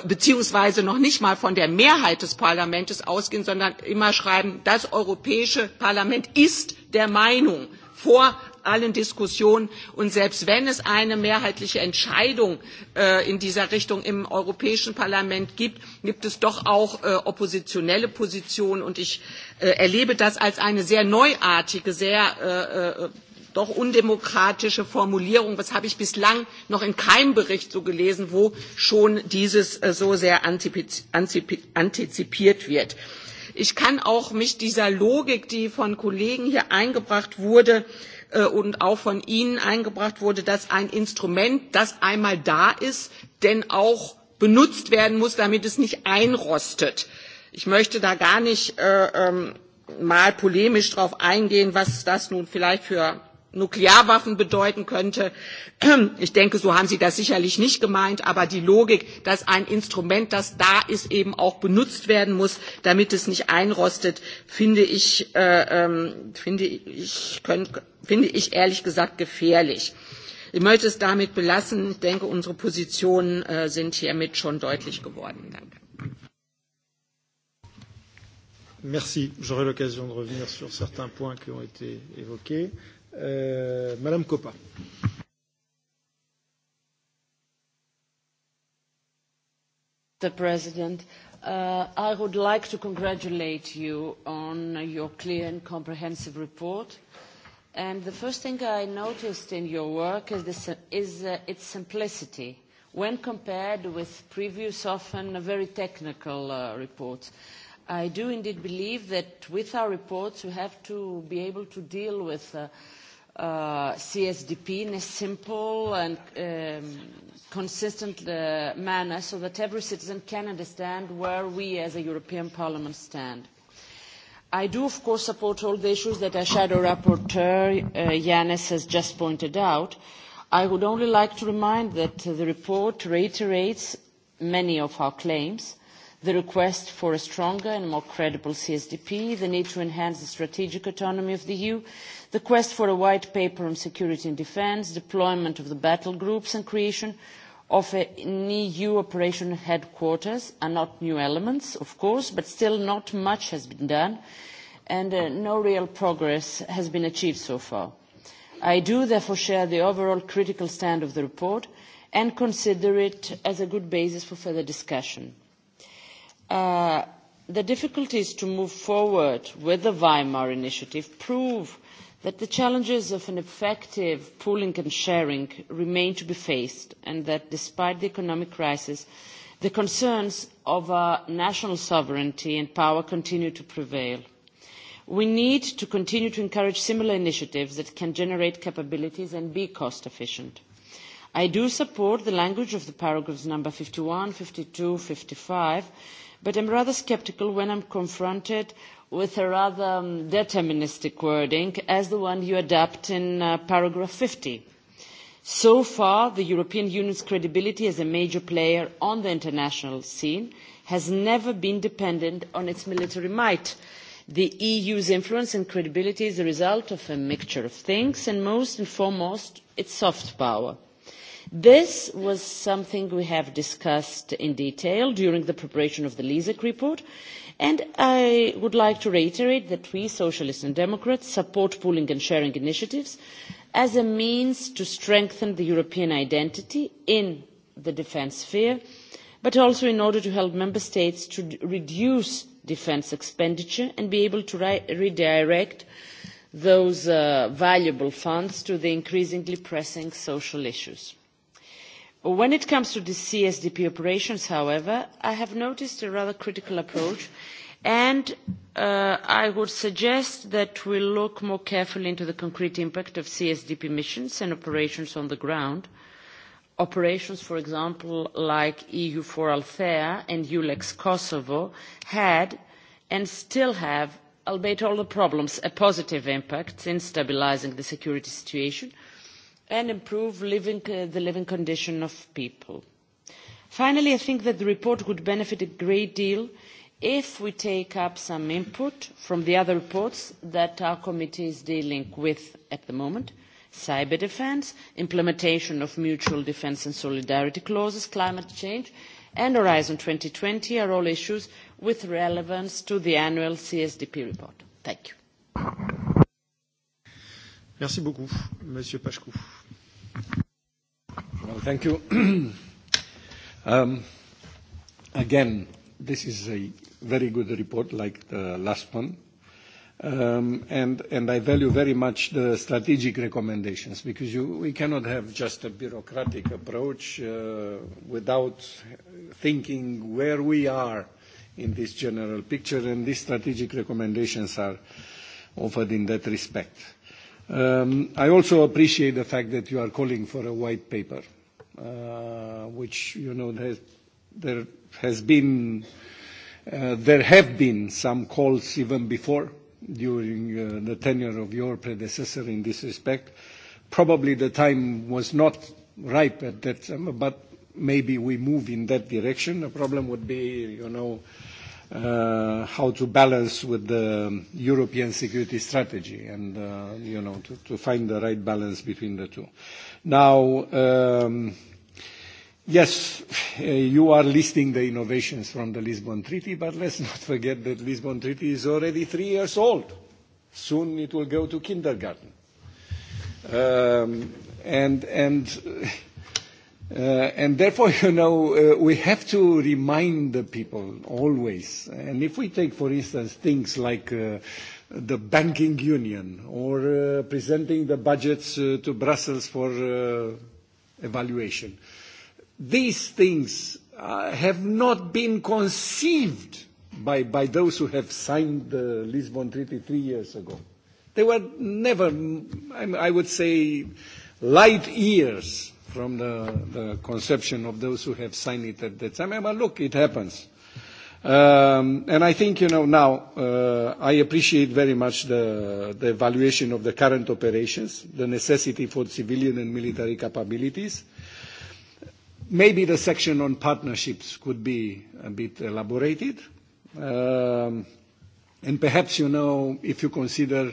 beziehungsweise noch nicht mal von der Mehrheit des Parlaments ausgehen, sondern immer schreiben, das Europäische Parlament ist der Meinung vor allen Diskussionen. Und selbst wenn es eine mehrheitliche Entscheidung äh, in dieser Richtung im Europäischen Parlament gibt, gibt es doch auch äh, oppositionelle Positionen. Und ich äh, erlebe das als eine sehr neuartige, sehr äh, äh doch undemokratische Formulierung. Das habe ich bislang noch in keinem Bericht so gelesen, wo schon dieses äh, so sehr antizipiert wird. Ich kann auch mich dieser Logik, die von Kollegen hier eingebracht wurde, äh, und auch von Ihnen eingebracht wurde, dass ein Instrument, das einmal da ist, denn auch benutzt werden muss, damit es nicht einrostet. Ich möchte da gar nicht äh, ähm, mal polemisch darauf eingehen, was das nun vielleicht für Nuklearwaffen bedeuten könnte. Ich denke, so haben Sie das sicherlich nicht gemeint, aber die Logik, dass ein Instrument, das da ist, eben auch benutzt werden muss, damit es nicht einrostet, finde ich, äh, ähm, finde ich, können, finde ich ehrlich gesagt gefährlich. Ich möchte es damit belassen. Ich denke, unsere Positionen äh, sind hiermit schon deutlich geworden. Danke. Merci. J'aurai l'occasion de revenir sur certains points qui ont été évoqués. Euh, Madame Coppa. Mr. President, uh, I would like to congratulate you on your clear and comprehensive report. And the first thing I noticed in your work is, this, is uh, its simplicity when compared with previous, often very technical uh, reports. I do indeed believe that with our reports, we have to be able to deal with uh, uh, CSDP in a simple and um, consistent uh, manner so that every citizen can understand where we as a European Parliament stand. I do, of course, support all the issues that our shadow rapporteur, uh, Yanis, has just pointed out. I would only like to remind that the report reiterates many of our claims, the request for a stronger and more credible CSDP, the need to enhance the strategic autonomy of the EU, the quest for a white paper on security and defence deployment of the battle groups and creation of an eu operational headquarters are not new elements of course but still not much has been done and uh, no real progress has been achieved so far. i do therefore share the overall critical stand of the report and consider it as a good basis for further discussion. Uh, the difficulties to move forward with the weimar initiative prove that the challenges of an effective pooling and sharing remain to be faced and that despite the economic crisis the concerns of our national sovereignty and power continue to prevail. we need to continue to encourage similar initiatives that can generate capabilities and be cost efficient. i do support the language of the paragraphs number fifty one fifty two and fifty five but am rather sceptical when i am confronted with a rather um, deterministic wording as the one you adapt in uh, paragraph 50. So far, the European Union's credibility as a major player on the international scene has never been dependent on its military might. The EU's influence and credibility is the result of a mixture of things, and most and foremost, its soft power – This was something we have discussed in detail during the preparation of the Lisek report, and I would like to reiterate that we, Socialists and Democrats, support pooling and sharing initiatives as a means to strengthen the European identity in the defence sphere, but also in order to help Member States to reduce defence expenditure and be able to redirect uh, those uh, valuable funds to the increasingly pressing social issues. When it comes to the CSDP operations, however, I have noticed a rather critical approach and uh, I would suggest that we look more carefully into the concrete impact of CSDP missions and operations on the ground. Operations, for example, like EU4 Althea and ULEX Kosovo had and still have albeit all the problems, a positive impact in stabilizing the security situation and improve living, uh, the living condition of people. Finally, I think that the report would benefit a great deal if we take up some input from the other reports that our committee is dealing with at the moment, cyber defence, implementation of mutual defence and solidarity clauses, climate change, and Horizon 2020 are all issues with relevance to the annual CSDP report. Thank you. Merci beaucoup, Monsieur Pachkou. Well, thank you. um, again, this is a very good report like the last one. Um, and, and I value very much the strategic recommendations because you, we cannot have just a bureaucratic approach uh, without thinking where we are in this general picture, and these strategic recommendations are offered in that respect. Um, I also appreciate the fact that you are calling for a white paper, uh, which, you know, there, there has been, uh, there have been some calls even before, during uh, the tenure of your predecessor in this respect. Probably the time was not ripe at that time, but maybe we move in that direction. The problem would be, you know, uh, how to balance with the European security strategy and, uh, you know, to, to find the right balance between the two. Now, um, yes, uh, you are listing the innovations from the Lisbon Treaty, but let's not forget that Lisbon Treaty is already three years old. Soon it will go to kindergarten. Um, and and Uh, and therefore, you know, uh, we have to remind the people always. And if we take, for instance, things like uh, the banking union or uh, presenting the budgets uh, to Brussels for uh, evaluation, these things uh, have not been conceived by, by those who have signed the Lisbon Treaty three years ago. They were never, I would say, light years from the, the conception of those who have signed it at that time. But look, it happens. Um, and I think, you know, now uh, I appreciate very much the, the evaluation of the current operations, the necessity for civilian and military capabilities. Maybe the section on partnerships could be a bit elaborated. Um, and perhaps, you know, if you consider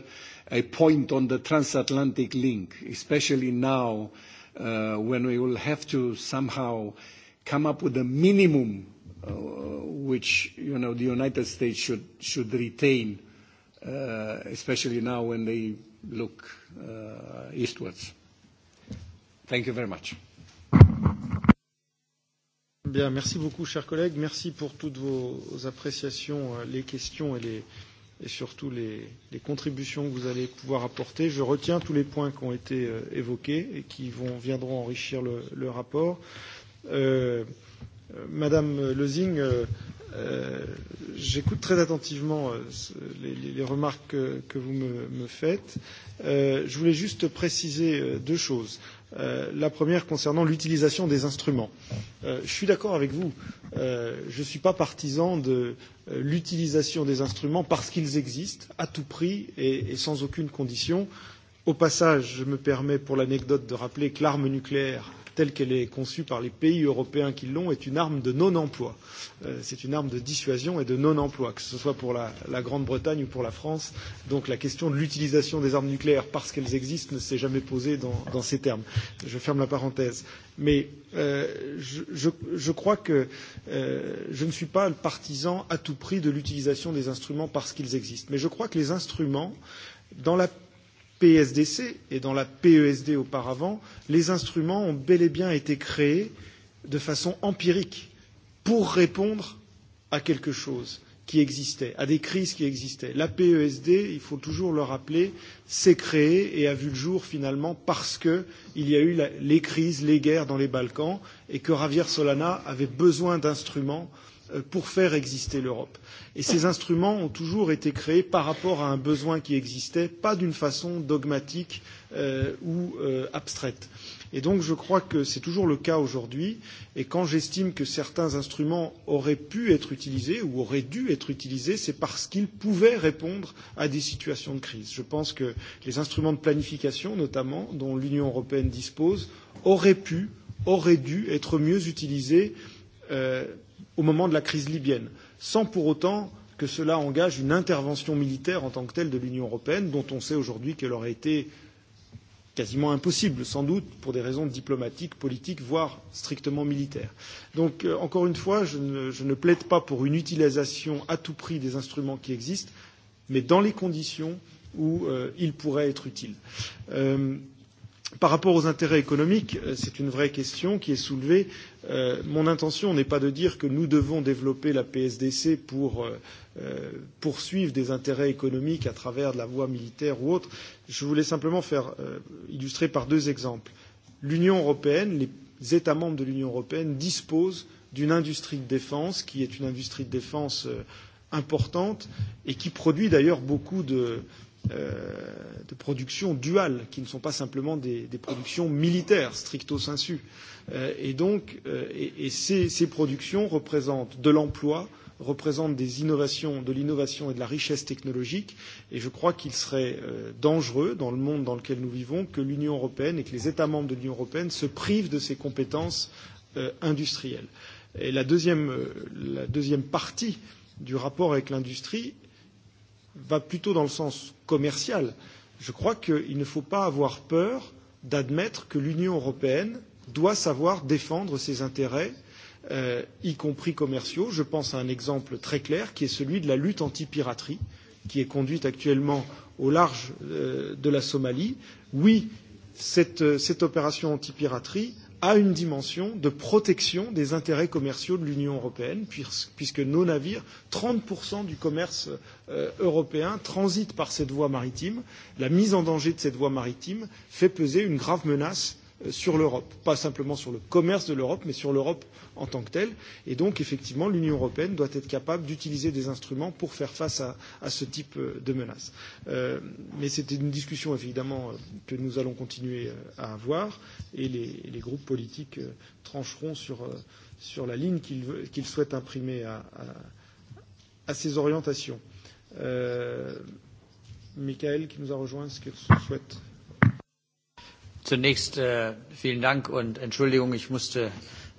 a point on the transatlantic link, especially now uh, uh, when we will have to somehow come up with a minimum uh, which you know the United States should should retain, uh, especially now when they look uh, eastwards. Thank you very much. Bien, merci beaucoup, chers collègues. Merci pour toutes vos appréciations, euh, les questions et les et surtout les, les contributions que vous allez pouvoir apporter. Je retiens tous les points qui ont été euh, évoqués et qui vont, viendront enrichir le, le rapport. Euh, euh Madame Lezing, euh, euh, j'écoute très attentivement euh, les, les, les remarques que, que vous me, me faites. Euh, je voulais juste préciser euh, deux choses. Euh, Euh, la première concernant l'utilisation des instruments. Euh, je suis d'accord avec vous. Euh, je ne suis pas partisan de euh, l'utilisation des instruments parce qu'ils existent à tout prix et, et sans aucune condition. Au passage, je me permets pour l'anecdote de rappeler que l'arme nucléaire telle qu'elle est conçue par les pays européens qui l'ont, est une arme de non-emploi. Euh, c'est une arme de dissuasion et de non-emploi, que ce soit pour la, la Grande-Bretagne ou pour la France. Donc la question de l'utilisation des armes nucléaires parce qu'elles existent ne s'est jamais posée dans, dans ces termes. Je ferme la parenthèse. Mais euh, je, je, je crois que euh, je ne suis pas le partisan à tout prix de l'utilisation des instruments parce qu'ils existent. Mais je crois que les instruments, dans la PSDC et dans la PESD auparavant, les instruments ont bel et bien été créés de façon empirique pour répondre à quelque chose qui existait, à des crises qui existaient. La PESD, il faut toujours le rappeler, s'est créée et a vu le jour finalement parce qu'il y a eu la, les crises, les guerres dans les Balkans et que Javier Solana avait besoin d'instruments euh, Euh, pour faire exister l'Europe. Et ces instruments ont toujours été créés par rapport à un besoin qui existait, pas d'une façon dogmatique euh, ou euh, abstraite. Et donc je crois que c'est toujours le cas aujourd'hui. Et quand j'estime que certains instruments auraient pu être utilisés ou auraient dû être utilisés, c'est parce qu'ils pouvaient répondre à des situations de crise. Je pense que les instruments de planification, notamment, dont l'Union européenne dispose, auraient pu, auraient dû être mieux utilisés euh, au moment de la crise libyenne, sans pour autant que cela engage une intervention militaire en tant que telle de l'Union européenne, dont on sait aujourd'hui qu'elle aurait été quasiment impossible, sans doute pour des raisons diplomatiques, politiques, voire strictement militaires. Donc, euh, encore une fois, je ne, je ne plaide pas pour une utilisation à tout prix des instruments qui existent, mais dans les conditions où euh, ils pourraient être utiles. Euh, par rapport aux intérêts économiques, euh, c'est une vraie question qui est soulevée. Euh, mon intention n'est pas de dire que nous devons développer la PSDC pour euh, euh, poursuivre des intérêts économiques à travers de la voie militaire ou autre. Je voulais simplement faire euh, illustrer par deux exemples. L'Union européenne, les États membres de l'Union européenne disposent d'une industrie de défense qui est une industrie de défense euh, importante et qui produit d'ailleurs beaucoup de, euh, de productions duales qui ne sont pas simplement des, des productions militaires stricto sensu. Euh, Euh, et donc, euh, et, et ces, ces productions représentent de l'emploi, représentent des innovations, de l'innovation et de la richesse technologique. Et je crois qu'il serait euh, dangereux, dans le monde dans lequel nous vivons, que l'Union européenne et que les États membres de l'Union européenne se privent de ces compétences euh, industrielles. Et la deuxième, euh, la deuxième partie du rapport avec l'industrie va plutôt dans le sens commercial. Je crois qu'il ne faut pas avoir peur d'admettre que l'Union européenne doit savoir défendre ses intérêts, euh, y compris commerciaux. Je pense à un exemple très clair qui est celui de la lutte anti-piraterie, qui est conduite actuellement au large euh, de la Somalie. Oui, cette, euh, cette opération anti-piraterie a une dimension de protection des intérêts commerciaux de l'Union européenne, puisque, puisque nos navires, 30% du commerce euh, européen transite par cette voie maritime. La mise en danger de cette voie maritime fait peser une grave menace Euh, sur l'Europe, pas simplement sur le commerce de l'Europe, mais sur l'Europe en tant que telle. Et donc, effectivement, l'Union européenne doit être capable d'utiliser des instruments pour faire face à, à ce type euh, de menaces. Euh, mais c'était une discussion, évidemment, euh, que nous allons continuer à avoir, et les, les groupes politiques trancheront sur, sur la ligne qu'ils qu souhaitent imprimer à, à, à ces orientations. Euh, Michael, qui nous a rejoint, est-ce qu'il souhaite Zunächst äh, vielen Dank und Entschuldigung, ich musste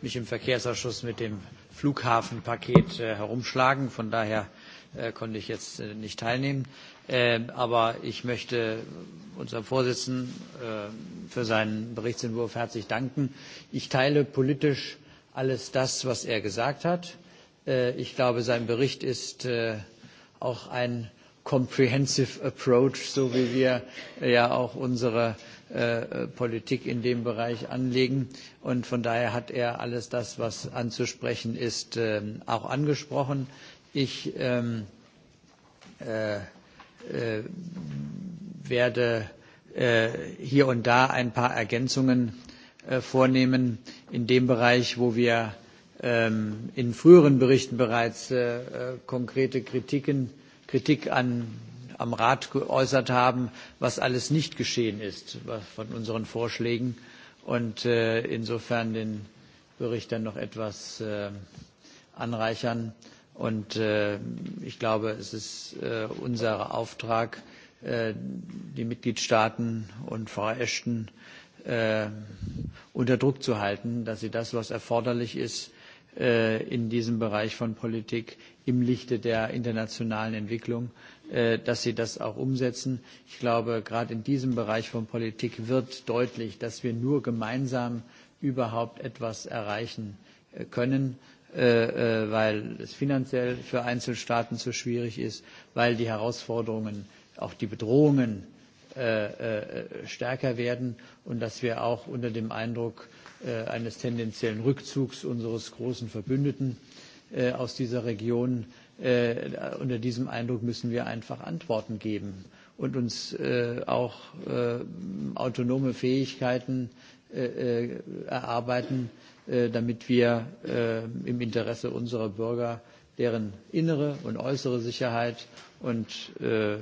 mich im Verkehrsausschuss mit dem Flughafenpaket äh, herumschlagen. Von daher äh, konnte ich jetzt äh, nicht teilnehmen. Äh, aber ich möchte unserem Vorsitzenden äh, für seinen Berichtsentwurf herzlich danken. Ich teile politisch alles das, was er gesagt hat. Äh, ich glaube, sein Bericht ist äh, auch ein comprehensive approach, so wie wir äh, ja auch unsere Äh, Politik in dem Bereich anlegen. Und von daher hat er alles das, was anzusprechen ist, ähm, auch angesprochen. Ich ähm, äh, äh, werde äh, hier und da ein paar Ergänzungen äh, vornehmen in dem Bereich, wo wir ähm, in früheren Berichten bereits äh, äh konkrete Kritiken, Kritik an am Rat geäußert haben, was alles nicht geschehen ist von unseren Vorschlägen und äh, insofern den Bericht dann noch etwas äh, anreichern. Und äh, ich glaube, es ist äh, unser Auftrag, äh, die Mitgliedstaaten und Frau Ashton äh, unter Druck zu halten, dass sie das, was erforderlich ist, äh, in diesem Bereich von Politik im Lichte der internationalen Entwicklung Äh, dass sie das auch umsetzen. Ich glaube, gerade in diesem Bereich von Politik wird deutlich, dass wir nur gemeinsam überhaupt etwas erreichen äh, können, äh, weil es finanziell für Einzelstaaten zu schwierig ist, weil die Herausforderungen, auch die Bedrohungen stärker werden und dass wir auch unter dem Eindruck eines tendenziellen Rückzugs unseres großen Verbündeten aus dieser Region äh, unter diesem Eindruck müssen wir einfach Antworten geben und uns äh, auch äh, autonome Fähigkeiten äh, äh, erarbeiten, äh, damit wir äh, im Interesse unserer Bürger deren innere und äußere Sicherheit und äh,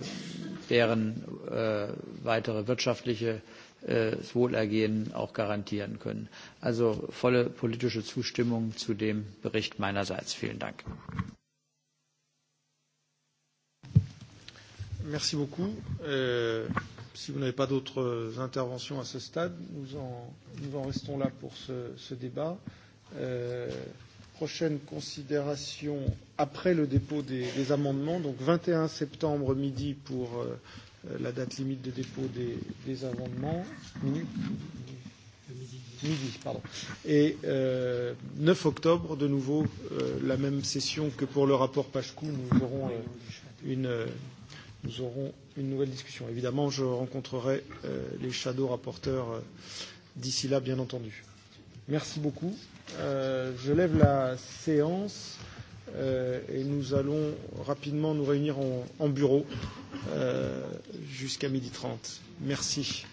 deren äh, weitere wirtschaftliche äh, Wohlergehen auch garantieren können. Also volle politische Zustimmung zu dem Bericht meinerseits. Vielen Dank. Merci beaucoup. Euh, si vous n'avez pas d'autres interventions à ce stade, nous en, nous en restons là pour ce, ce débat. Euh, prochaine considération après le dépôt des, des amendements, donc 21 septembre midi pour euh, la date limite de dépôt des, des amendements. Minute midi, pardon. Et euh, 9 octobre, de nouveau, euh, la même session que pour le rapport Pachkou, nous aurons euh, une. Euh, nous aurons une nouvelle discussion. Évidemment, je rencontrerai euh, les shadow rapporteurs euh, d'ici là, bien entendu. Merci beaucoup. Euh, je lève la séance euh, et nous allons rapidement nous réunir en, en bureau euh, jusqu'à midi 30. Merci.